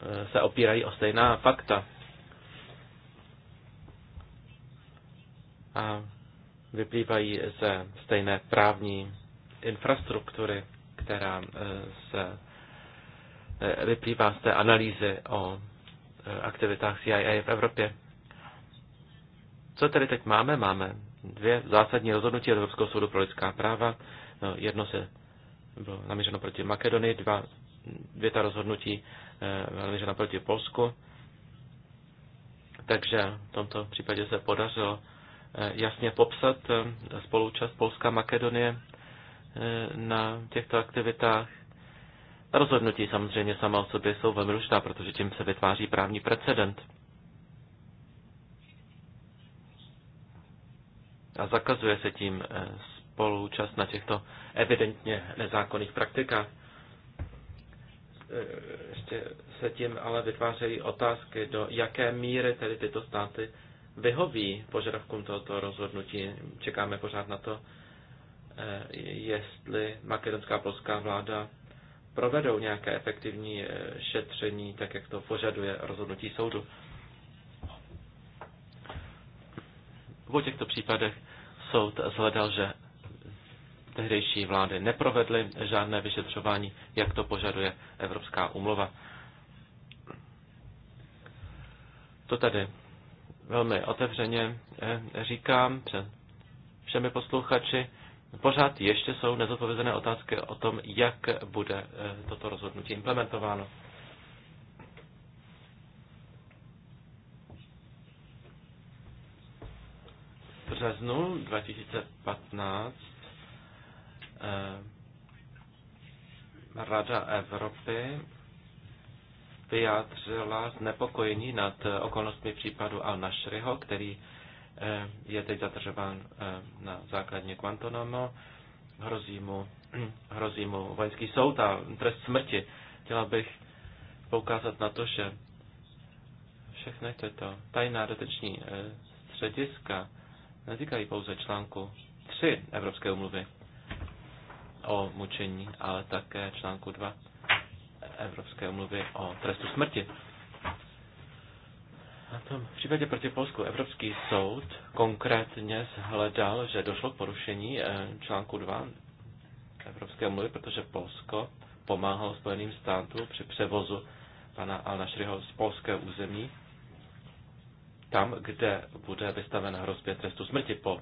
Speaker 2: Eh, se opírají o stejná fakta. A vyplývají ze stejné právní infrastruktury, která eh, se eh, vyplývá z té analýzy o aktivitách CIA v Evropě. Co tedy teď máme? Máme dvě zásadní rozhodnutí Evropského soudu pro lidská práva. No, jedno se bylo namířeno proti Makedonii, dva, dvě ta rozhodnutí Eh, ležela naproti Polsku. Takže v tomto případě se podařilo eh, jasně popsat eh, spolúčast Polska a Makedonie na těchto aktivitách. Rozhodnutí samozřejmě sama o sobě jsou velmi důležitá, protože tím se vytváří právní precedent. A zakazuje se tím spolúčast na těchto evidentně nezákonných praktikách. Eh, ještě se tím ale vytvářejí otázky, do jaké míry tedy tyto státy vyhoví požadavkům tohoto rozhodnutí. Čekáme pořád na to, eh, jestli makedonská polská vláda provedou nějaké efektivní eh, šetření, tak jak to požaduje rozhodnutí soudu. V těchto případech soud zhledal, že tehdejší vlády neprovedly žádné vyšetřování, jak to požaduje Evropská umlova. To tady velmi otevřeně eh, říkám před všemi posluchači. Pořád ještě jsou nezodpovězené otázky o tom, jak bude eh, toto rozhodnutí implementováno. V březnu 2015 Eh, Rada Evropy vyjádřila znepokojení nad okolnostmi případu Al-Nashriho, který eh, je teď zadržován eh, na základně Guantanamo. Hrozí mu, hrozí mu vojenský soud a trest smrti. Chtěla bych poukázat na to, že všechny tyto tajná deteční střediska netýkají pouze článku 3 Evropské umluvy, o mučení, ale také článku 2 Evropské umluvy o trestu smrti. Na tom v případě proti Polsku Evropský soud konkrétně shledal, že došlo k porušení eh, článku 2 Evropské umluvy, protože Polsko pomáhalo Spojeným státům při převozu pana Alnašryho z Polské území tam, kde bude vystaven hrozbě trestu smrti po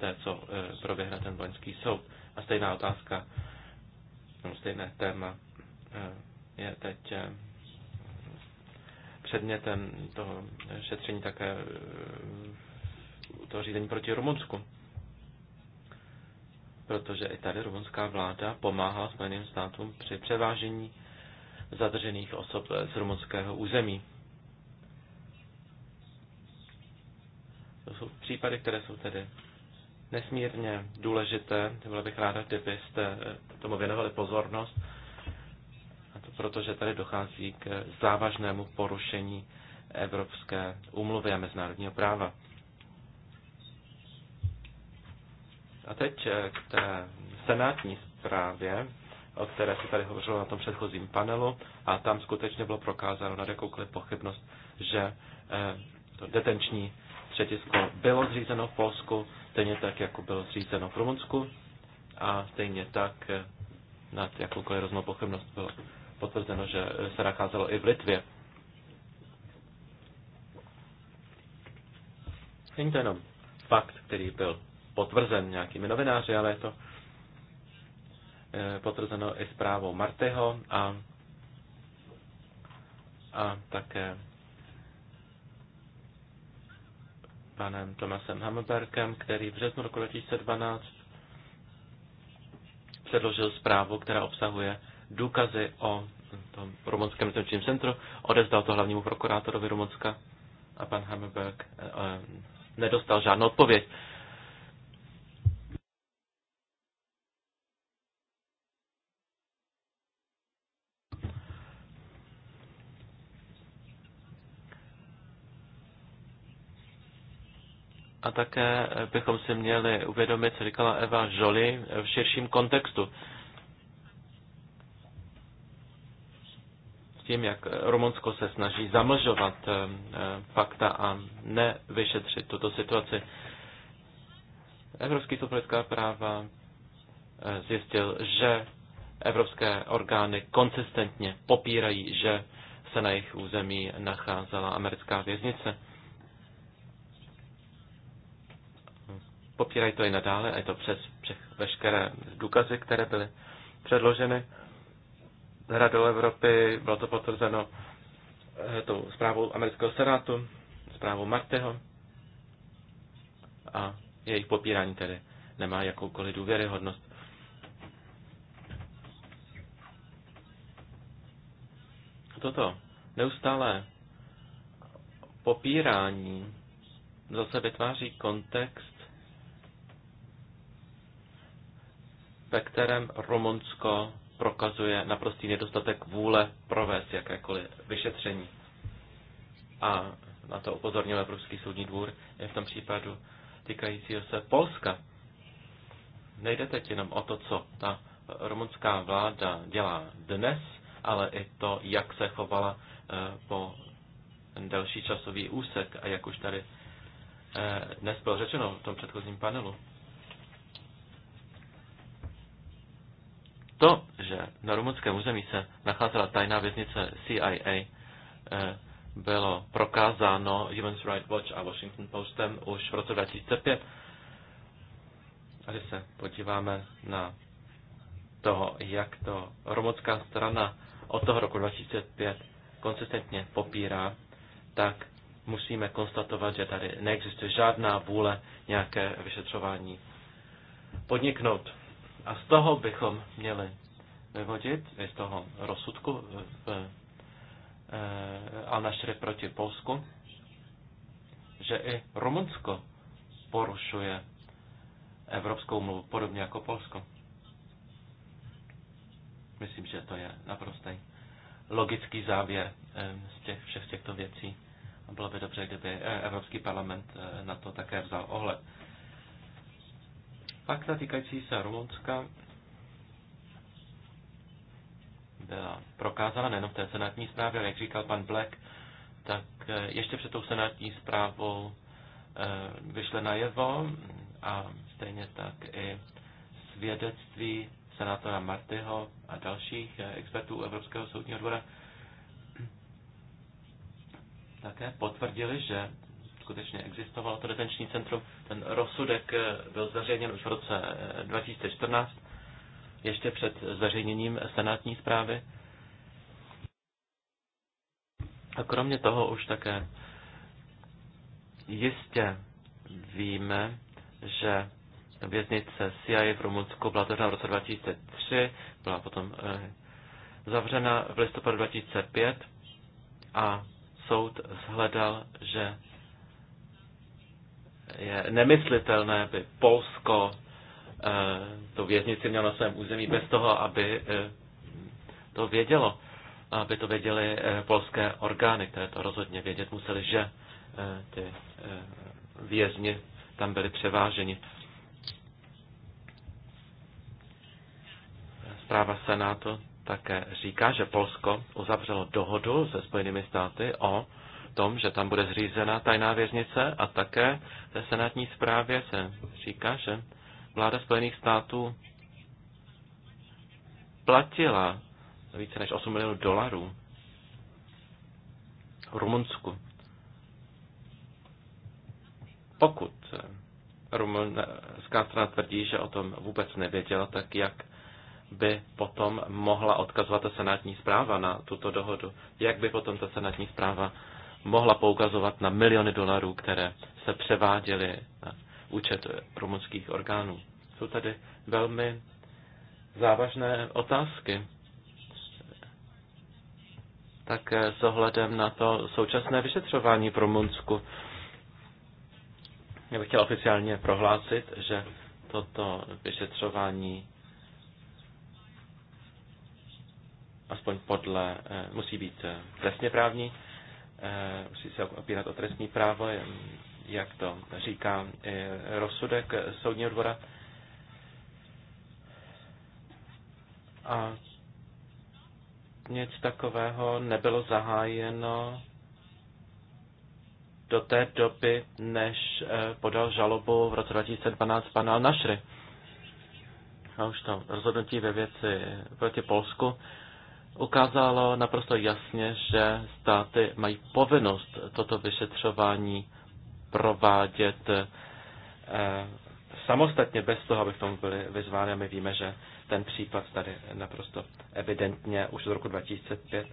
Speaker 2: té, co eh, proběhne ten vojenský soud. A stejná otázka, no, stejné téma eh, je teď eh, předmětem toho šetření také eh, toho řízení proti Rumunsku. Protože i tady rumunská vláda pomáhá Spojeným státům při převážení zadržených osob z rumunského území. To jsou případy, které jsou tedy nesmírně důležité. Byla bych ráda, kdybyste eh, tomu věnovali pozornost, a to proto, že tady dochází k závažnému porušení Evropské úmluvy a mezinárodního práva. A teď eh, k té senátní zprávě, o které se tady hovořilo na tom předchozím panelu, a tam skutečně bylo prokázáno na jakoukoliv pochybnost, že eh, to detenční středisko bylo zřízeno v Polsku, stejně tak, jako bylo zřízeno v Rumunsku a stejně tak eh, nad jakoukoliv roznou pochybnost bylo potvrzeno, že eh, se nacházelo i v Litvě. Není to jenom fakt, který byl potvrzen nějakými novináři, ale je to eh, potvrzeno i zprávou Martyho a, a také panem Tomasem Hammerberkem, který v březnu roku 2012 předložil zprávu, která obsahuje důkazy o tom rumunském detenčním centru. Odezdal to hlavnímu prokurátorovi Rumunska a pan Hammerberg eh, nedostal žádnou odpověď. A také bychom si měli uvědomit, co říkala Eva Žoli, v širším kontextu. S tím, jak Rumunsko se snaží zamlžovat eh, fakta a nevyšetřit tuto situaci. Evropský soupravská práva eh, zjistil, že evropské orgány konsistentně popírají, že se na jejich území nacházela americká věznice. popírají to i nadále, a je to přes, přes veškeré důkazy, které byly předloženy Radou Evropy, bylo to potvrzeno eh, tou zprávou amerického senátu, zprávou Marteho a jejich popírání tedy nemá jakoukoliv důvěryhodnost. Toto neustále popírání zase vytváří kontext ve kterém Rumunsko prokazuje naprostý nedostatek vůle provést jakékoliv vyšetření. A na to upozornil Evropský soudní dvůr je v tom případu týkajícího se Polska. Nejde teď jenom o to, co ta rumunská vláda dělá dnes, ale i to, jak se chovala eh, po delší časový úsek a jak už tady eh, dnes bylo řečeno v tom předchozím panelu. To, že na rumunském území se nacházela tajná věznice CIA, eh, bylo prokázáno Human Rights Watch a Washington Postem už v roce 2005. A když se podíváme na to, jak to rumunská strana od toho roku 2005 konsistentně popírá, tak musíme konstatovat, že tady neexistuje žádná vůle nějaké vyšetřování podniknout. A z toho bychom měli vyvodit, i z toho rozsudku v eh, eh, Alnašry proti Polsku, že i Rumunsko porušuje Evropskou mluvu, podobně jako Polsko. Myslím, že to je naprostý logický závěr eh, z těch, všech těchto věcí. Bylo by dobře, kdyby Evropský parlament na to také vzal ohled. Fakta týkající se Rumunska byla prokázána nejen v té senátní zprávě, ale jak říkal pan Black, tak eh, ještě před tou senátní zprávou eh, vyšle najevo a stejně tak i svědectví senátora Martyho a dalších eh, expertů Evropského soudního dvora také potvrdili, že skutečně existovalo to detenční centrum. Ten rozsudek eh, byl zveřejněn už v roce 2014, eh, ještě před zveřejněním senátní zprávy. A kromě toho už také jistě víme, že věznice CIA v Rumunsku byla otevřena v roce 2003, byla potom eh, zavřena v listopadu 2005 a soud shledal, že je nemyslitelné, by Polsko eh, to věznici mělo na svém území bez toho, aby eh, to vědělo. Aby to věděly eh, polské orgány, které to rozhodně vědět museli, že ty vězni tam byli převáženi. Zpráva Senátu také říká, že Polsko uzavřelo dohodu se Spojenými státy o tom, že tam bude zřízena tajná věznice a také ve senátní zprávě se říká, že vláda Spojených států platila více než 8 milionů dolarů Rumunsku. Pokud rumunská strana tvrdí, že o tom vůbec nevěděla, tak jak by potom mohla odkazovat ta senátní zpráva na tuto dohodu? Jak by potom ta senátní zpráva mohla poukazovat na miliony dolarů, které se převáděly na účet rumunských orgánů. Jsou tady velmi závažné otázky. Tak s ohledem na to současné vyšetřování v Rumunsku. Já bych chtěl oficiálně prohlásit, že toto vyšetřování aspoň podle, eh, musí být eh, trestně právní Eh, musí se opírat o trestní právo, eh, jak to říká eh, rozsudek soudního dvora. A nic takového nebylo zahájeno do té doby, než podal žalobu v roce 2012 pan al nashri A už to rozhodnutí ve věci proti Polsku ukázalo naprosto jasně, že státy mají povinnost toto vyšetřování provádět eh, samostatně bez toho, aby k tomu byly vyzvány. A my víme, že ten případ tady naprosto evidentně už z roku 2005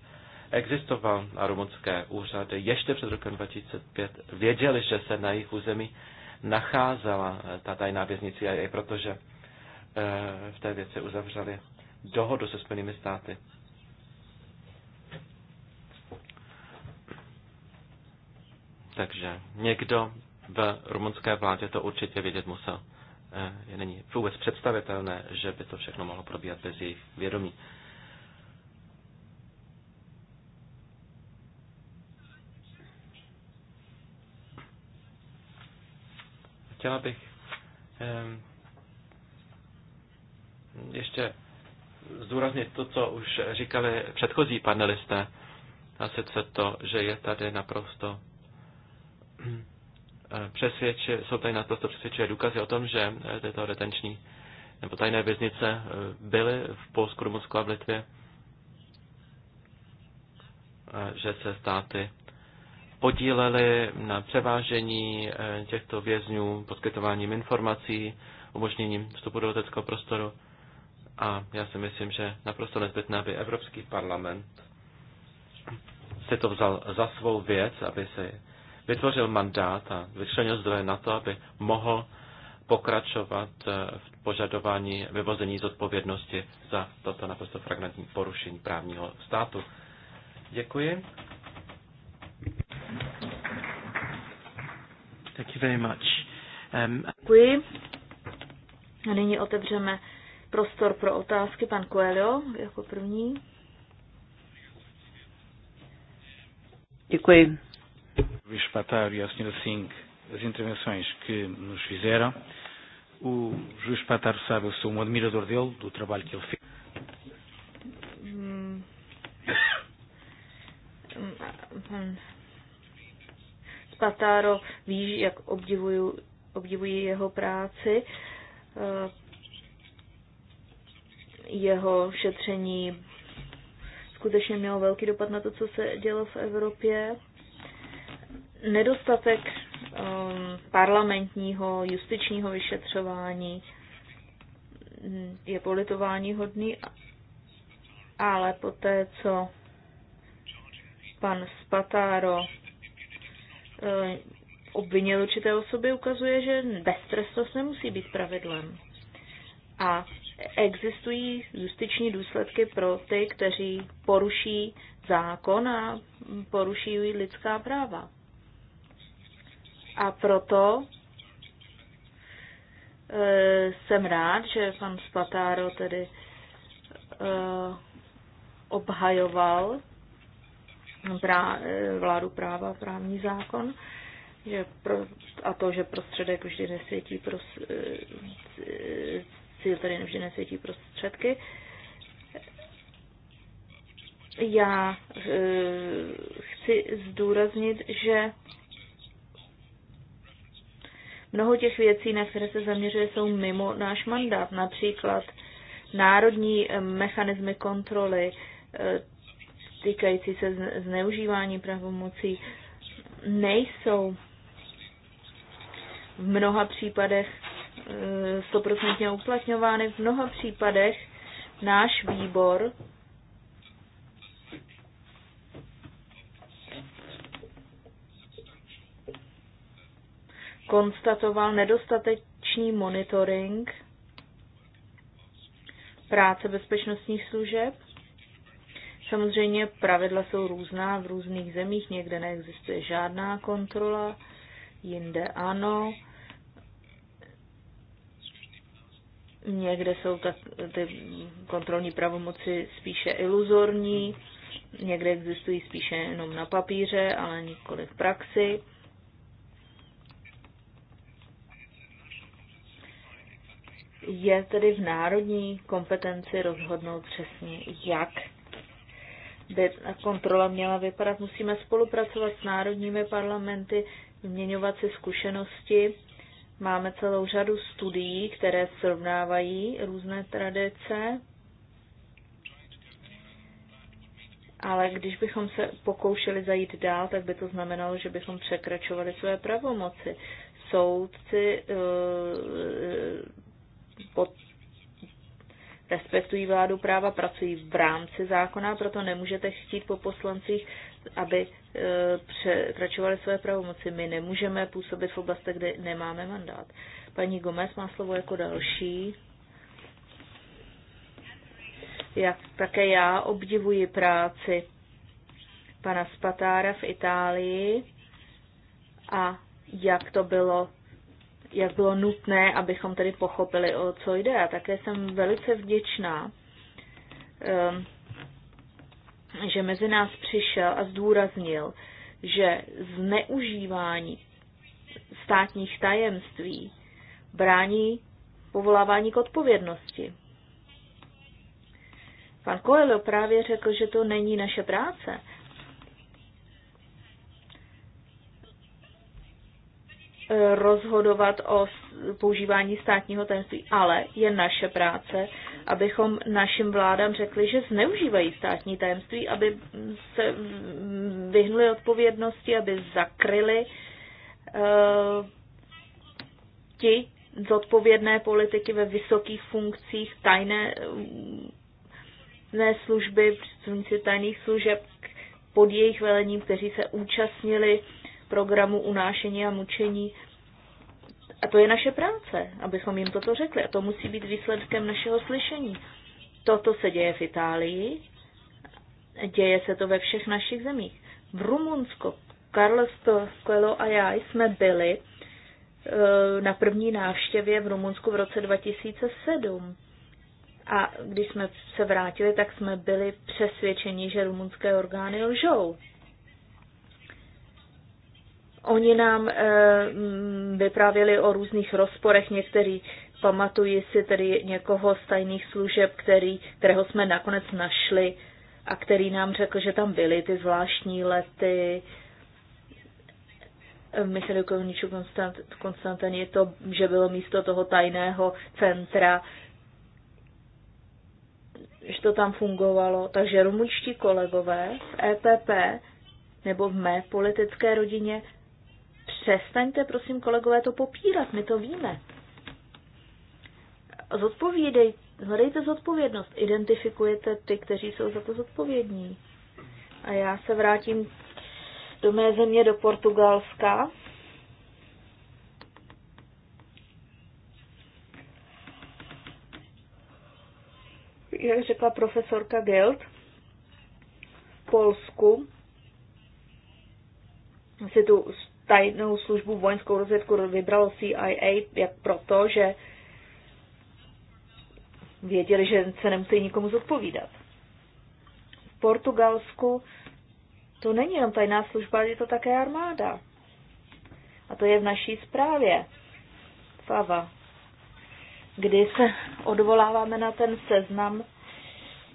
Speaker 2: existoval a rumunské úřady ještě před rokem 2005 věděli, že se na jejich území nacházela eh, ta tajná věznice, a i protože eh, v té věci uzavřeli dohodu se Spojenými státy. Takže někdo v rumunské vládě to určitě vědět musel. Eh, je není vůbec představitelné, že by to všechno mohlo probíhat bez jejich vědomí. Chtěla bych ehm, ještě zdůraznit to, co už říkali předchozí panelisté, a sice to, že je tady naprosto Eh, přesvědči, jsou tady naprosto přesvědčivé důkazy o tom, že eh, tyto retenční nebo tajné věznice eh, byly v Polsku, Rumunsku a v Litvě, že se státy podílely na převážení těchto vězňů, poskytováním informací, umožněním vstupu do leteckého prostoru. A já si myslím, že naprosto nezbytné, aby Evropský parlament si to vzal za svou věc, aby si vytvořil mandát a vyčlenil zdroje na to, aby mohl pokračovat eh, v požadování vyvození zodpovědnosti za toto naprosto fragmentní porušení právního státu. Děkuji.
Speaker 1: Thank you very much. Um...
Speaker 3: Děkuji. A nyní otevřeme prostor pro otázky. Pan Coelho jako první.
Speaker 4: Děkuji.
Speaker 2: Luís Patar e ao Sr. Singh as intervenções que nos fizeram. O juiz Patar sabe, eu sou um admirador dele, do trabalho que ele fez.
Speaker 3: Pan hmm. hmm. Pataro ví, jak obdivuju, obdivuji jeho práci. Eh, jeho šetření skutečně mělo velký dopad na to, co se dělo v Evropě nedostatek um, parlamentního justičního vyšetřování hm, je politování hodný, ale poté, co pan Spataro eh, obvinil určité osoby, ukazuje, že beztrestnost nemusí být pravidlem. A existují justiční důsledky pro ty, kteří poruší zákon a poruší lidská práva. A proto e, jsem rád, že pan Spatáro tedy e, obhajoval e, vládu práva, právní zákon, že pro, a to, že prostředek vždy nesvětí pros, cíl tedy vždy nesvětí prostředky. Já chci zdůraznit, že Mnoho těch věcí, na které se zaměřuje, jsou mimo náš mandát. Například národní eh, mechanismy kontroly eh, týkající se zneužívání pravomocí nejsou v mnoha případech eh, stoprocentně uplatňovány. V mnoha případech náš výbor konstatoval nedostatečný monitoring práce bezpečnostních služeb. Samozřejmě pravidla jsou různá v různých zemích, někde neexistuje žádná kontrola, jinde ano. Někde jsou tak, ty kontrolní pravomoci spíše iluzorní, někde existují spíše jenom na papíře, ale nikoli v praxi. je tedy v národní kompetenci rozhodnout přesně, jak by kontrola měla vypadat. Musíme spolupracovat s národními parlamenty, vyměňovat si zkušenosti. Máme celou řadu studií, které srovnávají různé tradice, ale když bychom se pokoušeli zajít dál, tak by to znamenalo, že bychom překračovali své pravomoci. Soudci eh, pod, respektují vládu práva, pracují v rámci zákona, proto nemůžete chtít po poslancích, aby e, překračovali své pravomoci. My nemůžeme působit v oblastech, kde nemáme mandát. Paní Gomez má slovo jako další. Jak také já obdivuji práci pana Spatára v Itálii a jak to bylo jak bylo nutné, abychom tedy pochopili, o co jde. A také jsem velice vděčná, ehm, že mezi nás přišel a zdůraznil, že zneužívání státních tajemství brání povolávání k odpovědnosti. Pan Coelho právě řekl, že to není naše práce, rozhodovat o používání státního tajemství, ale je naše práce, abychom našim vládám řekli, že zneužívají státní tajemství, aby se vyhnuli odpovědnosti, aby zakryli uh, ti zodpovědné politiky ve vysokých funkcích tajné ne služby, představníci tajných služeb pod jejich velením, kteří se účastnili programu unášení a mučení. A to je naše práce, abychom jim toto řekli. A to musí být výsledkem našeho slyšení. Toto se děje v Itálii, děje se to ve všech našich zemích. V Rumunsko, Carlos Coelho a já jsme byli e, na první návštěvě v Rumunsku v roce 2007. A když jsme se vrátili, tak jsme byli přesvědčeni, že rumunské orgány lžou. Oni nám eh, vyprávěli o různých rozporech, některý pamatuji si tedy někoho z tajných služeb, který, kterého jsme nakonec našli a který nám řekl, že tam byly ty zvláštní lety. Michal Kovniču Konstant, Konstantin je to, že bylo místo toho tajného centra, že to tam fungovalo. Takže rumunští kolegové v EPP nebo v mé politické rodině přestaňte, prosím, kolegové, to popírat, my to víme. Zodpovídej, hledejte zodpovědnost, identifikujete ty, kteří jsou za to zodpovědní. A já se vrátím do mé země, do Portugalska. Jak řekla profesorka Geld, v Polsku si tu tajnou službu vojenskou rozvědku vybralo CIA jak proto, že věděli, že se nemusí nikomu zodpovídat. V Portugalsku to není jenom tajná služba, je to také armáda. A to je v naší zprávě. Fava. Kdy se odvoláváme na ten seznam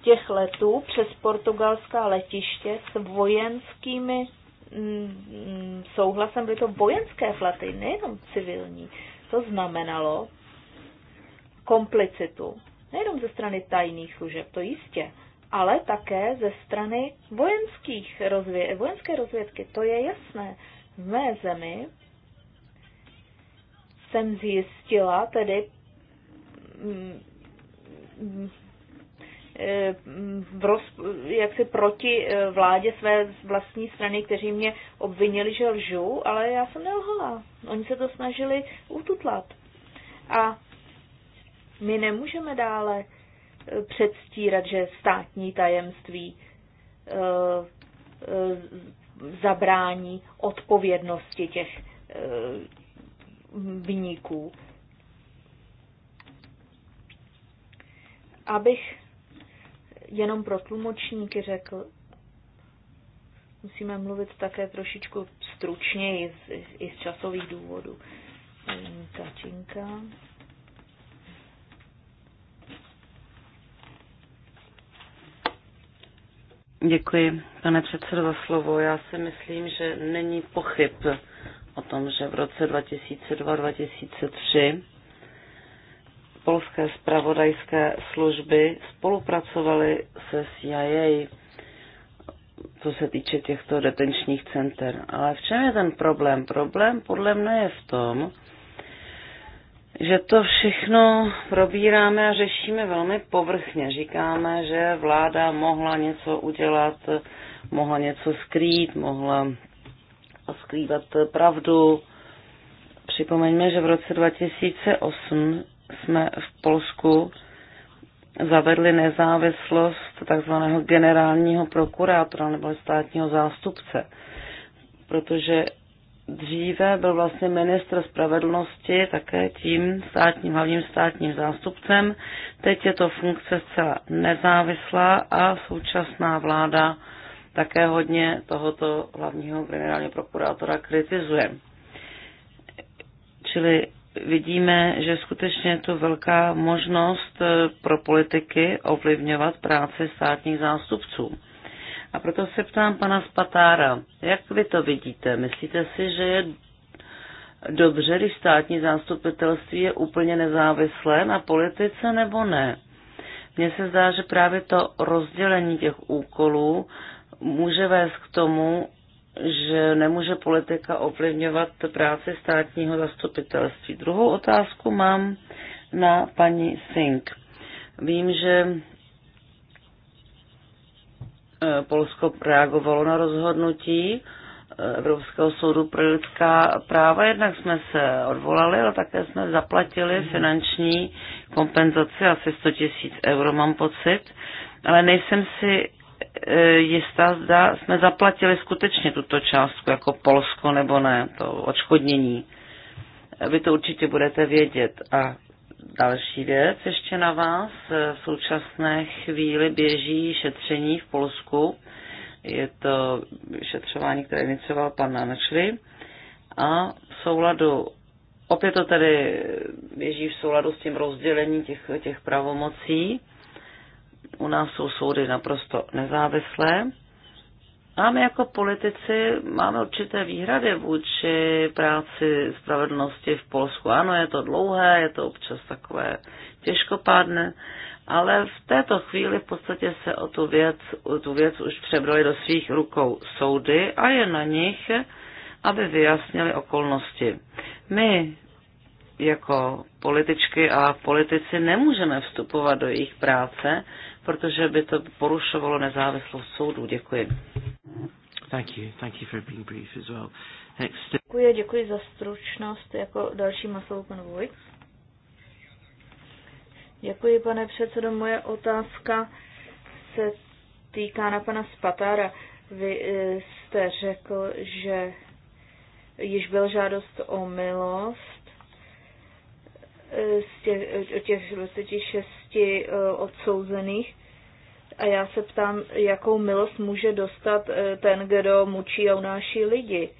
Speaker 3: těch letů přes portugalská letiště s vojenskými Mm, mm, souhlasem byly to vojenské flety, nejenom civilní. To znamenalo komplicitu, nejenom ze strany tajných služeb, to jistě, ale také ze strany vojenských rozvě- vojenské rozvědky. To je jasné. V mé zemi jsem zjistila tedy mm, Eh, v roz, jaksi proti eh, vládě své vlastní strany, kteří mě obvinili, že lžu, ale já jsem nelhala. Oni se to snažili ututlat. A my nemůžeme dále eh, předstírat, že státní tajemství zabrání odpovědnosti těch vyníků. Abych jenom pro tlumočníky řekl, musíme mluvit také trošičku stručněji z, i z časových důvodů. Kačinka.
Speaker 4: Děkuji, pane předsedo, za slovo. Já si myslím, že není pochyb o tom, že v roce 2002-2003 polské spravodajské služby spolupracovaly se CIA, co se týče těchto detenčních center. Ale v čem je ten problém? Problém podle mne je v tom, že to všechno probíráme a řešíme velmi povrchně. Říkáme, že vláda mohla něco udělat, mohla něco skrýt, mohla skrývat pravdu. Připomeňme, že v roce 2008 jsme v Polsku zavedli nezávislost takzvaného generálního prokurátora nebo státního zástupce, protože dříve byl vlastně ministr spravedlnosti také tím státním, hlavním státním zástupcem. Teď je to funkce zcela nezávislá a současná vláda také hodně tohoto hlavního generálního prokurátora kritizuje. Čili vidíme, že skutečně je to velká možnost eh, pro politiky ovlivňovat práci státních zástupců. A proto se ptám pana Spatára, jak vy to vidíte? Myslíte si, že je dobře, když státní zástupitelství je úplně nezávislé na politice nebo ne? Mně se zdá, že právě to rozdělení těch úkolů může vést k tomu, že nemůže politika ovlivňovat práci státního zastupitelství. Druhou otázku mám na paní Sink. Vím, že e, Polsko reagovalo na rozhodnutí e, Evropského soudu pro lidská práva. Jednak jsme se odvolali, ale také jsme zaplatili finanční kompenzaci asi 100 tisíc euro, mám pocit. Ale nejsem si E, jistá, zda jsme zaplatili skutečně tuto částku jako Polsko nebo ne, to odškodnění. Vy to určitě budete vědět. A další věc ještě na vás. E, v současné chvíli běží šetření v Polsku. Je to šetřování, které inicioval pan Nanačli. A v souladu, opět to tedy běží v souladu s tím rozdělením těch, těch pravomocí, u nás jsou soudy naprosto nezávislé. A my jako politici máme určité výhrady vůči práci spravedlnosti v Polsku. Ano, je to dlouhé, je to občas takové těžkopádné, ale v této chvíli v podstatě se o tu věc, o tu věc už přebrali do svých rukou soudy a je na nich, aby vyjasnili okolnosti. My jako političky a politici nemůžeme vstupovat do jejich práce, protože by to porušovalo nezávislost soudů. Děkuji. Thank you. Thank you for being brief as well. Next.
Speaker 3: Děkuji, děkuji za stručnost. Jako další masovou konvoj. Děkuji, pane předsedo. Moje otázka se týká na pana Spatára. Vy eh, jste řekl, že již byl žádost o milost eh, z těch, těch 26 milosti eh, odsouzených. A já se ptám, jakou milost může dostat eh, ten, kdo mučí a unáší lidi.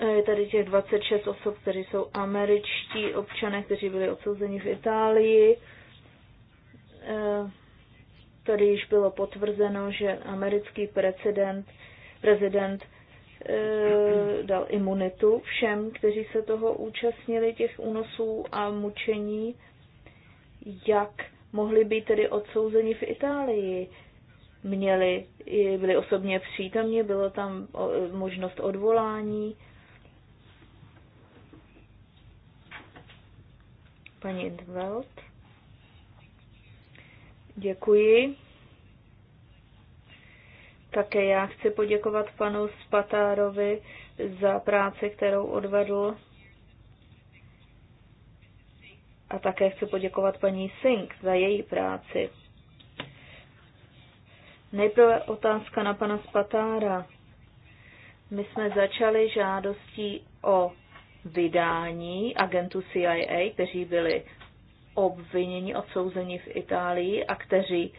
Speaker 3: Eh, je tady těch 26 osob, kteří jsou američtí občané, kteří byli odsouzeni v Itálii. Tady již bylo potvrzeno, že americký prezident, prezident dal imunitu všem, kteří se toho účastnili, těch únosů a mučení jak mohli být tedy odsouzeni v Itálii. Měli, byli osobně přítomně, bylo tam možnost odvolání. Paní Intveld. Děkuji. Také já chci poděkovat panu Spatárovi za práci, kterou odvedl A také chci poděkovat paní Singh za její práci. Nejprve otázka na pana Spatára. My jsme začali žádostí o vydání agentů CIA, kteří byli obviněni, odsouzeni v Itálii a kteří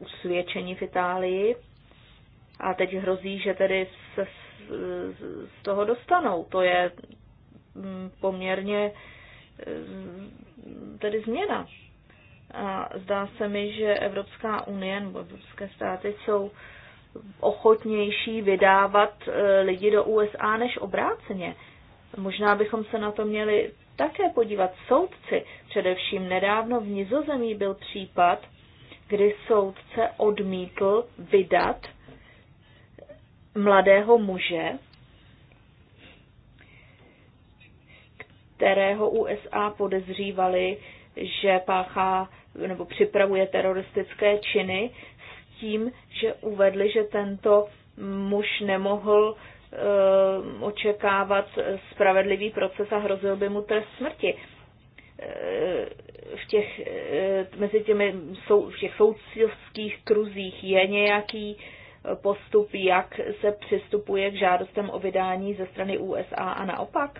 Speaker 3: usvědčeni v Itálii. A teď hrozí, že tedy se z toho dostanou. To je Mm, poměrně mm, tedy změna. A zdá se mi, že Evropská unie nebo evropské státy jsou ochotnější vydávat e, lidi do USA než obráceně. Možná bychom se na to měli také podívat soudci. Především nedávno v Nizozemí byl případ, kdy soudce odmítl vydat mladého muže, kterého USA podezřívali, že páchá nebo připravuje teroristické činy s tím, že uvedli, že tento muž nemohl eh, očekávat spravedlivý proces a hrozil by mu trest smrti. Eh, v těch, eh, mezi těmi v těch soudcovských kruzích je nějaký postup, jak se přistupuje k žádostem o vydání ze strany USA a naopak?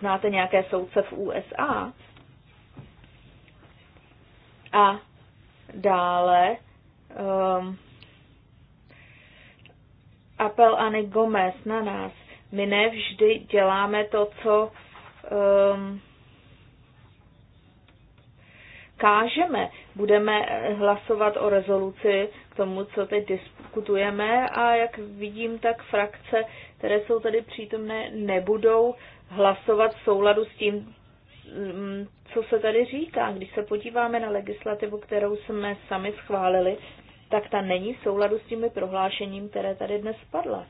Speaker 3: znáte nějaké soudce v USA. A dále um, apel Anny Gomez na nás. My nevždy děláme to, co um, kážeme. Budeme hlasovat o rezoluci k tomu, co teď diskutujeme a jak vidím, tak frakce, které jsou tady přítomné, nebudou hlasovat v souladu s tím, mm, co se tady říká. Když se podíváme na legislativu, kterou jsme sami schválili, tak ta není v souladu s těmi prohlášením, které tady dnes padla.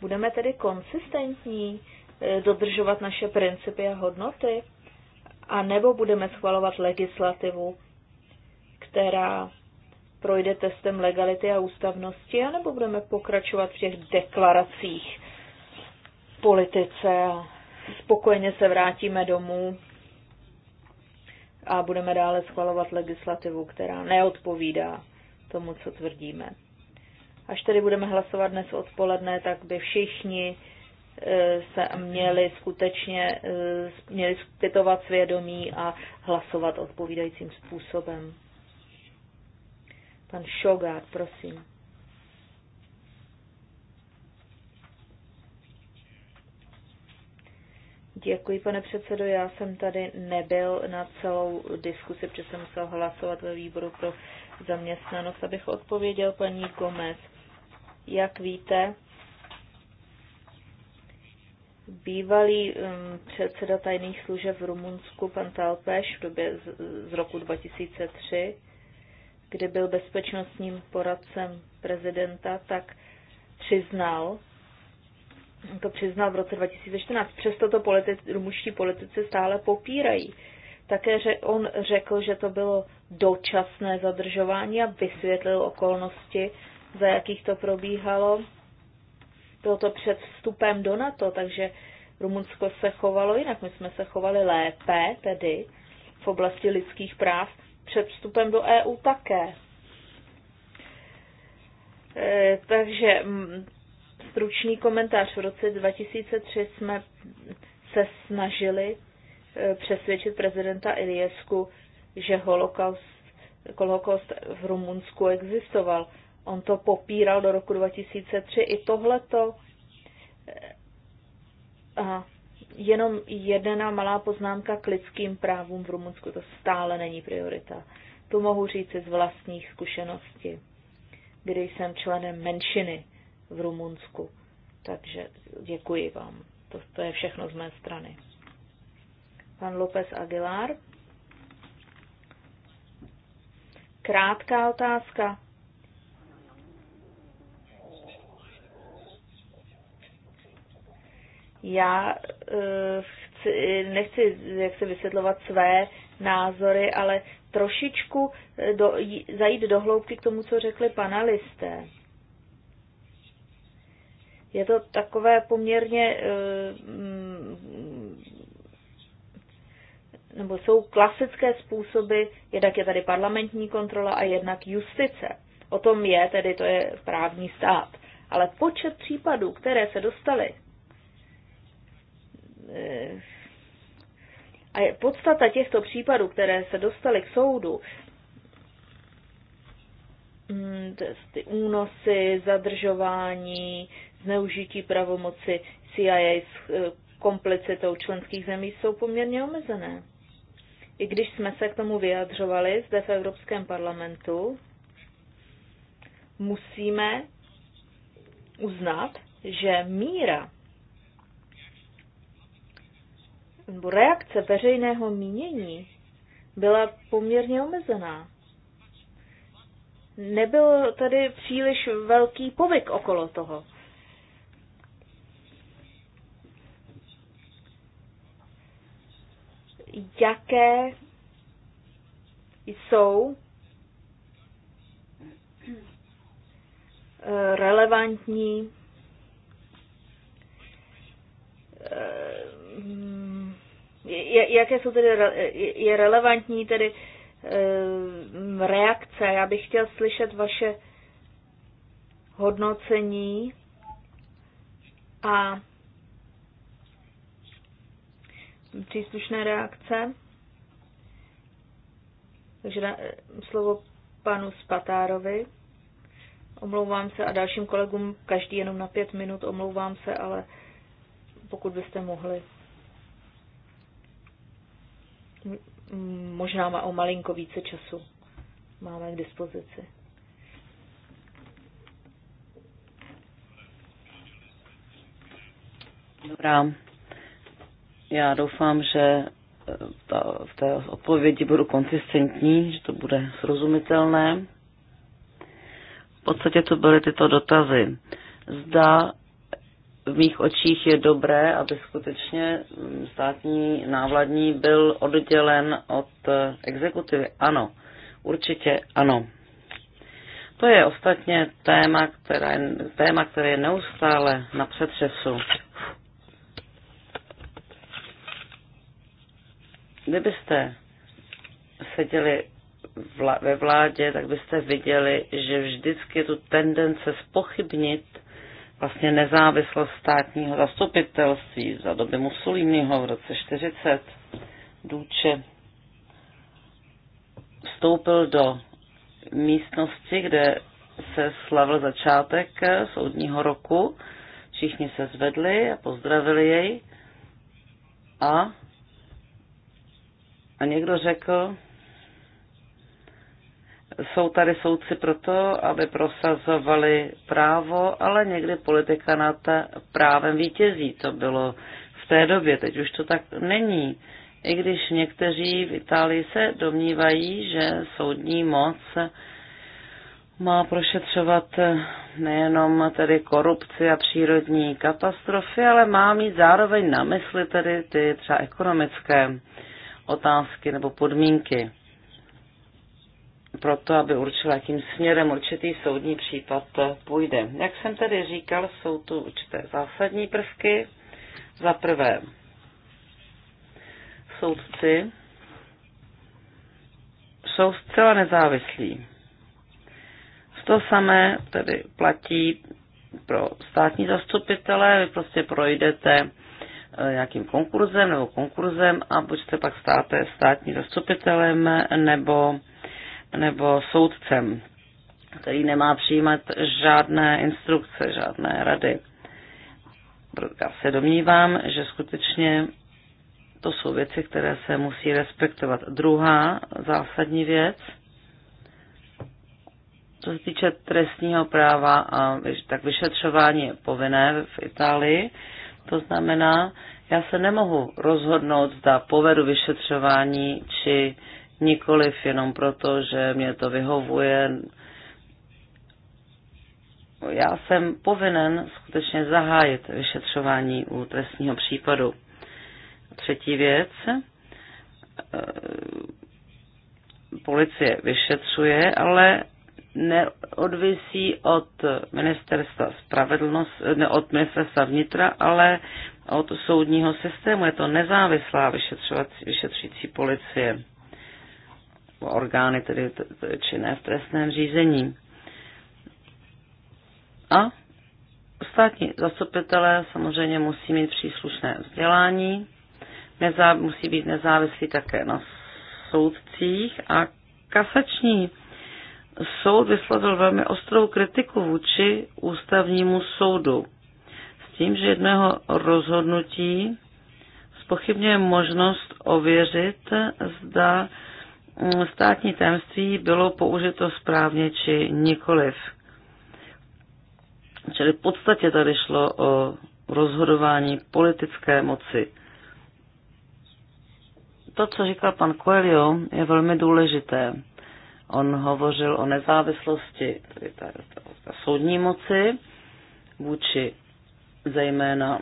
Speaker 3: Budeme tedy konsistentní, e, dodržovat naše principy a hodnoty, a nebo budeme schvalovat legislativu, která projde testem legality a ústavnosti, anebo budeme pokračovat v těch deklaracích politice a spokojeně se vrátíme domů a budeme dále schvalovat legislativu, která neodpovídá tomu, co tvrdíme. Až tedy budeme hlasovat dnes odpoledne, tak by všichni e, se měli skutečně e, měli zpytovat svědomí a hlasovat odpovídajícím způsobem. Pan Šogár, prosím. Děkuji, pane předsedo. Já jsem tady nebyl na celou diskusi, protože jsem musel hlasovat ve výboru pro zaměstnanost, abych odpověděl paní Gomez. Jak víte, bývalý um, předseda tajných služeb v Rumunsku, pan Talpeš, v době z, z roku 2003, kdy byl bezpečnostním poradcem prezidenta, tak přiznal, to přiznal v roce 2014. Přesto to politi- rumuští politici stále popírají. Také že on řekl, že to bylo dočasné zadržování a vysvětlil okolnosti, za jakých to probíhalo. Bylo to před vstupem do NATO, takže Rumunsko se chovalo jinak. My jsme se chovali lépe, tedy v oblasti lidských práv, před vstupem do EU také. E, takže stručný komentář. V roce 2003 jsme se snažili e, přesvědčit prezidenta Iliesku, že holokaust, holokaust v Rumunsku existoval. On to popíral do roku 2003. I tohleto. E, aha. Jenom jedna malá poznámka k lidským právům v Rumunsku. To stále není priorita. To mohu říct z vlastních zkušeností, kdy jsem členem menšiny v Rumunsku. Takže děkuji vám. To, to je všechno z mé strany. Pan López Aguilar. Krátká otázka. Já eh, chci, nechci jak se vysvětlovat své názory, ale trošičku eh, do, zajít do hloubky k tomu, co řekli panelisté. Je to takové poměrně, eh, mm, nebo jsou klasické způsoby, jednak je tady parlamentní kontrola a jednak justice. O tom je, tedy to je právní stát. Ale počet případů, které se dostaly, eh, a je podstata těchto případů, které se dostaly k soudu, mm, ty únosy, zadržování, zneužití pravomoci CIA s eh, komplicitou členských zemí jsou poměrně omezené. I když jsme se k tomu vyjadřovali zde v Evropském parlamentu, musíme uznat, že míra nebo reakce veřejného mínění byla poměrně omezená. Nebyl tady příliš velký povyk okolo toho. jaké jsou eh, relevantní eh, jaké jsou tedy je relevantní tedy eh, reakce. Já bych chtěl slyšet vaše hodnocení a příslušné reakce. Takže na, slovo panu Spatárovi. Omlouvám se a dalším kolegům každý jenom na pět minut, omlouvám se, ale pokud byste mohli. Možná má o malinko více času máme k dispozici.
Speaker 4: Dobrá. Já doufám, že eh, ta, v té odpovědi budu konsistentní, že to bude srozumitelné. V podstatě to byly tyto dotazy. Zda v mých očích je dobré, aby skutečně mm, státní návladní byl oddělen od eh, exekutivy. Ano, určitě ano. To je ostatně téma, které, téma, které je neustále na přetřesu. Kdybyste seděli ve vládě, tak byste viděli, že vždycky je tu tendence spochybnit vlastně nezávislost státního zastupitelství za doby Mussoliniho v roce 40. Důče vstoupil do místnosti, kde se slavil začátek soudního roku. Všichni se zvedli a pozdravili jej a a někdo řekl, jsou tady soudci proto, aby prosazovali právo, ale někdy politika nad právem vítězí. To bylo v té době, teď už to tak není. I když někteří v Itálii se domnívají, že soudní moc má prošetřovat nejenom tedy korupci a přírodní katastrofy, ale má mít zároveň na mysli tedy ty třeba ekonomické otázky nebo podmínky pro to, aby určila, jakým směrem určitý soudní případ půjde. Jak jsem tedy říkal, jsou tu určité zásadní prvky. Za prvé, soudci jsou zcela nezávislí. To samé tedy platí pro státní zastupitele, vy prostě projdete Eh, nějakým konkurzem nebo konkurzem a buď se pak státe státní zastupitelem nebo, nebo soudcem, který nemá přijímat žádné instrukce, žádné rady. Já se domnívám, že skutečně to jsou věci, které se musí respektovat. Druhá zásadní věc, co se týče trestního práva, tak vyšetřování je povinné v Itálii. To znamená, já se nemohu rozhodnout, zda povedu vyšetřování, či nikoliv jenom proto, že mě to vyhovuje. Já jsem povinen skutečně zahájit vyšetřování u trestního případu. Třetí věc. Eh, policie vyšetřuje, ale neodvisí od ministerstva spravedlnosti, ne od ministerstva vnitra, ale od soudního systému. Je to nezávislá vyšetřující policie, orgány tedy činné v trestném řízení. A státní zastupitelé samozřejmě musí mít příslušné vzdělání, nezá, musí být nezávislí také na soudcích a kasační soud vyslovil velmi ostrou kritiku vůči ústavnímu soudu s tím, že jedného rozhodnutí spochybňuje možnost ověřit, zda mm, státní tajemství bylo použito správně či nikoliv. Čili v podstatě tady šlo o rozhodování politické moci. To, co říkal pan Coelho, je velmi důležité. On hovořil o nezávislosti tedy ta, ta, ta soudní moci vůči zejména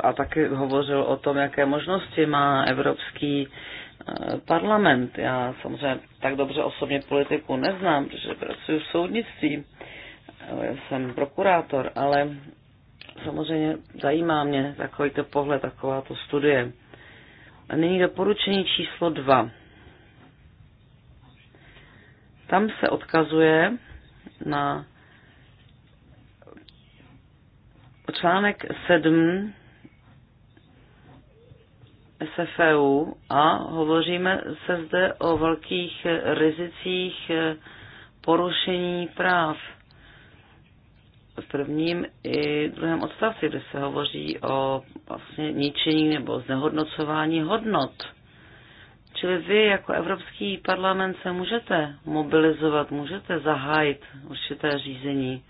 Speaker 4: a taky hovořil o tom, jaké možnosti má Evropský eh, parlament. Já samozřejmě tak dobře osobně politiku neznám, protože pracuji v soudnictví. Já jsem prokurátor, ale samozřejmě zajímá mě takovýto pohled, takováto studie. A Nyní doporučení číslo 2. Tam se odkazuje na článek 7 SFU e a hovoříme se zde o velkých rizicích porušení práv v prvním i druhém odstavci, kde se hovoří o vlastně ničení nebo znehodnocování hodnot. Čili vy jako Evropský parlament se můžete mobilizovat, můžete zahájit určité řízení.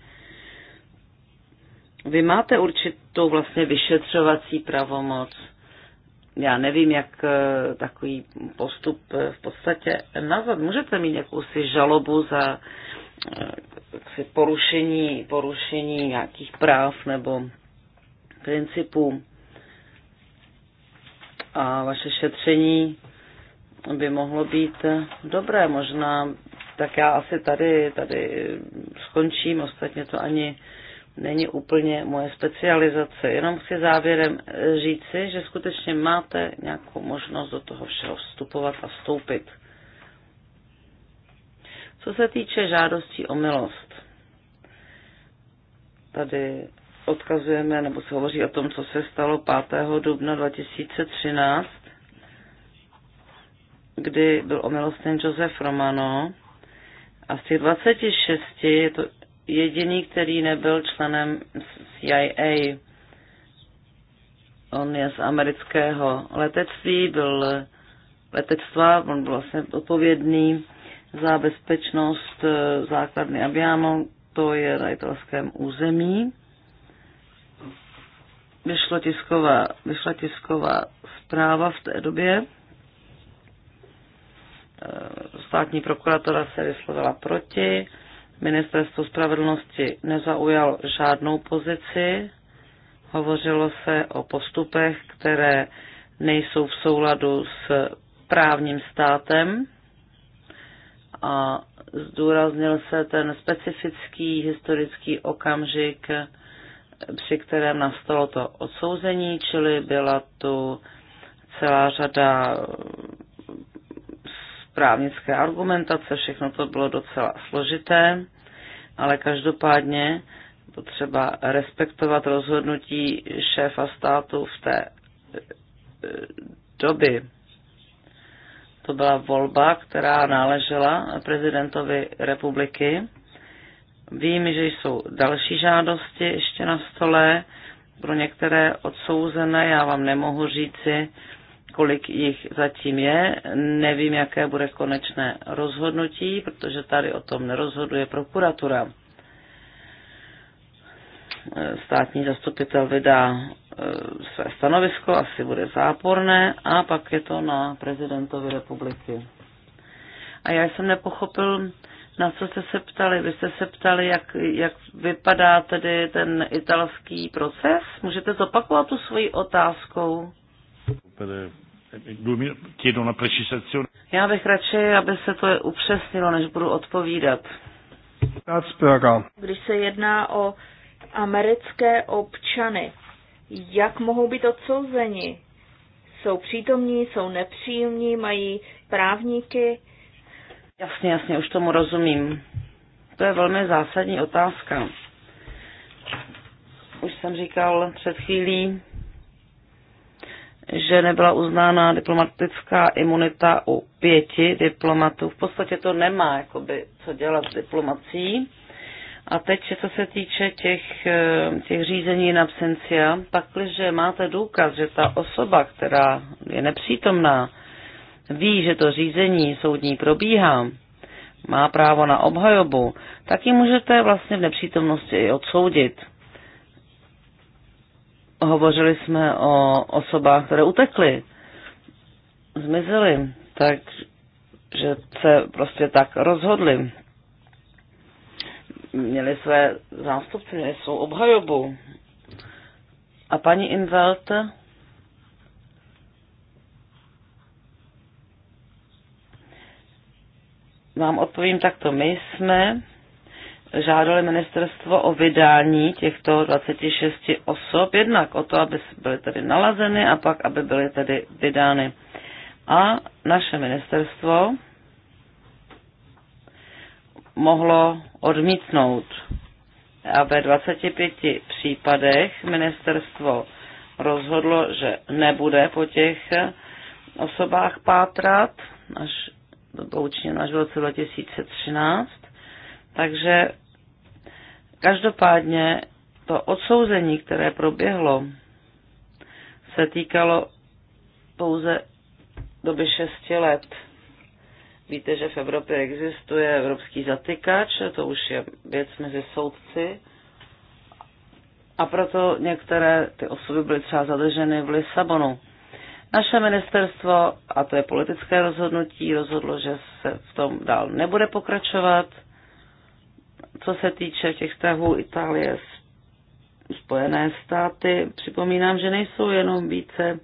Speaker 4: Vy máte určitou vlastně vyšetřovací pravomoc. Já nevím, jak eh, takový postup v podstatě nazvat. Můžete mít jakousi žalobu za jaksi porušení, porušení nějakých práv nebo principů. A vaše šetření by mohlo být dobré. Možná tak já asi tady, tady skončím, ostatně to ani není úplně moje specializace. Jenom chci závěrem říci, že skutečně máte nějakou možnost do toho všeho vstupovat a vstoupit. Co se týče žádostí o milost, tady odkazujeme, nebo se hovoří o tom, co se stalo 5. dubna 2013, kdy byl omilostněn Josef Romano a z těch 26 je to jediný, který nebyl členem CIA. On je z amerického letectví, byl letectva, on byl vlastně odpovědný za bezpečnost eh, základny Abiano, to je na italském území. Vyšla tisková, vyšla tisková zpráva v té době. Eh, státní prokuratora se vyslovila proti. Ministerstvo spravedlnosti nezaujal žádnou pozici. Hovořilo se o postupech, které nejsou v souladu s právním státem a zdůraznil se ten specifický historický okamžik, při kterém nastalo to odsouzení, čili byla tu celá řada právnické argumentace, všechno to bylo docela složité, ale každopádně potřeba respektovat rozhodnutí šéfa státu v té eh, doby. To byla volba, která náležela prezidentovi republiky. Vím, že jsou další žádosti ještě na stole, pro některé odsouzené, já vám nemohu říci, kolik jich zatím je. Nevím, jaké bude konečné rozhodnutí, protože tady o tom nerozhoduje prokuratura. Státní zastupitel vydá své stanovisko, asi bude záporné, a pak je to na prezidentovi republiky. A já jsem nepochopil, na co jste se ptali. Vy jste se ptali, jak, jak vypadá tedy ten italský proces? Můžete zopakovat tu svoji otázkou? Já bych radši, aby se to upřesnilo, než budu odpovídat.
Speaker 3: Když se jedná o americké občany, jak mohou být odsouzeni. Jsou přítomní, jsou nepříjemní, mají právníky. Jasně,
Speaker 4: jasně, už tomu rozumím. To je velmi zásadní otázka. Už jsem říkal před chvílí, že nebyla uznána diplomatická imunita u pěti diplomatů. V podstatě to nemá jakoby, co dělat s diplomací. A teď, co se týče těch, eh, těch řízení na absencia, pakliže máte důkaz, že ta osoba, která je nepřítomná, ví, že to řízení soudní probíhá, má právo na obhajobu, tak ji můžete vlastně v nepřítomnosti i odsoudit. Hovořili jsme o osobách, které utekly, zmizely, takže se prostě tak rozhodli měli své zástupce, měli svou obhajobu. A paní Invelt vám odpovím takto. My jsme žádali ministerstvo o vydání těchto 26 osob, jednak o to, aby byly tedy nalazeny a pak, aby byly tedy vydány. A naše ministerstvo mohlo odmítnout. A ve 25 případech ministerstvo rozhodlo, že nebude po těch osobách pátrat, až to bylo učiněno až v roce 2013. Takže každopádně to odsouzení, které proběhlo, se týkalo pouze doby 6 let. Víte, že v Evropě existuje evropský zatykač, to už je věc mezi soudci. A proto některé ty osoby byly třeba zadrženy v Lisabonu. Naše ministerstvo, a to je politické rozhodnutí, rozhodlo, že se v tom dál nebude pokračovat. Co se týče těch vztahů Itálie s Spojené státy, připomínám, že nejsou jenom více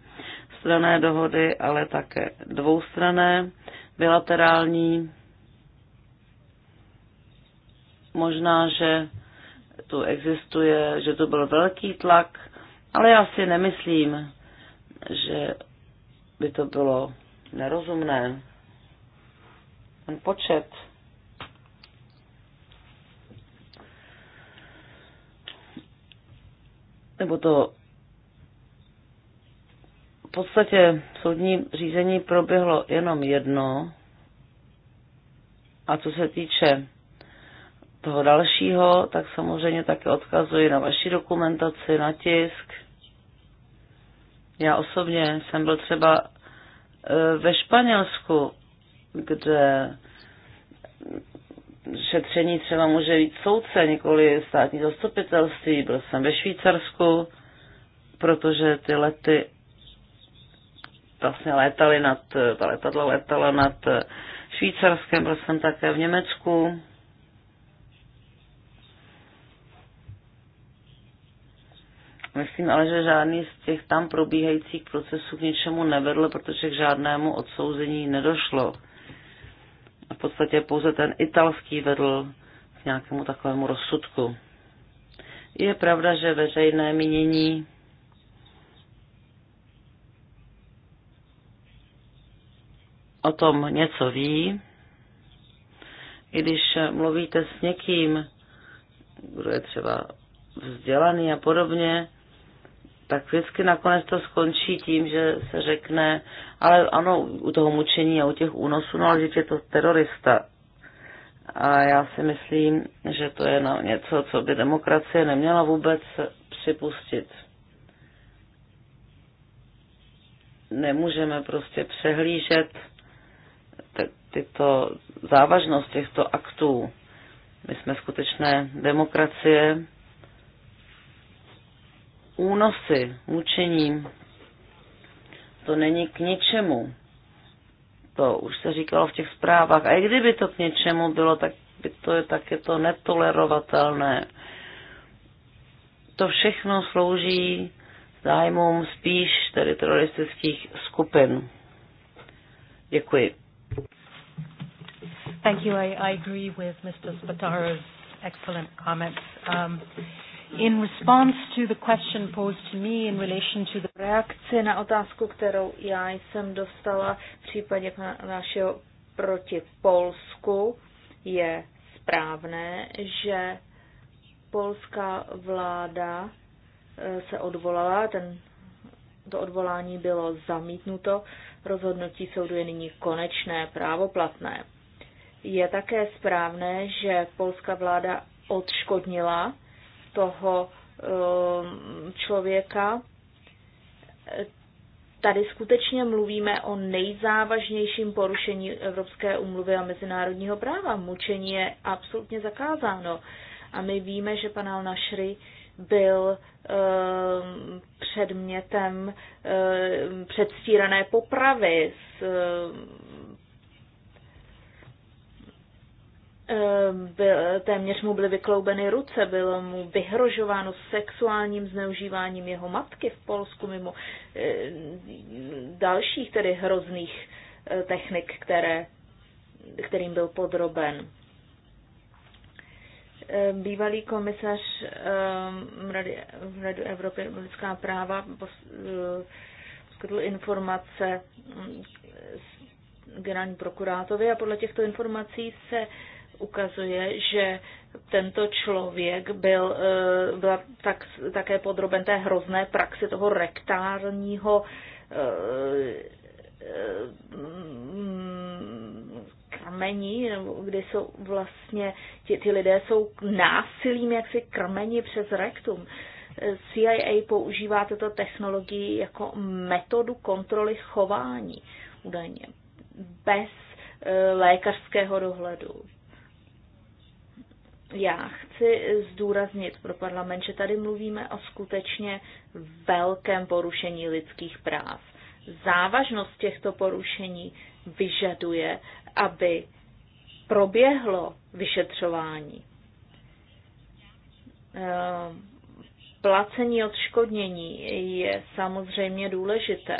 Speaker 4: strané dohody, ale také dvoustrané bilaterální. Možná, že tu existuje, že to byl velký tlak, ale já si nemyslím, že by to bylo nerozumné. Ten počet nebo to podstatě soudní řízení proběhlo jenom jedno. A co se týče toho dalšího, tak samozřejmě také odkazuji na vaši dokumentaci, na tisk. Já osobně jsem byl třeba e, ve Španělsku, kde šetření třeba může být soudce, nikoli státní zastupitelství. Byl jsem ve Švýcarsku, protože ty lety vlastně létali nad, ta letadla letala nad eh, Švýcarskem, byl jsem také v Německu. Myslím ale, že žádný z těch tam probíhajících procesů k ničemu nevedl, protože k žádnému odsouzení nedošlo. A v podstatě pouze ten italský vedl k nějakému takovému rozsudku. Je pravda, že veřejné mínění o tom něco ví, i když mluvíte s někým, kdo je třeba vzdělaný a podobně, tak vždycky nakonec to skončí tím, že se řekne, ale ano, u toho mučení a u těch únosů, no ale je to terorista. A já si myslím, že to je něco, co by demokracie neměla vůbec připustit. Nemůžeme prostě přehlížet tyto závažnost těchto aktů. My jsme skutečné demokracie, únosy, mučení, to není k ničemu. To už se říkalo v těch zprávách. A i kdyby to k něčemu bylo, tak, by to je, tak je to netolerovatelné. To všechno slouží zájmům spíš tedy teroristických skupin. Děkuji. Thank you. I, I agree with Mr. Spataro's excellent comments. Um, in
Speaker 1: response
Speaker 3: to the question posed to me in relation to the reakce na otázku, kterou já jsem dostala v případě našeho proti Polsku, je správné, že polská vláda e, se odvolala, ten, to odvolání bylo zamítnuto, rozhodnutí soudu je nyní konečné, právoplatné. Je také správné, že polská vláda odškodnila toho ehm, člověka. Tady skutečně mluvíme o nejzávažnějším porušení Evropské umluvy a mezinárodního práva. Mučení je absolutně zakázáno. A my víme, že pan Al-Nashri byl ehm, předmětem ehm, předstírané popravy s Eh, byl, téměř mu byly vykloubeny ruce, bylo mu vyhrožováno sexuálním zneužíváním jeho matky v Polsku mimo eh, dalších tedy hrozných eh, technik, které, kterým byl podroben. Bývalý komisař v Radu Evropy lidská práva poskytl informace mm, generální prokurátovi a podle těchto informací se ukazuje, že tento člověk byl, eh, byl tak, také podroben té hrozné praxi toho rektárního eh, eh, mm, krmení, kde jsou vlastně, ti, ti lidé jsou násilím jaksi krmeni přes rektum. CIA používá tuto technologii jako metodu kontroly chování údajně bez lékařského dohledu já chci zdůraznit pro parlament, že tady mluvíme o skutečně velkém porušení lidských práv. Závažnost těchto porušení vyžaduje, aby proběhlo vyšetřování. Eh, placení odškodnění je samozřejmě důležité,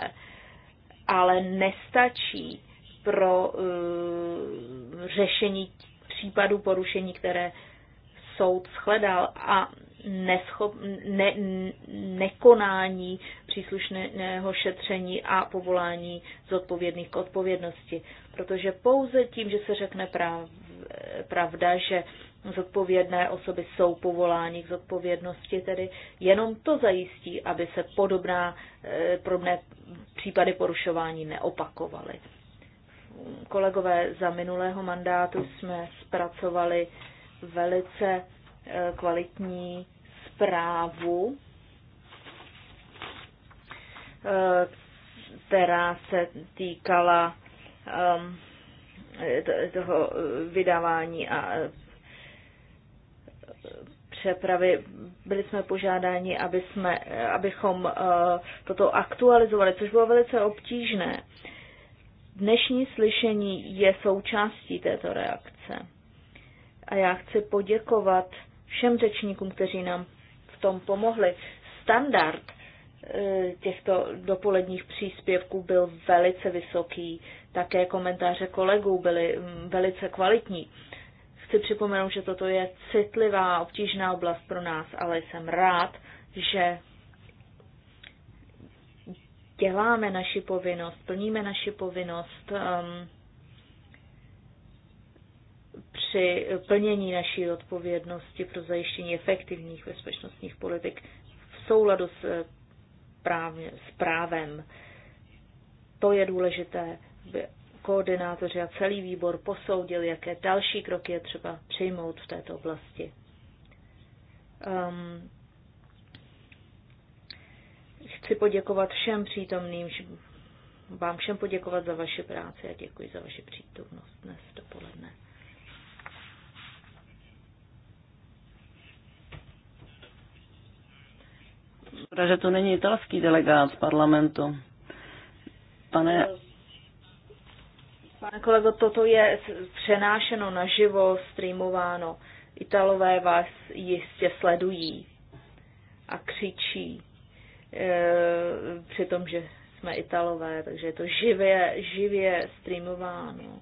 Speaker 3: ale nestačí pro eh, řešení případů porušení, které soud shledal a neschop, ne, nekonání příslušného šetření a povolání zodpovědných k odpovědnosti. Protože pouze tím, že se řekne prav, pravda, že zodpovědné osoby jsou povoláni k zodpovědnosti, tedy jenom to zajistí, aby se podobná, eh, podobné případy porušování neopakovaly. Kolegové, za minulého mandátu jsme zpracovali velice eh, kvalitní zprávu, eh, která se týkala ehm, toho vydávání a eh, přepravy. Byli jsme požádáni, aby jsme, abychom toto aktualizovali, což bylo velice obtížné. Dnešní slyšení je součástí této reakce a já chci poděkovat všem řečníkům, kteří nám v tom pomohli. Standard eh, těchto dopoledních příspěvků byl velice vysoký, také komentáře kolegů byly mm, velice kvalitní. Chci připomenout, že toto je citlivá, obtížná oblast pro nás, ale jsem rád, že děláme naši povinnost, plníme naši povinnost um, při plnění naší odpovědnosti pro zajištění efektivních bezpečnostních politik v souladu s, eh, právě, s právem. To je důležité, aby koordinátoři a celý výbor posoudil, jaké další kroky je třeba přijmout v této oblasti. Um, chci poděkovat všem přítomným, vám všem poděkovat za vaši práci a děkuji za vaši přítomnost dnes dopoledne.
Speaker 4: Škoda, že tu není italský delegát z parlamentu.
Speaker 3: Pane... Pane kolego, toto je přenášeno naživo, streamováno. Italové vás jistě sledují a křičí e, při tom, že jsme Italové, takže je to živě, živě streamováno.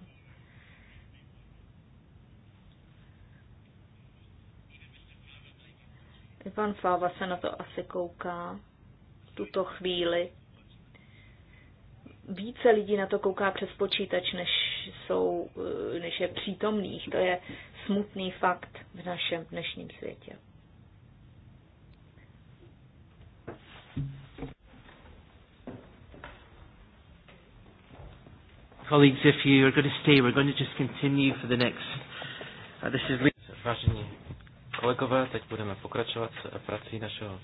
Speaker 3: Ivan Fáva se na to asi kouká v tuto chvíli. Více lidí na to kouká přes počítač, než, jsou, eh, než je přítomných. To je smutný fakt v našem dnešním světě.
Speaker 1: Colleagues, if you are going to stay, we're going to just continue for the next. Uh, this is.
Speaker 2: Vážení kolegové, teď budeme pokračovat s prací našeho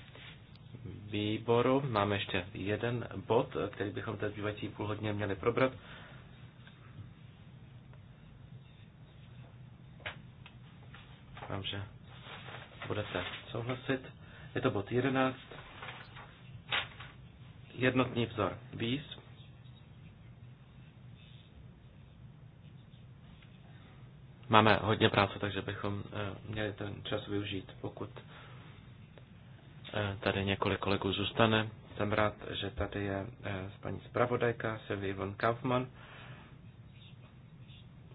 Speaker 2: výboru. Máme ještě jeden bod, který bychom teď zbývající půl hodně měli probrat. Vám že budete souhlasit. Je to bod 11. Jednotný vzor víz. máme hodně práce, takže bychom eh, měli ten čas využít, pokud eh, tady několik kolegů zůstane. Jsem rád, že tady je eh, paní zpravodajka Silvi Ivon Kaufmann.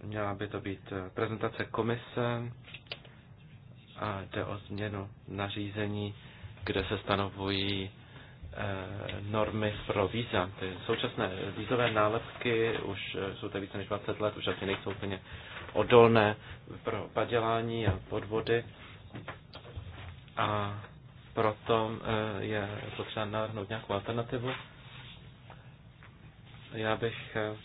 Speaker 2: Měla by to být prezentace komise a jde o změnu nařízení, kde se stanovují normy pro víza. Ty současné vízové nálepky už jsou tady více než 20 let, už asi nejsou úplně odolné pro padělání a podvody a proto eh, je potřeba navrhnout nějakou alternativu. Já bych eh,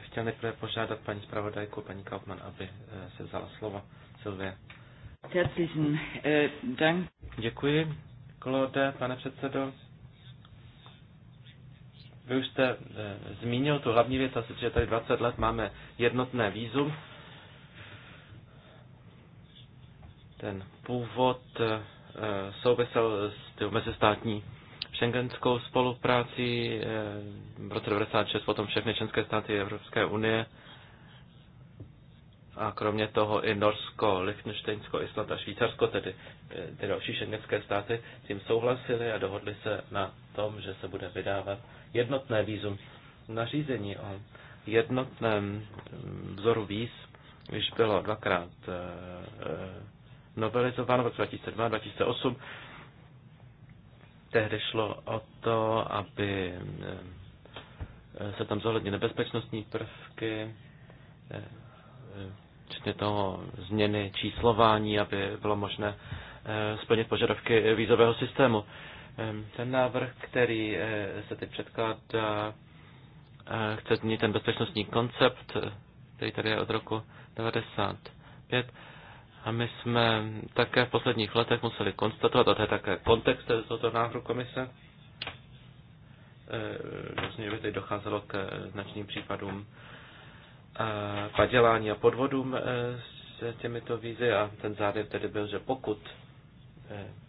Speaker 2: chtěl nejprve požádat paní zpravodajku, paní Kaufmann, aby eh, se vzala slovo. Silvie. Herzlichen Dank. Děkuji, Claude, pane předsedo. Vy už jste zmínil tu hlavní věc, asi, že tady 20 let máme jednotné výzum Ten původ eh, souvisel s tou mezistátní šengenskou spoluprácí. Eh, v roce 1996 potom všechny členské státy Evropské unie a kromě toho i Norsko, Lichtensteinsko, Island a Švýcarsko, tedy eh, ty další šengenské státy, s tím souhlasili a dohodli se na tom, že se bude vydávat jednotné výzum. Nařízení o jednotném mm, vzoru víz, když bylo dvakrát novelizován v roce 2002-2008. Tehdy šlo o to, aby eh, se tam zohlednily nebezpečnostní prvky, eh, včetně toho změny číslování, aby bylo možné eh, splnit požadavky vízového systému. Ehm, ten návrh, který se teď předkládá, chce změnit ten bezpečnostní koncept, který tady je od roku 1995. A my jsme také v posledních letech museli konstatovat, a to je také kontext tohoto návrhu komise, eh, vlastně by teď docházelo k značným případům eh, padělání a podvodům eh, s těmito vízy a ten závěr tedy byl, že pokud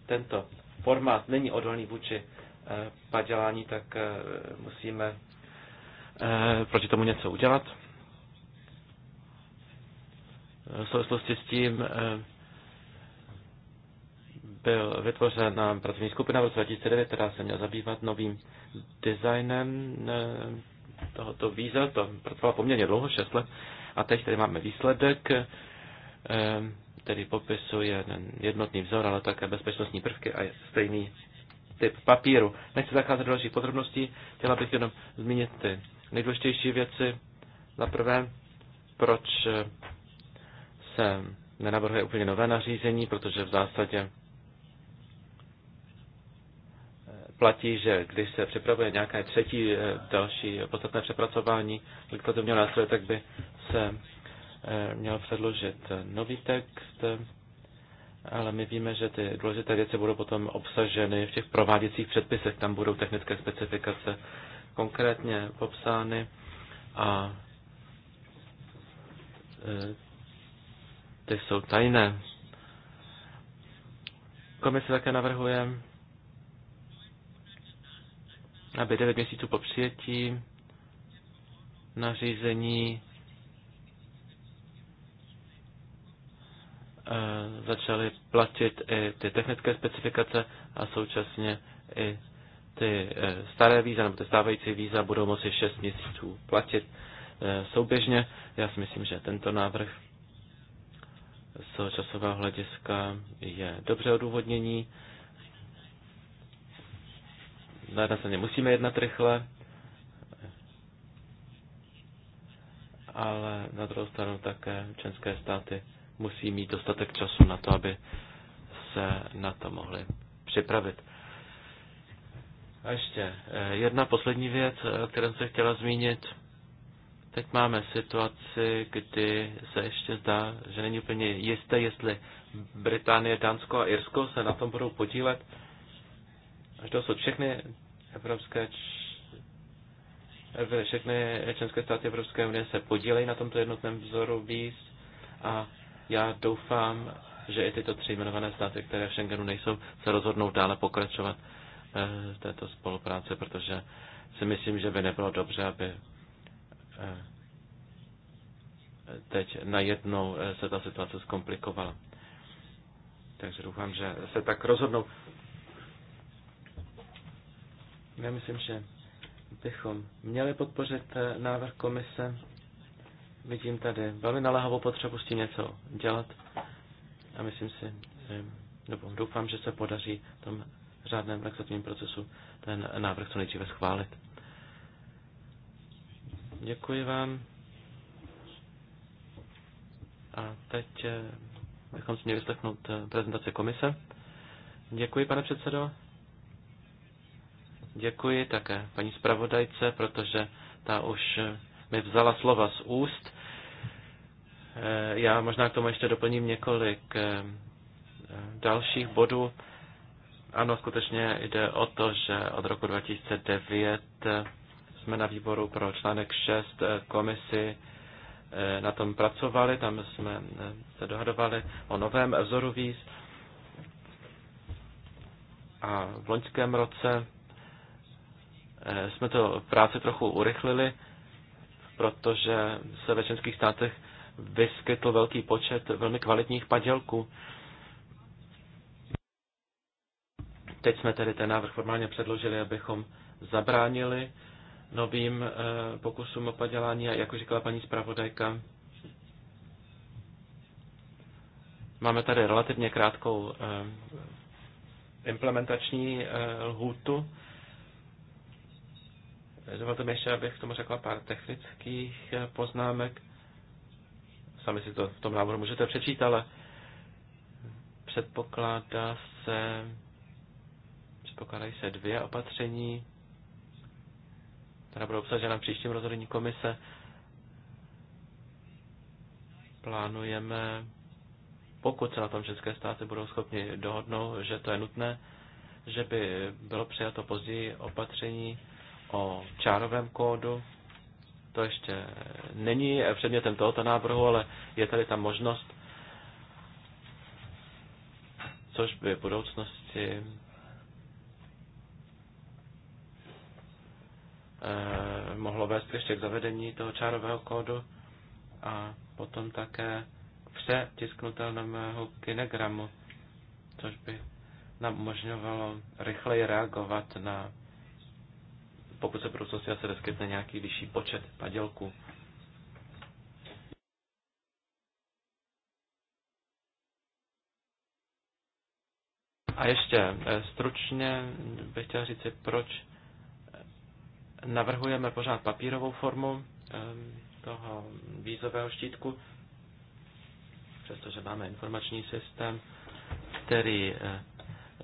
Speaker 2: tento formát není odolný vůči padělání, tak musíme proti tomu něco udělat v souvislosti s tím eh, byl vytvořena eh, pracovní skupina v roce 2009, která se měla zabývat novým designem eh, tohoto víza. To pracovala poměrně dlouho, 6 let. A teď tady máme výsledek, který popisuje jednotný vzor, ale také bezpečnostní prvky a stejný typ papíru. Nechci zacházet do dalších podrobností, chtěla bych jenom zmínit ty nejdůležitější věci. Za prvé, proč se nenavrhuje úplně nové nařízení, protože v zásadě platí, že když se připravuje nějaké třetí eh, další podstatné přepracování legislativního nástroje, tak by se eh, měl předložit nový text, ale my víme, že ty důležité věci budou potom obsaženy v těch prováděcích předpisech, tam budou technické specifikace konkrétně popsány a eh, ty jsou tajné. Komise také navrhuje, aby 9 měsíců po přijetí nařízení eh, začaly platit i ty technické specifikace a současně i ty eh, staré víza nebo ty stávající víza budou moci 6 měsíců platit eh, souběžně. Já si myslím, že tento návrh z časového hlediska je dobře odůvodnění. Na jedné straně musíme jednat rychle, ale na druhou stranu také členské státy musí mít dostatek času na to, aby se na to mohli připravit. A ještě eh, jedna poslední věc, eh, kterou jsem chtěla zmínit. Teď máme situaci, kdy se ještě zdá, že není úplně jisté, jestli Británie, Dánsko a Irsko se na tom budou podílet. Až to jsou všechny evropské všechny členské státy Evropské unie se podílejí na tomto jednotném vzoru víz a já doufám, že i tyto tři jmenované státy, které v Schengenu nejsou, se rozhodnou dále pokračovat eh, v této spolupráci, protože si myslím, že by nebylo dobře, aby Eh, teď najednou eh, se ta situace zkomplikovala. Takže doufám, že se tak rozhodnou. Já myslím, že bychom měli podpořit eh, návrh komise. Vidím tady velmi naléhavou potřebu s tím něco dělat a myslím si, nebo doufám, že se podaří v tom řádném legislativním procesu ten návrh co nejdříve schválit. Děkuji vám. A teď eh, bychom si měli vyslechnout eh, prezentaci komise. Děkuji, pane předsedo. Děkuji také paní zpravodajce, protože ta už eh, mi vzala slova z úst. Já možná k tomu ještě doplním několik dalších bodů. Ano, skutečně jde o to, že od roku 2009 jsme na výboru pro článek 6 eh, komisi eh, na tom pracovali, tam jsme eh, se dohadovali o novém vzoru víz. A v loňském roce jsme to práci trochu urychlili, protože se ve členských státech vyskytl velký počet velmi kvalitních padělků. Teď jsme tedy ten návrh formálně předložili, abychom zabránili novým eh, pokusům o padělání a jako říkala paní zpravodajka, máme tady relativně krátkou eh, implementační eh, lhůtu. Dovolte mi ještě, abych k tomu řekla pár technických poznámek. Sami si to v tom návrhu můžete přečíst, ale předpokládá se, předpokládají se dvě opatření která bude obsažena v příštím rozhodnutí komise, plánujeme, pokud se na tom české státy budou schopni dohodnout, že to je nutné, že by bylo přijato později opatření o čárovém kódu. To ještě není předmětem tohoto návrhu, ale je tady ta možnost, což by v budoucnosti Eh, mohlo vést ještě k zavedení toho čárového kódu a potom také přetisknutelnému kinegramu, což by nám umožňovalo rychleji reagovat na, pokud se v budoucnosti asi vyskytne nějaký vyšší počet padělků. A ještě eh, stručně bych chtěl říct, proč navrhujeme pořád papírovou formu toho vízového štítku, přestože máme informační systém, který eh,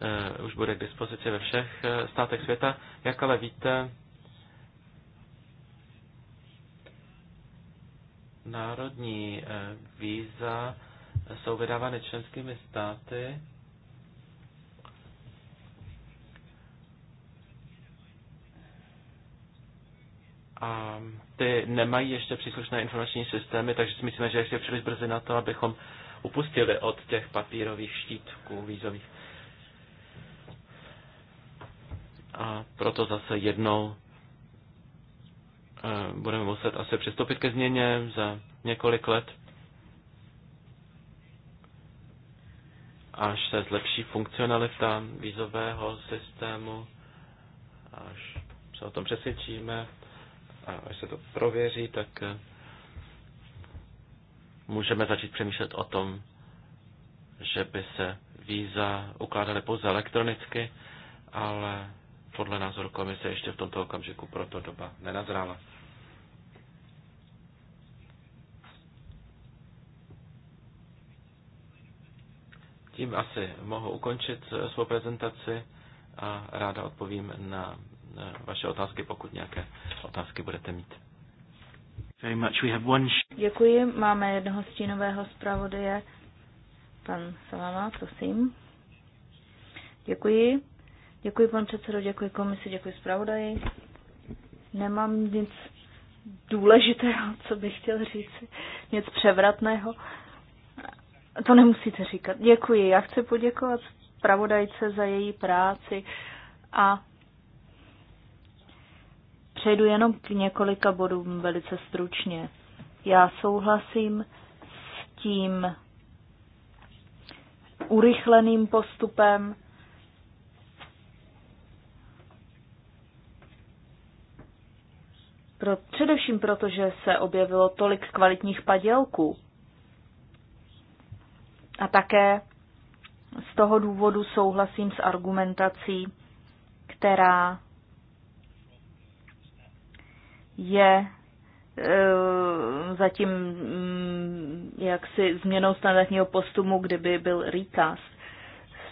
Speaker 2: eh, už bude k dispozici ve všech eh, státech světa. Jak ale víte, národní víza jsou vydávány členskými státy a ty nemají ještě příslušné informační systémy, takže si myslíme, že ještě příliš brzy na to, abychom upustili od těch papírových štítků vízových. A proto zase jednou eh, budeme muset asi přistoupit ke změně za několik let, až se zlepší funkcionalita vízového systému, až se o tom přesvědčíme a až se to prověří, tak eh, můžeme začít přemýšlet o tom, že by se víza ukládaly pouze elektronicky, ale podle názoru komise ještě v tomto okamžiku proto doba nenazrála. Tím asi mohu ukončit eh, svou prezentaci a ráda odpovím na vaše otázky, pokud nějaké otázky budete mít.
Speaker 3: Děkuji. Máme jednoho stínového zpravodaje. Pan Salama, prosím. Děkuji. Děkuji, pan předsedo, děkuji komisi, děkuji zpravodaji. Nemám nic důležitého, co bych chtěl říct, nic převratného. To nemusíte říkat. Děkuji. Já chci poděkovat zpravodajce za její práci a Přejdu jenom k několika bodům velice stručně. Já souhlasím s tím urychleným postupem, Pro, především proto, že se objevilo tolik kvalitních padělků. A také z toho důvodu souhlasím s argumentací, která je e, zatím mm, jaksi změnou standardního postupu, kdyby byl recast.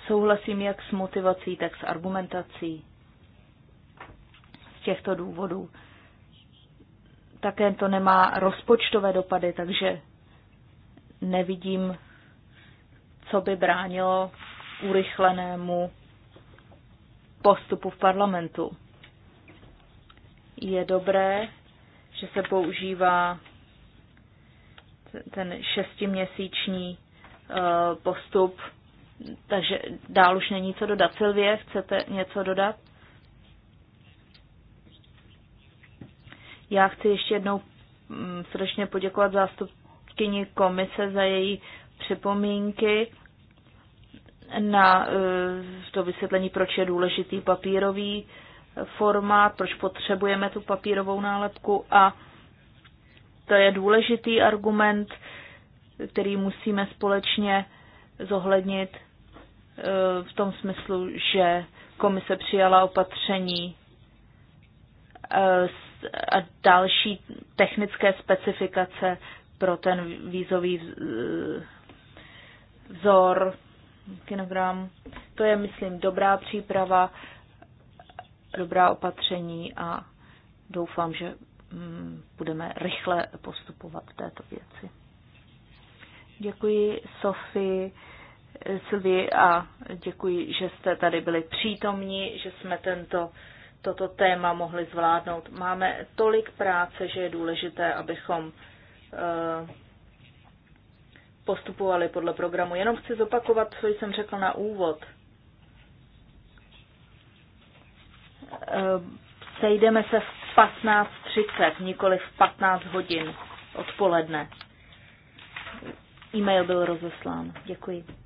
Speaker 3: Souhlasím jak s motivací, tak s argumentací z těchto důvodů. Také to nemá rozpočtové dopady, takže nevidím, co by bránilo urychlenému postupu v parlamentu je dobré, že se používá ten šestiměsíční eh, postup, takže dál už není co dodat. Silvie, chcete něco dodat? Já chci ještě jednou mm, srdečně poděkovat zástupkyni komise za její připomínky na eh, to vysvětlení, proč je důležitý papírový formát, proč potřebujeme tu papírovou nálepku a to je důležitý argument, který musíme společně zohlednit e, v tom smyslu, že komise přijala opatření e, a další technické specifikace pro ten vízový e, vzor, kinogram. To je, myslím, dobrá příprava dobrá opatření a doufám, že mm, budeme rychle postupovat v této věci. Děkuji Sofii, Silvi a děkuji, že jste tady byli přítomní, že jsme tento, toto téma mohli zvládnout. Máme tolik práce, že je důležité, abychom eh, postupovali podle programu. Jenom chci zopakovat, co jsem řekl na úvod – Eh, sejdeme se v 15.30, nikoli v 15 hodin odpoledne. E-mail byl rozeslán. Děkuji.